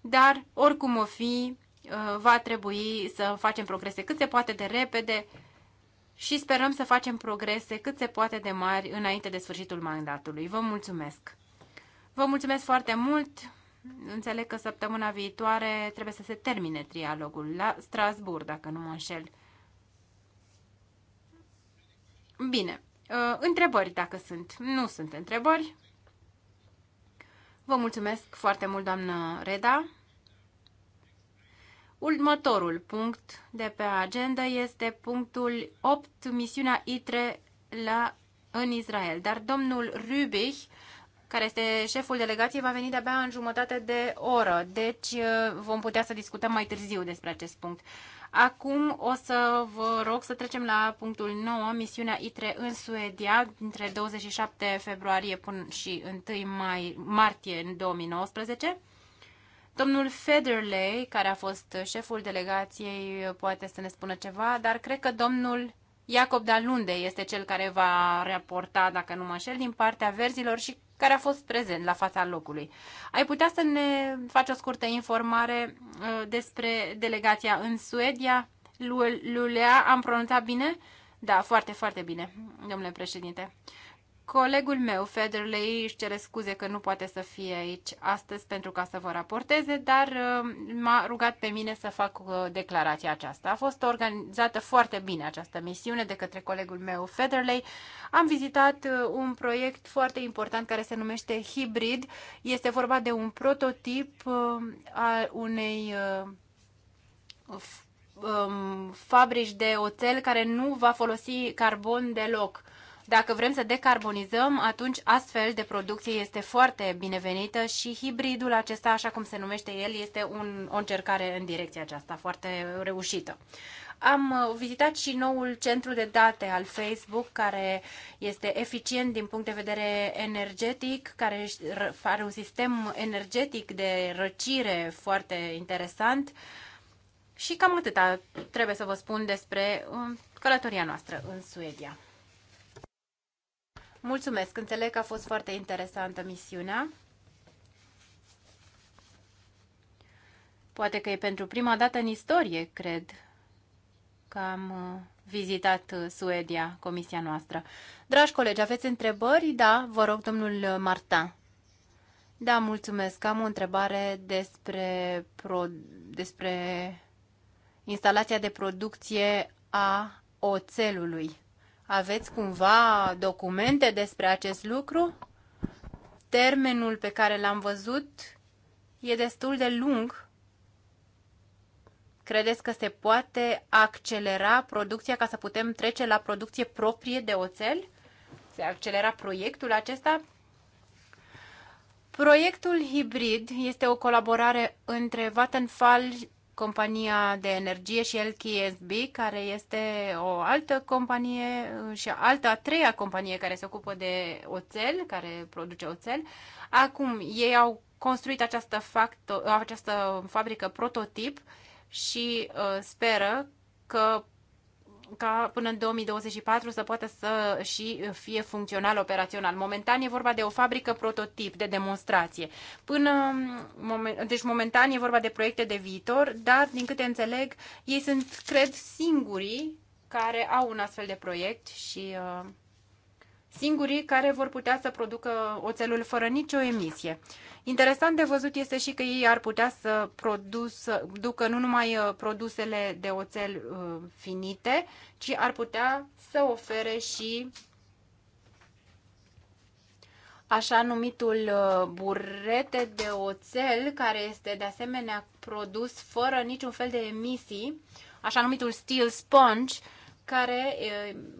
D: dar oricum o fi, uh, va trebui să facem progrese cât se poate de repede și sperăm să facem progrese cât se poate de mari înainte de sfârșitul mandatului. Vă mulțumesc! Vă mulțumesc foarte mult! Înțeleg că săptămâna viitoare trebuie să se termine trialogul la Strasbourg, dacă nu mă înșel. Bine, uh, întrebări dacă sunt. Nu sunt întrebări. Vă mulțumesc foarte mult, doamnă Reda. Următorul punct de pe agenda este punctul 8, misiunea ITRE la, în Israel. Dar domnul Rübich care este șeful delegației, va veni de-abia în jumătate de oră. Deci uh, vom putea să discutăm mai târziu despre acest punct. Acum o să vă rog să trecem la punctul 9, misiunea ITRE în Suedia, între 27 februarie până și 1 mai, martie în 2019. Domnul Federley, care a fost șeful delegației, poate să ne spună ceva, dar cred că domnul Iacob Dalunde este cel care va raporta, dacă nu mă înșel, din partea verzilor și care a fost prezent la fața locului. Ai putea să ne faci o scurtă informare uh, despre delegația în Suedia? Lulea, am pronunțat bine? Da, foarte, foarte bine, domnule președinte. Colegul meu, Federley, își cere scuze că nu poate să fie aici astăzi pentru ca să vă raporteze, dar uh, m-a rugat pe mine să fac uh, declarația aceasta. A fost organizată foarte bine această misiune de către colegul meu, Federley. Am vizitat uh, un proiect foarte important care se numește Hybrid. Este vorba de un prototip al unei um, fabrici de oțel care nu va folosi carbon deloc dacă vrem să decarbonizăm, atunci astfel de producție este foarte binevenită și hibridul acesta, așa cum se numește el, este un, o încercare în direcția aceasta foarte reușită. Am uh, vizitat și noul centru de date al Facebook, care este eficient din punct de vedere energetic, care are un sistem energetic de răcire foarte interesant. Și cam atâta trebuie să vă spun despre um, călătoria noastră în Suedia. Mulțumesc, înțeleg că a fost foarte interesantă misiunea. Poate că e pentru prima dată în istorie, cred, că am uh, vizitat uh, Suedia, comisia noastră. Dragi colegi, aveți întrebări? Da, vă rog, domnul uh, Martin. Da, mulțumesc. Am o întrebare despre, pro, despre instalația de producție a oțelului. Aveți cumva documente despre acest lucru? Termenul pe care l-am văzut e destul de lung. Credeți că se poate accelera producția ca să putem trece la producție proprie de oțel? Se accelera proiectul acesta? Proiectul hibrid este o colaborare între Vattenfall compania de energie și LKSB, care este o altă companie uh, și alta a treia companie care se ocupă de oțel, care produce oțel. Acum, ei au construit această, facto, această fabrică prototip și uh, speră că ca până în 2024 să poată să și fie funcțional, operațional. Momentan e vorba de o fabrică prototip de demonstrație. Până, deci momentan e vorba de proiecte de viitor, dar din câte înțeleg, ei sunt, cred, singurii care au un astfel de proiect și uh, singurii care vor putea să producă oțelul fără nicio emisie. Interesant de văzut este și că ei ar putea să producă nu numai uh, produsele de oțel uh, finite, ci ar putea să ofere și așa numitul uh, burete de oțel, care este de asemenea produs fără niciun fel de emisii, așa numitul steel sponge, care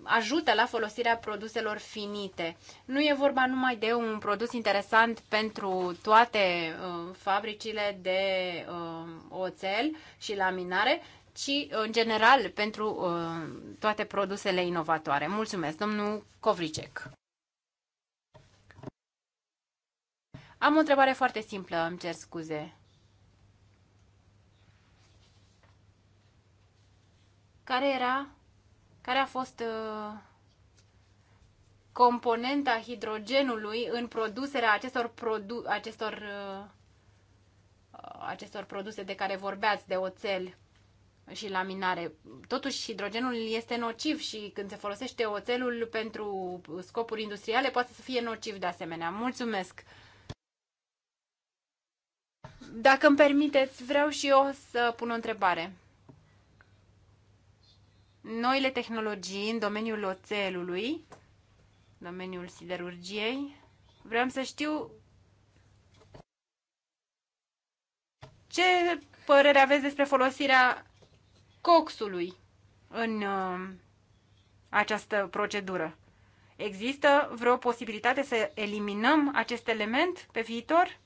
D: ajută la folosirea produselor finite. Nu e vorba numai de un produs interesant pentru toate fabricile de oțel și laminare, ci în general pentru toate produsele inovatoare. Mulțumesc, domnul Covricec. Am o întrebare foarte simplă, îmi cer scuze. Care era care a fost uh, componenta hidrogenului în producerea acestor, produ- acestor, uh, acestor produse de care vorbeați, de oțel și laminare. Totuși, hidrogenul este nociv și când se folosește oțelul pentru scopuri industriale, poate să fie nociv de asemenea. Mulțumesc! Dacă îmi permiteți, vreau și eu să pun o întrebare noile tehnologii în domeniul oțelului, domeniul siderurgiei. Vreau să știu ce părere aveți despre folosirea coxului în uh, această procedură. Există vreo posibilitate să eliminăm acest element pe viitor?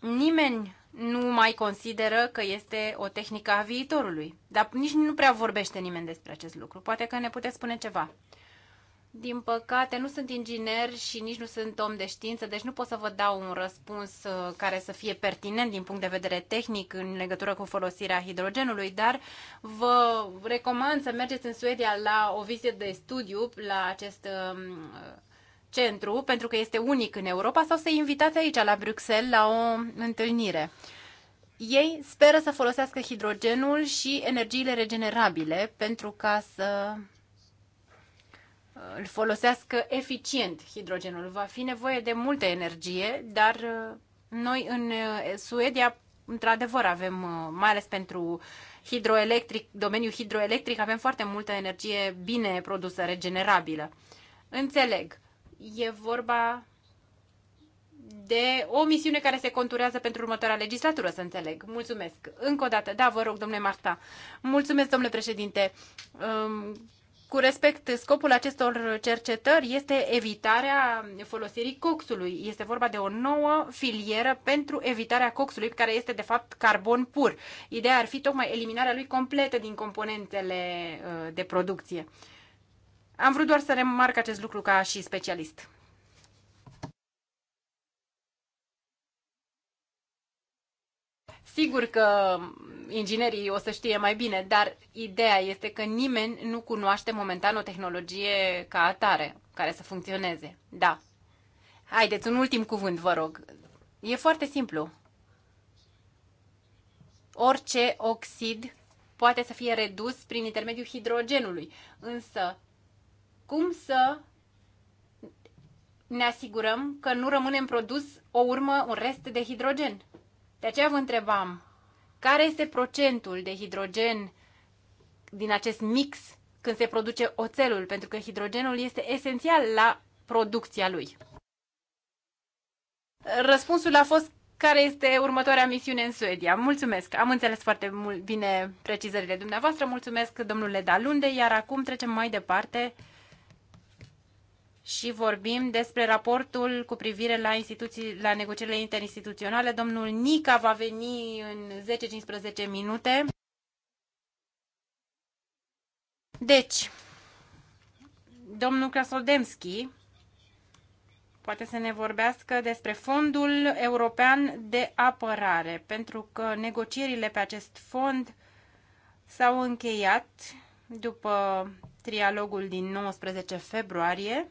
D: Nimeni nu mai consideră că este o tehnică a viitorului. Dar nici nu prea vorbește nimeni despre acest lucru. Poate că ne puteți spune ceva. Din păcate, nu sunt inginer și nici nu sunt om de știință, deci nu pot să vă dau un răspuns uh, care să fie pertinent din punct de vedere tehnic în legătură cu folosirea hidrogenului, dar vă recomand să mergeți în Suedia la o vizită de studiu la acest um, centru, pentru că este unic în Europa, sau să-i invitați aici, la Bruxelles, la o întâlnire. Ei speră să folosească hidrogenul și energiile regenerabile pentru ca să uh, îl folosească eficient hidrogenul. Va fi nevoie de multă energie, dar uh, noi în uh, Suedia, într-adevăr, avem, mai ales pentru hidroelectric, domeniul hidroelectric, avem foarte multă energie bine produsă, regenerabilă. Înțeleg E vorba de o misiune care se conturează pentru următoarea legislatură, să înțeleg. Mulțumesc. Încă o dată. Da, vă rog, domnule Marta. Mulțumesc, domnule președinte. Um, cu respect, scopul acestor cercetări este evitarea folosirii coxului. Este vorba de o nouă filieră pentru evitarea coxului, care este de fapt carbon pur. Ideea ar fi tocmai eliminarea lui completă din componentele uh, de producție. Am vrut doar să remarc acest lucru ca și specialist. Sigur că inginerii o să știe mai bine, dar ideea este că nimeni nu cunoaște momentan o tehnologie ca atare care să funcționeze. Da. Haideți, un ultim cuvânt, vă rog. E foarte simplu. Orice oxid poate să fie redus prin intermediul hidrogenului, însă cum să ne asigurăm că nu rămâne în produs o urmă, un rest de hidrogen. De aceea vă întrebam, care este procentul de hidrogen din acest mix când se produce oțelul? Pentru că hidrogenul este esențial la producția lui. Răspunsul a fost care este următoarea misiune în Suedia. Mulțumesc, am înțeles foarte mult bine precizările dumneavoastră, mulțumesc domnule Dalunde, iar acum trecem mai departe și vorbim despre raportul cu privire la, instituții, la negocierile interinstituționale. Domnul Nica va veni în 10-15 minute. Deci, domnul Krasoldemski poate să ne vorbească despre Fondul European de Apărare, pentru că negocierile pe acest fond s-au încheiat după trialogul din 19 februarie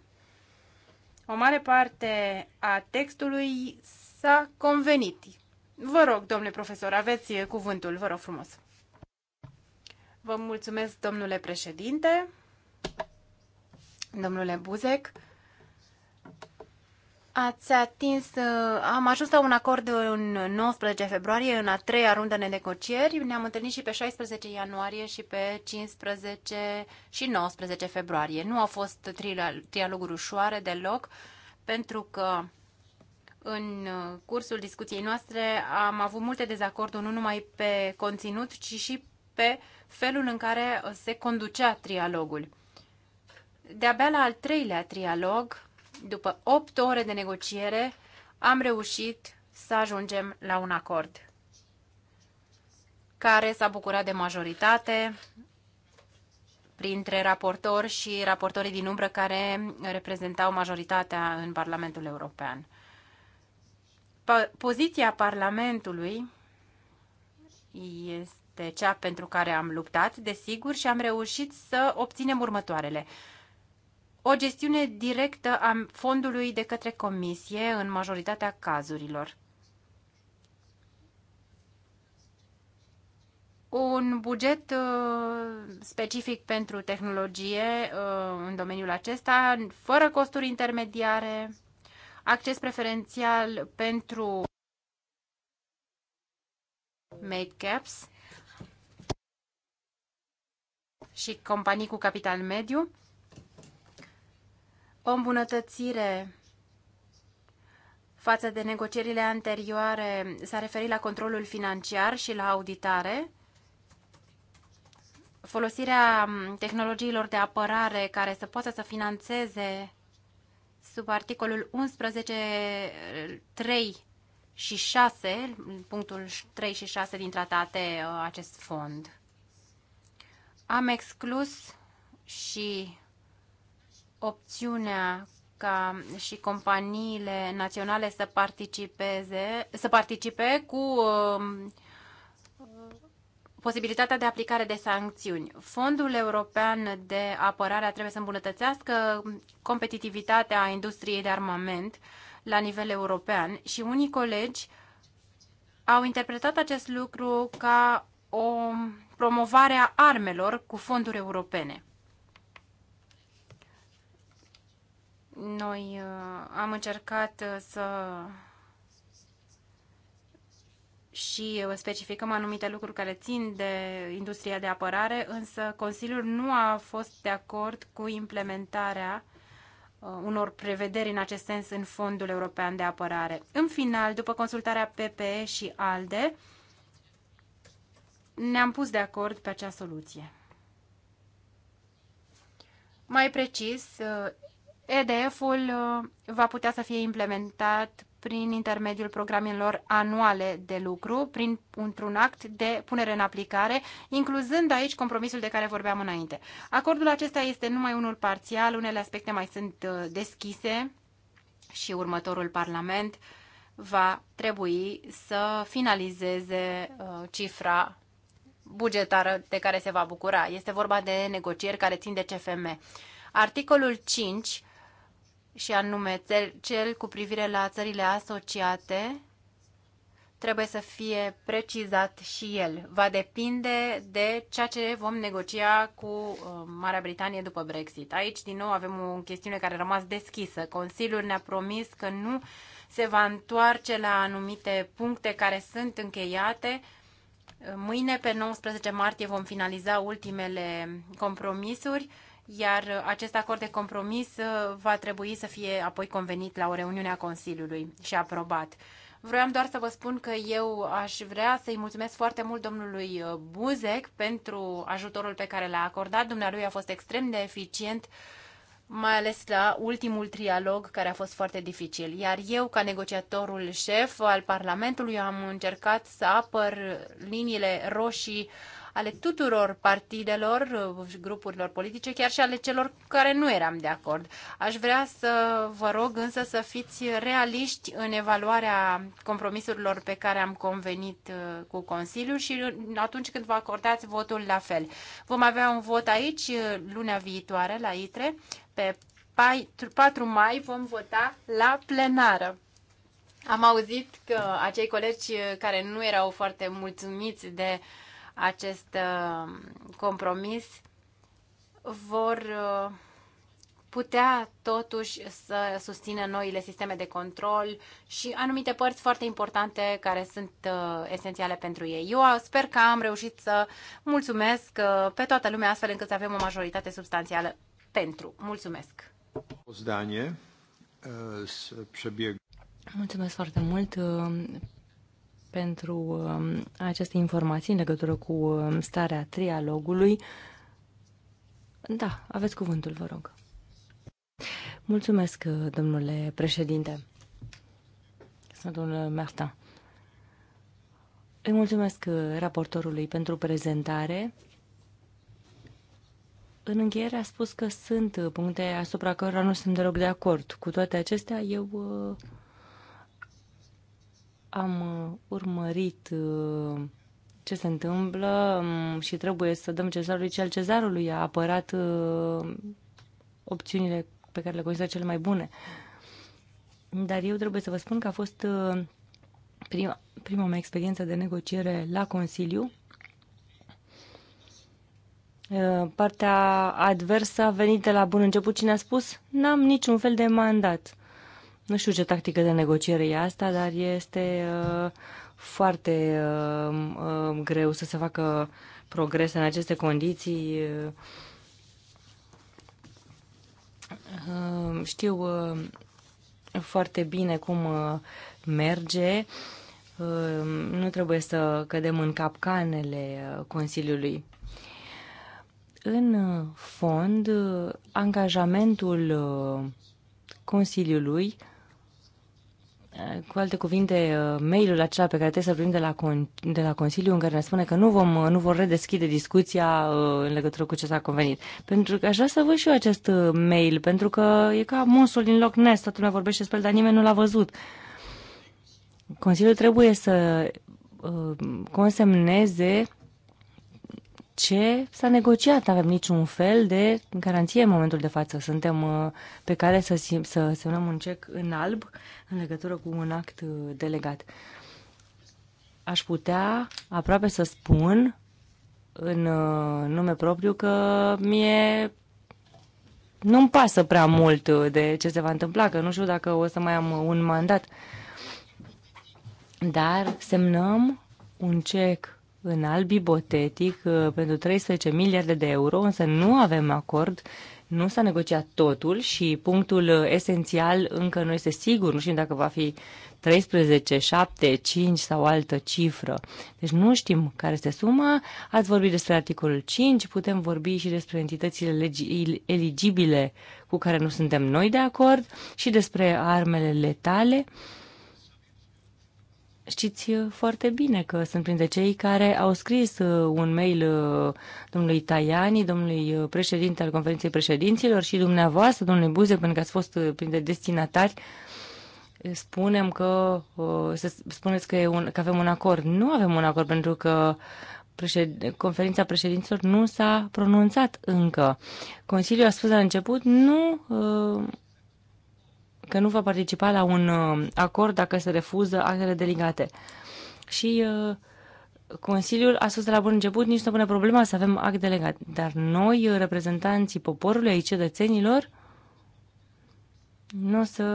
D: o mare parte a textului s-a convenit. Vă rog, domnule profesor, aveți cuvântul, vă rog frumos. Vă mulțumesc, domnule președinte, domnule Buzec. Ați atins, uh, am ajuns la un acord în 19 februarie, în a treia rundă de negocieri. Ne-am întâlnit și pe 16 ianuarie și pe 15 și 19 februarie. Nu au fost trialoguri ușoare deloc, pentru că în uh, cursul discuției noastre am avut multe dezacorduri, nu numai pe conținut, ci și pe felul în care se conducea trialogul. De-abia la al treilea trialog, după 8 ore de negociere, am reușit să ajungem la un acord care s-a bucurat de majoritate printre raportori și raportorii din umbră care reprezentau majoritatea în Parlamentul European. Poziția Parlamentului este cea pentru care am luptat, desigur, și am reușit să obținem următoarele o gestiune directă a fondului de către comisie în majoritatea cazurilor. Un buget uh, specific pentru tehnologie uh, în domeniul acesta, fără costuri intermediare, acces preferențial pentru made caps și companii cu capital mediu, o îmbunătățire față de negocierile anterioare s-a referit la controlul financiar și la auditare, folosirea tehnologiilor de apărare care să poată să financeze sub articolul 11, 3 și 6, punctul 3 și 6 din tratate, uh, acest fond. Am exclus și opțiunea ca și companiile naționale să participeze, să participe cu um, posibilitatea de aplicare de sancțiuni. Fondul European de Apărare trebuie să îmbunătățească competitivitatea industriei de armament la nivel european și unii colegi au interpretat acest lucru ca o promovare a armelor cu fonduri europene. Noi uh, am încercat uh, să și uh, specificăm anumite lucruri care țin de industria de apărare, însă Consiliul nu a fost de acord cu implementarea unor prevederi în acest sens în Fondul European de Apărare. În final, după consultarea PPE și ALDE, ne-am pus de acord pe acea soluție. Mai precis, EDF-ul uh, va putea să fie implementat prin intermediul programelor anuale de lucru, prin un act de punere în aplicare, incluzând aici compromisul de care vorbeam înainte. Acordul acesta este numai unul parțial, unele aspecte mai sunt uh, deschise și următorul Parlament va trebui să finalizeze uh, cifra bugetară de care se va bucura. Este vorba de negocieri care țin de CFM. Articolul 5 și anume cel cu privire la țările asociate, trebuie să fie precizat și el. Va depinde de ceea ce vom negocia cu uh, Marea Britanie după Brexit. Aici, din nou, avem o chestiune care a rămas deschisă. Consiliul ne-a promis că nu se va întoarce la anumite puncte care sunt încheiate. Mâine, pe 19 martie, vom finaliza ultimele compromisuri iar uh, acest acord de compromis uh, va trebui să fie apoi convenit la o reuniune a Consiliului și aprobat. Vroiam doar să vă spun că eu aș vrea să-i mulțumesc foarte mult domnului uh, Buzek pentru ajutorul pe care l-a acordat. Dumnealui a fost extrem de eficient mai ales la ultimul trialog care a fost foarte dificil. Iar eu, ca negociatorul șef al Parlamentului, am încercat să apăr liniile roșii ale tuturor partidelor, uh, grupurilor politice, chiar și ale celor care nu eram de acord. Aș vrea să vă rog însă să fiți realiști în evaluarea compromisurilor pe care am convenit uh, cu Consiliul și uh, atunci când vă acordați votul la fel. Vom avea un vot aici luna viitoare la ITRE pe 4 mai vom vota la plenară. Am auzit că acei colegi care nu erau foarte mulțumiți de uh, acest uh, compromis vor uh, putea totuși să susțină noile sisteme de control și anumite părți foarte importante care sunt uh, esențiale pentru ei. Eu sper că am reușit să mulțumesc pe toată lumea astfel încât să avem o majoritate substanțială pentru. Mulțumesc!
B: Mulțumesc foarte mult pentru um, aceste informații în legătură cu um, starea trialogului. Da, aveți cuvântul, vă rog. Mulțumesc, domnule președinte. Sunt domnul Martin. Îi mulțumesc uh, raportorului pentru prezentare. În încheiere a spus că sunt uh, puncte asupra cărora nu sunt deloc de acord. Cu toate acestea, eu uh, am uh, urmărit uh, ce se întâmplă mm, și trebuie să dăm cezarului cel cezarului. A apărat uh, opțiunile pe care le consider cele mai bune. Dar eu trebuie să vă spun că a fost prima, prima mea experiență de negociere la Consiliu. Partea adversă a venit de la bun început. Cine a spus? N-am niciun fel de mandat. Nu știu ce tactică de negociere e asta, dar este uh, foarte uh, uh, greu să se facă progres în aceste condiții. Uh, știu uh, foarte bine cum uh, merge. Uh, nu trebuie să cădem în capcanele uh, Consiliului. În uh, fond, uh, angajamentul uh, Consiliului Eh, cu alte cuvinte, eh, mailul acela pe care trebuie să primim de la, con- de la Consiliu în care ne spune că nu, vom, eh, nu vor redeschide discuția în legătură cu ce s-a convenit. Pentru că aș vrea să văd și eu acest mail, pentru că e ca monstrul din loc Ness, toată lumea vorbește despre el, dar nimeni nu l-a văzut. Consiliul trebuie să consemneze ce s-a negociat. avem niciun fel de garanție în momentul de față. Suntem uh, pe care să, să semnăm un cec în alb în legătură cu un act uh, delegat. Aș putea aproape să spun în uh, nume propriu că mie nu-mi pasă prea mult de ce se va întâmpla, că nu știu dacă o să mai am un mandat. Dar semnăm un cec în alb ibotetic uh, pentru 13 miliarde de euro, însă nu avem acord, nu s-a negociat totul și punctul uh, esențial încă nu este sigur, nu știm dacă va fi 13, 7, 5 sau altă cifră. Deci nu știm care este suma. Ați vorbit despre articolul 5, putem vorbi și despre entitățile eligibile cu care nu suntem noi de acord și despre armele letale. Uh, Știți uh, foarte bine că sunt printre cei care au scris uh, un mail uh, domnului Tajani, domnului președinte al conferinței președinților și dumneavoastră, domnule Buze, pentru că ați fost printre destinatari, spunem că, să spuneți că, e un, că avem un acord. Nu avem un acord pentru că președ, conferința președinților nu s-a pronunțat încă. Consiliul a spus la început, nu că nu va participa la un uh, acord dacă se refuză actele delegate. Și uh, Consiliul a spus de la bun început, nici nu pune problema să avem act delegat. Dar noi, uh, reprezentanții poporului, ai cetățenilor, nu o să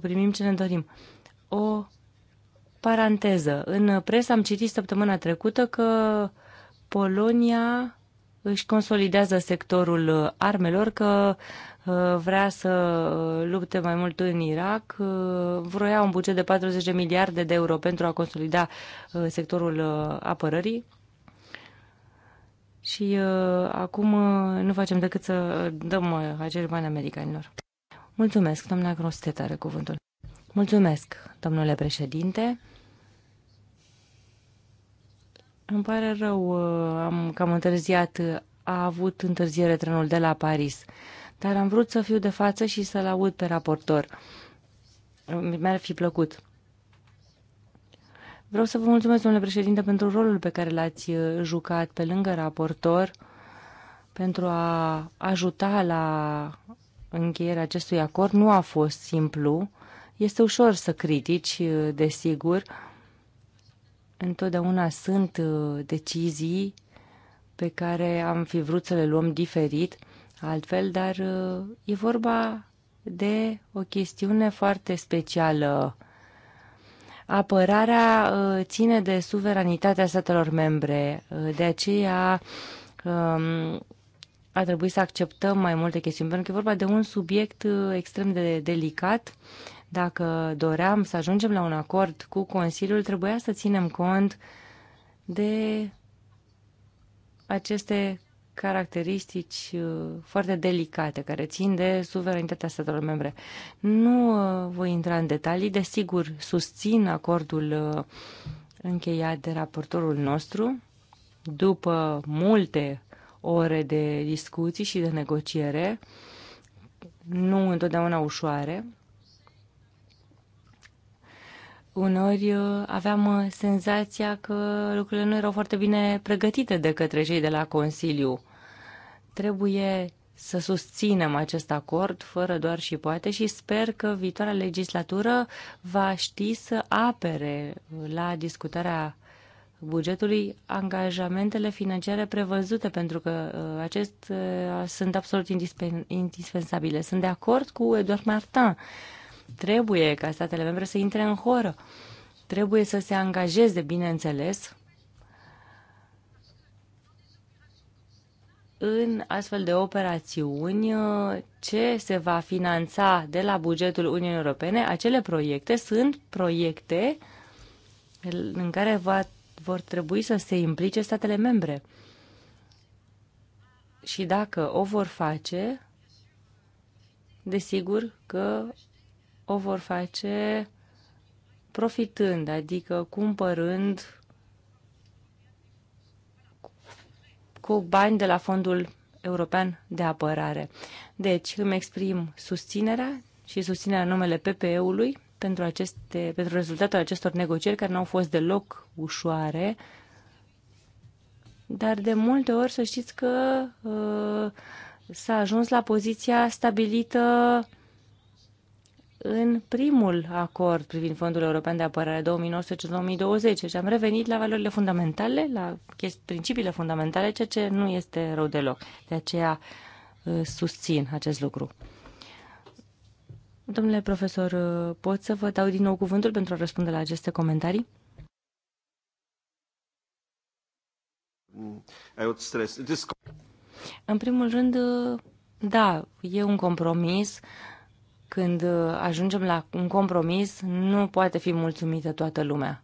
B: primim ce ne dorim. O paranteză. În presă am citit săptămâna trecută că Polonia își consolidează sectorul armelor, că Uh, vrea să uh, lupte mai mult în Irak. Uh, Vroia un buget de 40 de miliarde de euro pentru a consolida sectorul apărării. Și acum nu facem decât să dăm acești bani americanilor. Mulțumesc, doamna Grostet are cuvântul. Mulțumesc, domnule președinte. Îmi pare rău, am cam întârziat. A avut întârziere trenul de la Paris dar am vrut să fiu de față și să-l aud pe raportor. Mi-ar fi plăcut. Vreau să vă mulțumesc, domnule președinte, pentru rolul pe care l-ați uh, jucat pe lângă raportor, pentru a ajuta la încheierea acestui acord. Nu a fost simplu. Este ușor să critici, uh, desigur. Întotdeauna sunt uh, decizii pe care am fi vrut să le luăm diferit altfel, dar uh, e vorba de o chestiune foarte specială. Apărarea uh, ține de suveranitatea statelor membre, uh, de aceea um, a trebuit să acceptăm mai multe chestiuni, pentru că e vorba de un subiect extrem de delicat. Dacă doream să ajungem la un acord cu Consiliul, trebuia să ținem cont de aceste caracteristici uh, foarte delicate care țin de suveranitatea statelor membre. Nu uh, voi intra în detalii, desigur susțin acordul uh, încheiat de raportorul nostru după multe ore de discuții și de negociere, nu întotdeauna ușoare, Uneori uh, aveam uh, senzația că lucrurile nu erau foarte bine pregătite de către cei de la Consiliu. Trebuie să susținem acest acord fără doar și poate și sper că viitoarea legislatură va ști să apere la discutarea bugetului angajamentele financiare prevăzute, pentru că acest uh, acestea sunt absolut indispensabile. Sunt de acord cu Eduard Martin Trebuie ca statele membre să intre în horă. Trebuie să se angajeze, bineînțeles, în astfel de operațiuni ce se va finanța de la bugetul Uniunii Europene, acele proiecte sunt proiecte în care va, vor trebui să se implice statele membre. Și dacă o vor face, desigur că o vor face profitând, adică cumpărând cu bani de la Fondul European de Apărare. Deci îmi exprim susținerea și susținerea numele PPE-ului pentru, aceste, pentru rezultatul acestor negocieri care nu au fost deloc ușoare, dar de multe ori să știți că uh, s-a ajuns la poziția stabilită în primul acord privind Fondul European de Apărare 2019-2020. și deci am revenit la valorile fundamentale, la principiile fundamentale, ceea ce nu este rău deloc. De aceea uh, susțin acest lucru. Domnule profesor, uh, pot să vă dau din nou cuvântul pentru a răspunde la aceste comentarii? Mm, în primul rând, uh, da, e un compromis când uh, ajungem la un compromis, nu poate fi mulțumită toată lumea.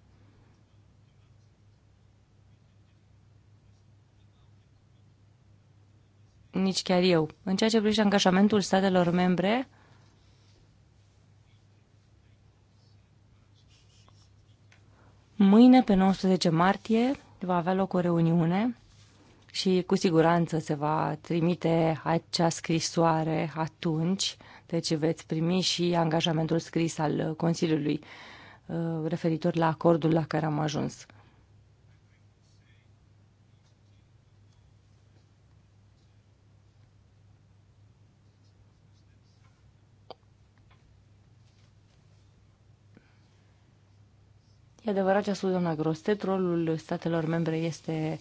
B: Nici chiar eu. În ceea ce privește angajamentul statelor membre, mâine, pe 19 martie, va avea loc o reuniune și cu siguranță se va trimite acea scrisoare atunci ce veți primi și angajamentul scris al uh, Consiliului uh, referitor la acordul la care am ajuns. E adevărat ce a spus doamna Grostet, rolul statelor membre este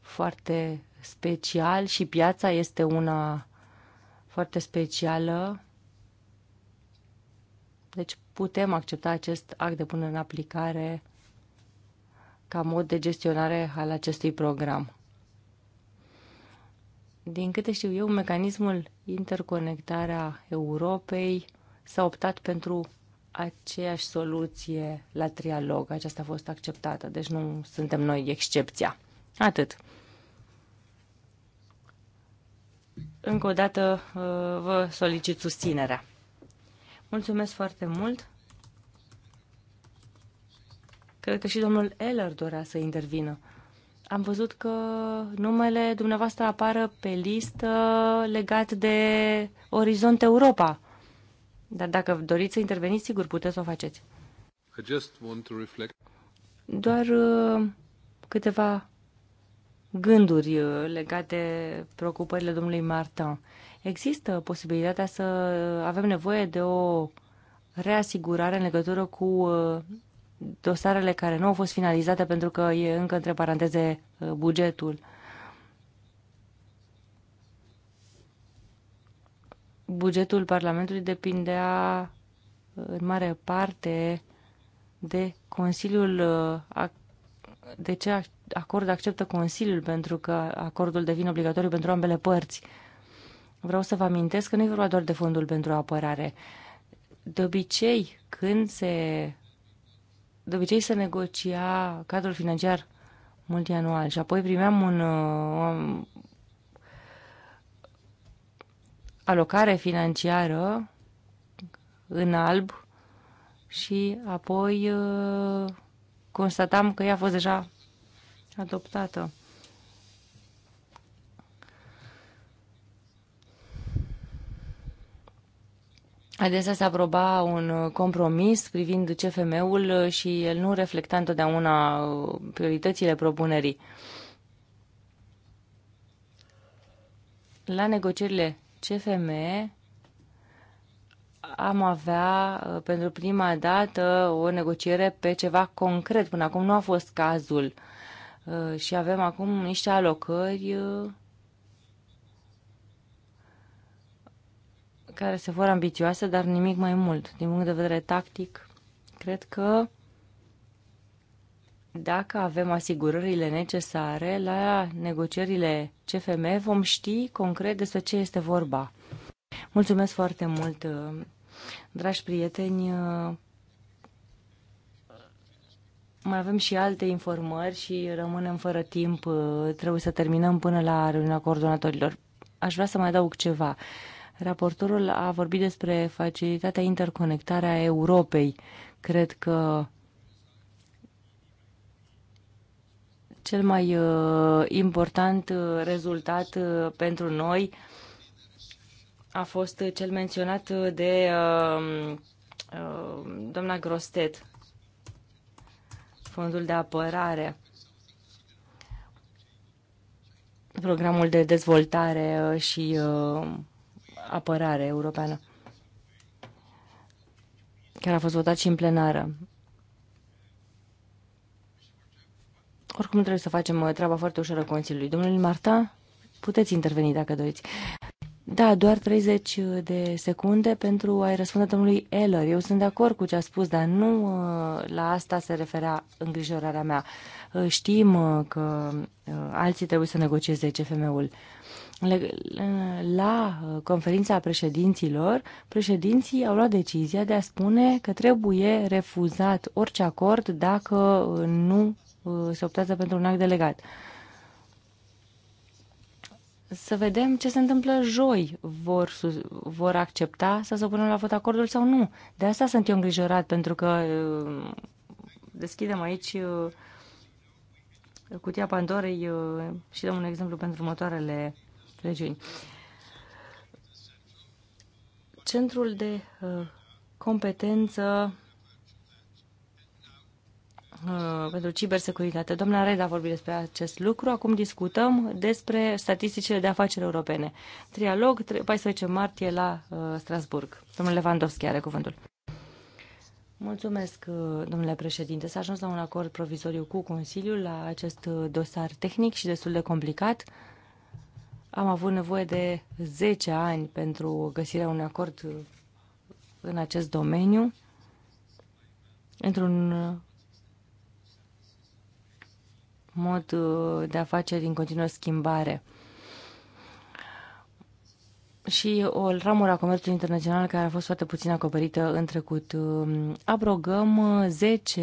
B: foarte special și piața este una foarte specială. Deci putem accepta acest act de punere în aplicare ca mod de gestionare al acestui program. Din câte știu eu, mecanismul interconectarea Europei s-a optat pentru aceeași soluție la trialog. Aceasta a fost acceptată, deci nu suntem noi excepția. Atât. Încă o dată uh, vă solicit susținerea. Mulțumesc foarte mult. Cred că și domnul Eller dorea să intervină. Am văzut că numele dumneavoastră apară pe listă legat de Orizont Europa. Dar dacă doriți să interveniți, sigur puteți să o faceți. Doar uh, câteva gânduri uh, legate de preocupările domnului Martin. Există posibilitatea să avem nevoie de o reasigurare în legătură cu uh, dosarele care nu au fost finalizate pentru că e încă între paranteze uh, bugetul. Bugetul Parlamentului depindea uh, în mare parte de Consiliul de ce acord acceptă Consiliul pentru că acordul devine obligatoriu pentru ambele părți. Vreau să vă amintesc că nu e vorba doar de fondul pentru apărare. De obicei, când se... De obicei se negocia cadrul financiar multianual și apoi primeam un, uh, o alocare financiară în alb și apoi uh, constatam că ea a fost deja adoptată. adesea se aproba un uh, compromis privind CFM-ul uh, și el nu reflecta întotdeauna uh, prioritățile propunerii. La negocierile CFM am avea pentru prima dată o negociere pe ceva concret. Până acum nu a fost cazul și avem acum niște alocări care se vor ambițioase, dar nimic mai mult. Din punct de vedere tactic, cred că dacă avem asigurările necesare la negocierile CFM, vom ști concret despre ce este vorba. Mulțumesc foarte mult, dragi prieteni. Mai avem și alte informări și rămânem fără timp. Trebuie să terminăm până la reuniunea coordonatorilor. Aș vrea să mai adaug ceva. Raportorul a vorbit despre facilitatea interconectarea Europei. Cred că cel mai uh, important uh, rezultat uh, pentru noi a fost cel menționat de uh, uh, doamna Grostet, fondul de apărare, programul de dezvoltare uh, și uh, apărare europeană, care a fost votat și în plenară. Oricum trebuie să facem uh, treaba foarte ușoară Consiliului. Domnule Marta, puteți interveni dacă doriți. Da, doar 30 uh, de secunde pentru a-i răspunde domnului Eller. Eu sunt de acord cu ce a spus, dar nu uh, la asta se referea îngrijorarea mea. Știm că alții trebuie să negocieze CFM-ul la uh, conferința președinților, președinții au luat decizia de a spune că trebuie refuzat orice acord dacă uh, nu uh, se optează pentru un act delegat. Să vedem ce se întâmplă joi. Vor, vor accepta să se pună la vot acordul sau nu? De asta sunt eu îngrijorat, pentru că deschidem aici cutia Pandorei și dăm un exemplu pentru următoarele regiuni. Centrul de uh, competență uh, pentru cibersecuritate. Doamna Reda a vorbit despre acest lucru. Acum discutăm despre statisticile de afaceri europene. Trialog 14 martie la uh, Strasburg. Domnul Lewandowski are cuvântul. Mulțumesc, domnule președinte. S-a ajuns la un acord provizoriu cu Consiliul la acest dosar tehnic și destul de complicat. Am avut nevoie de 10 ani pentru găsirea unui acord în acest domeniu, într-un mod uh, de a face din continuă schimbare. Și o ramură a comerțului internațional care a fost foarte puțin acoperită în trecut. Um, abrogăm 10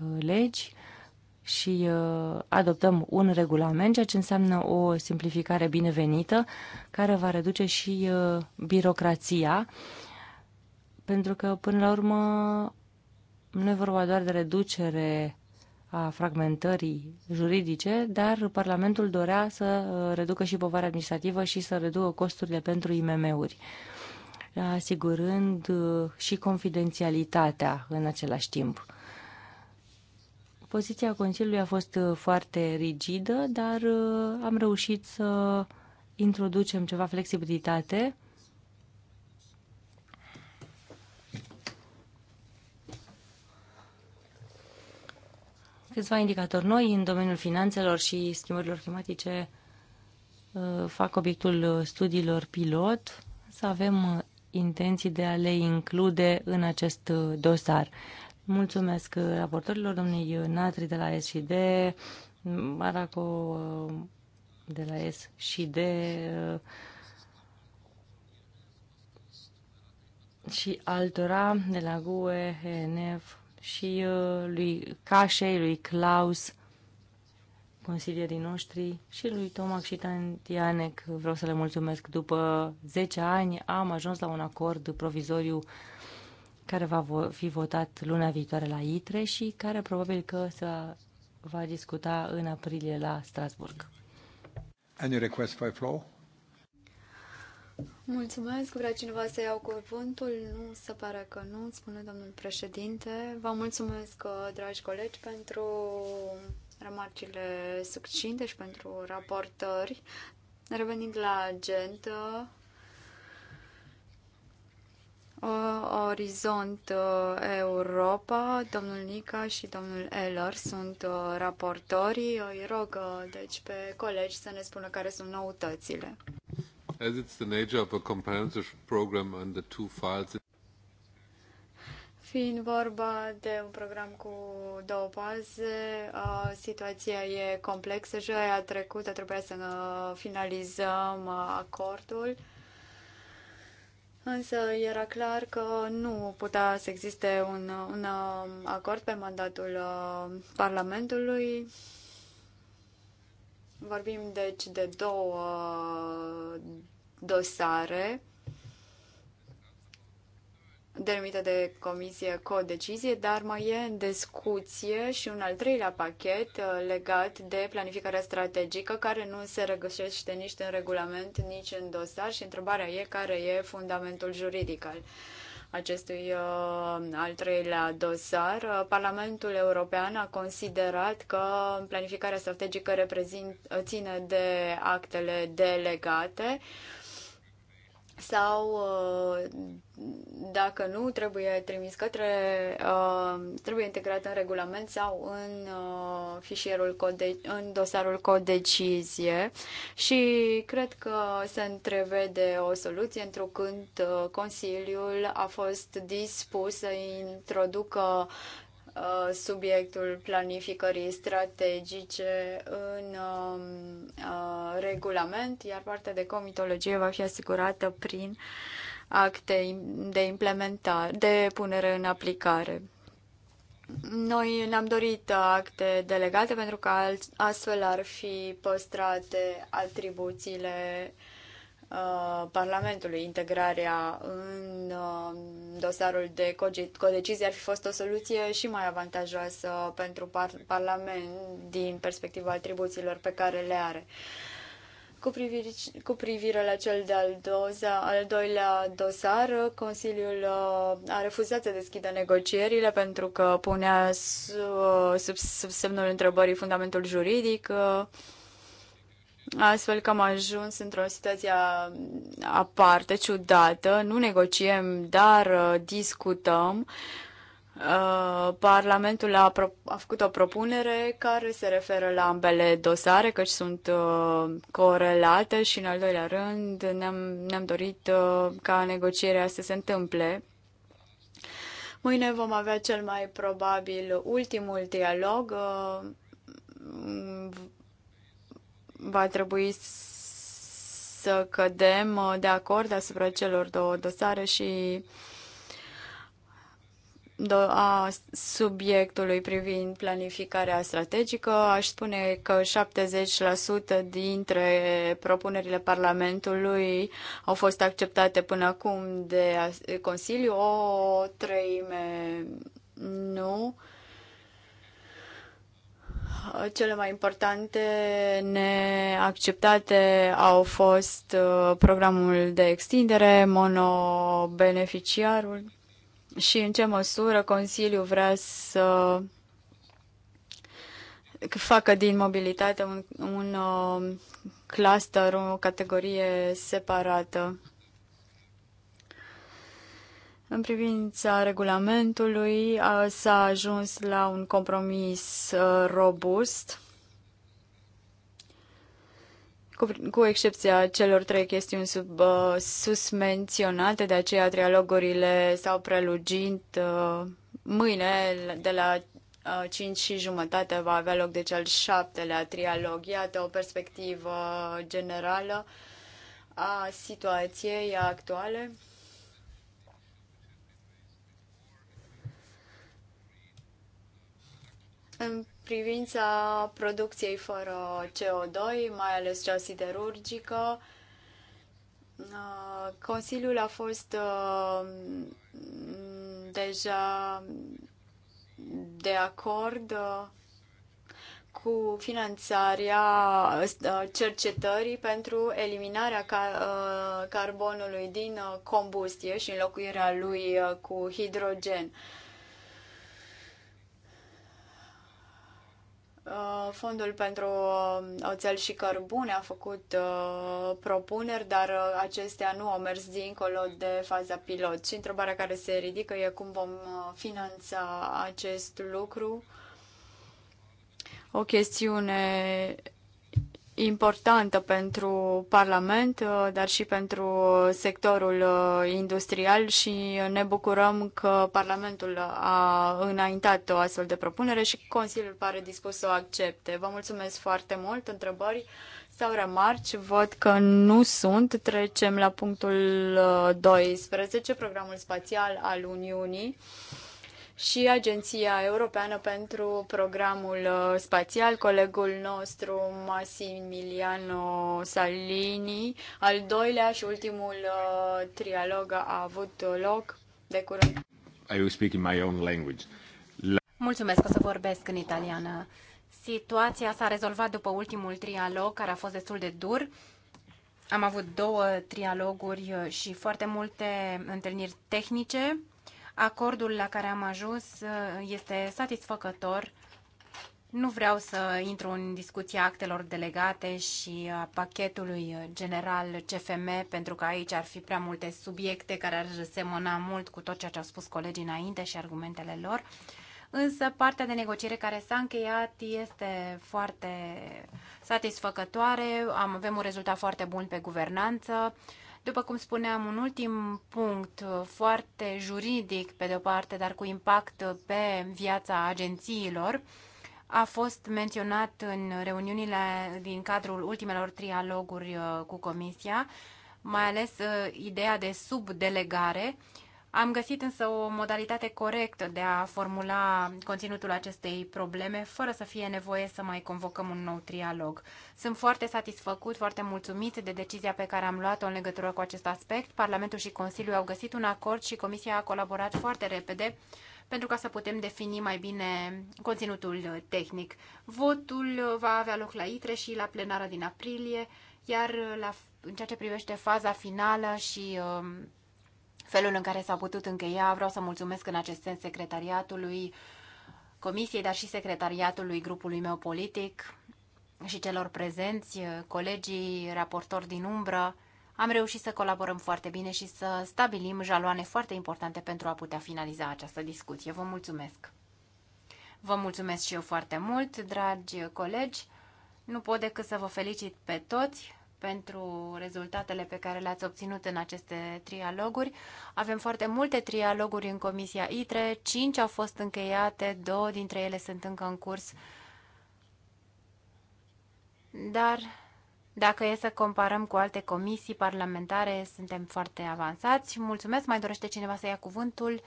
B: uh, uh, legi și uh, adoptăm un regulament, ceea ce înseamnă o simplificare binevenită, care va reduce și uh, birocrația, pentru că, până la urmă, nu e vorba doar de reducere a fragmentării juridice, dar Parlamentul dorea să uh, reducă și povara administrativă și să reducă costurile pentru IMM-uri, asigurând și confidențialitatea în același timp. Poziția Consiliului a fost uh, foarte rigidă, dar uh, am reușit să introducem ceva flexibilitate. Câțiva indicatori noi în domeniul finanțelor și schimbărilor climatice uh, fac obiectul studiilor pilot, să avem intenții de a le include în acest dosar. Mulțumesc uh, raportorilor, domnului Natri de la S și D, Maraco uh, de la S și D uh, și altora de la GUE, ENF și lui Cașei, lui Klaus, consilierii noștri și lui Tomac și Tantianec. Vreau să le mulțumesc. După 10 ani am ajuns la un acord provizoriu uh, care va fi votat luna viitoare la ITRE și care probabil că se va discuta în aprilie la Strasburg.
A: Any request for floor?
C: Mulțumesc. Vrea cineva să iau cuvântul? Nu se pare că nu, spune domnul președinte. Vă mulțumesc, uh, dragi colegi, pentru remarcile succinte și pentru raportări. Revenind la agenda, uh, Orizont uh, Europa, domnul Nica și domnul Eller sunt uh, raportorii. Îi rog, uh, deci, pe colegi să ne spună care sunt noutățile.
A: As it's the nature of a comprehensive program and the two files...
C: Fiind vorba de un program cu două paze, situația e complexă. Joia trecută trebuia să uh, finalizăm uh, acordul Însă era clar că nu putea să existe un, un um, acord pe mandatul uh, Parlamentului. Vorbim deci de două uh, dosare denumită de comisie co-decizie, dar mai e în discuție și un al treilea pachet uh, legat de planificarea strategică, care nu se regăsește nici în regulament, nici în dosar și întrebarea e care e fundamentul juridic al acestui uh, al treilea dosar. Uh, Parlamentul European a considerat că planificarea strategică reprezint, uh, ține de actele delegate uh, sau uh, dacă nu, trebuie trimis către, uh, trebuie integrat în regulament sau în uh, fișierul de, în dosarul cod decizie și cred că se întrevede o soluție întrucât Consiliul a fost dispus să introducă Uh, subiectul planificării strategice în um, uh, regulament, iar partea de comitologie va fi asigurată prin acte de implementare, de punere în aplicare. Noi ne-am dorit acte delegate pentru că astfel ar fi păstrate atribuțiile uh, Uh, Parlamentului. Integrarea în uh, dosarul de codecizie ar fi fost o soluție și mai avantajoasă pentru par- Parlament din perspectiva atribuțiilor pe care le are. Cu privire, cu privire la cel de-al al doilea dosar, Consiliul uh, a refuzat să deschidă negocierile pentru că punea sub, sub semnul întrebării fundamentul juridic astfel că am ajuns într-o situație aparte, ciudată. Nu negociem, dar uh, discutăm. Uh, Parlamentul a, a făcut o propunere care se referă la ambele dosare, căci sunt uh, corelate și, în al doilea rând, ne-am, ne-am dorit uh, ca negocierea să se întâmple. Mâine vom avea cel mai probabil ultimul dialog. Uh, va trebui să cădem uh, de acord asupra celor două dosare și a subiectului privind planificarea strategică. Aș spune că 70% dintre propunerile Parlamentului au fost acceptate până acum de Consiliu, o treime nu cele mai importante neacceptate au fost uh, programul de extindere, monobeneficiarul și în ce măsură Consiliul vrea să facă din mobilitate un, un uh, cluster, o categorie separată. În privința regulamentului s-a ajuns la un compromis robust, cu, excepția celor trei chestiuni sub, susmenționate, de aceea trialogurile s-au prelugit. mâine, de la cinci 5 și jumătate, va avea loc de deci cel șaptelea trialog. Iată o perspectivă generală a situației actuale. În privința producției fără CO2, mai ales cea siderurgică, uh, Consiliul a fost uh, deja de acord uh, cu finanțarea cercetării pentru eliminarea carbonului din combustie și înlocuirea lui cu hidrogen. Uh, fondul pentru uh, oțel și cărbune a făcut uh, propuneri, dar acestea nu au mers dincolo de faza pilot. Și întrebarea care se ridică e cum vom finanța acest lucru. O chestiune importantă pentru Parlament, uh, dar și pentru sectorul uh, industrial și ne bucurăm că Parlamentul a înaintat o astfel de propunere și Consiliul pare dispus să o accepte. Vă mulțumesc foarte mult. Întrebări sau remarci? Văd că nu sunt. Trecem la punctul 12, uh, programul spațial al Uniunii și Agenția Europeană pentru Programul uh, Spațial, colegul nostru Massimiliano Salini. Al doilea și ultimul uh,
D: trialog a avut loc de curând.
A: I will speak in my own language. La...
D: Mulțumesc, că să vorbesc în italiană. Situația s-a rezolvat după ultimul trialog, care a fost destul de dur. Am avut două trialoguri uh, și foarte multe întâlniri tehnice Acordul la care am ajuns uh, este satisfăcător. Nu vreau să intru în discuția actelor delegate și a pachetului general CFM, pentru că aici ar fi prea multe subiecte care ar semăna mult cu tot ceea ce au spus colegii înainte și argumentele lor. Însă partea de negociere care s-a încheiat este foarte satisfăcătoare, Am, avem un rezultat foarte bun pe guvernanță, după cum spuneam, un ultim punct uh, foarte juridic pe de-o parte, dar cu impact uh, pe viața agențiilor, a fost menționat în reuniunile din cadrul ultimelor trialoguri uh, cu Comisia, mai ales ideea de subdelegare am găsit însă o modalitate corectă de a formula conținutul acestei probleme fără să fie nevoie să mai convocăm un nou trialog. Sunt foarte satisfăcut, foarte mulțumit de decizia pe care am luat-o în legătură cu acest aspect. Parlamentul și Consiliul au găsit un acord și Comisia a colaborat foarte repede pentru ca să putem defini mai bine conținutul tehnic. Votul va avea loc la ITRE și la plenară din aprilie, iar la, în ceea ce privește faza finală și uh, felul în care s-a putut încheia. Vreau să mulțumesc în acest sens secretariatului comisiei, dar și secretariatului grupului meu politic și celor prezenți, colegii, raportori din umbră. Am reușit să colaborăm foarte bine și să stabilim jaloane foarte importante pentru a putea finaliza această discuție. Vă mulțumesc! Vă mulțumesc și eu foarte mult, dragi colegi. Nu pot decât să vă felicit pe toți pentru rezultatele pe care le-ați obținut în aceste trialoguri. Avem foarte multe trialoguri în Comisia ITRE, cinci au fost încheiate, două dintre ele sunt încă în curs. Dar dacă e să comparăm cu alte comisii parlamentare, suntem foarte avansați. Mulțumesc, mai dorește cineva să ia cuvântul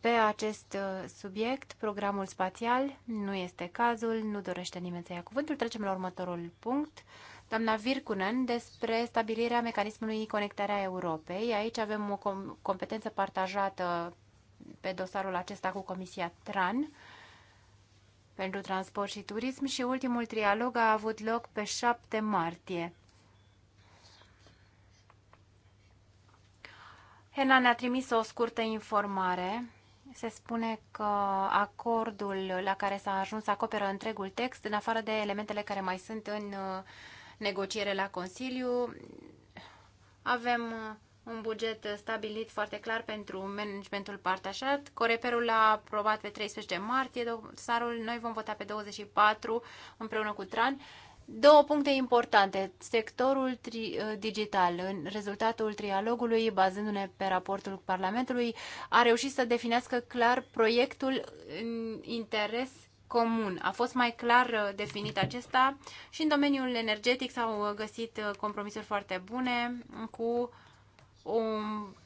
D: pe acest uh, subiect, programul spațial. Nu este cazul, nu dorește nimeni să ia cuvântul. Trecem la următorul punct doamna Virkunen despre stabilirea mecanismului Conectarea Europei. Aici avem o com competență partajată pe dosarul acesta cu Comisia TRAN pentru transport și turism și ultimul trialog a avut loc pe 7 martie. Hena ne-a trimis o scurtă informare. Se spune că acordul la care s-a ajuns acoperă întregul text, în afară de elementele care mai sunt în uh, negociere la Consiliu. Avem uh, un buget stabilit foarte clar pentru managementul partajat. Coreperul l-a aprobat pe 13 martie dosarul. Noi vom vota pe 24 împreună cu TRAN. Două puncte importante. Sectorul uh, digital, în rezultatul trialogului, bazându-ne pe raportul Parlamentului, a reușit să definească clar proiectul în interes comun. A fost mai clar uh, definit acesta și în domeniul energetic s-au uh, găsit uh, compromisuri foarte bune mm, cu un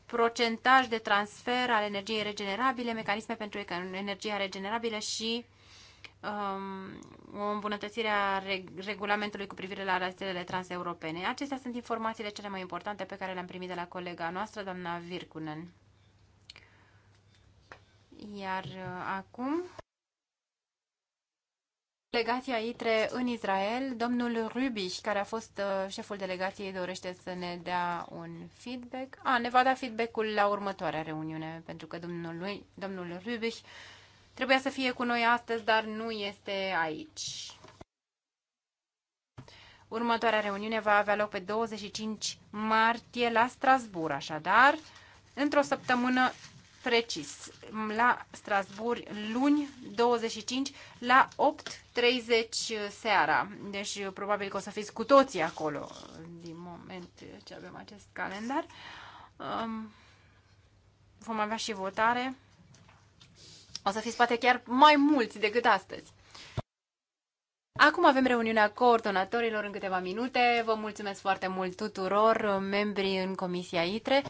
D: procentaj de transfer al energiei regenerabile, mecanisme pentru energia regenerabilă și um, o îmbunătățire a regulamentului cu privire la rețelele transeuropene. Acestea sunt informațiile cele mai importante pe care le-am primit de la colega noastră, doamna Virkunen. Iar uh, acum delegația ITRE în Israel. Domnul Rubiș, care a fost uh, șeful delegației, dorește să ne dea un feedback. A, ne va da feedback-ul la următoarea reuniune, pentru că domnul, lui, domnul Rubiș trebuia să fie cu noi astăzi, dar nu este aici. Următoarea reuniune va avea loc pe 25 martie la Strasbourg, așadar, într-o săptămână precis la Strasbourg luni 25 la 8.30 seara. Deci probabil că o să fiți cu toții acolo din moment ce avem acest calendar. Um, vom avea și votare. O să fiți poate chiar mai mulți decât astăzi. Acum avem reuniunea coordonatorilor în câteva minute. Vă mulțumesc foarte mult tuturor membrii în Comisia ITRE.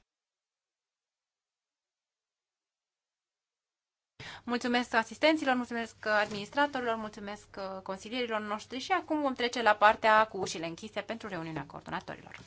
D: Mulțumesc asistenților, mulțumesc administratorilor, mulțumesc uh, consilierilor noștri și acum vom trece la partea cu ușile închise pentru reuniunea coordonatorilor.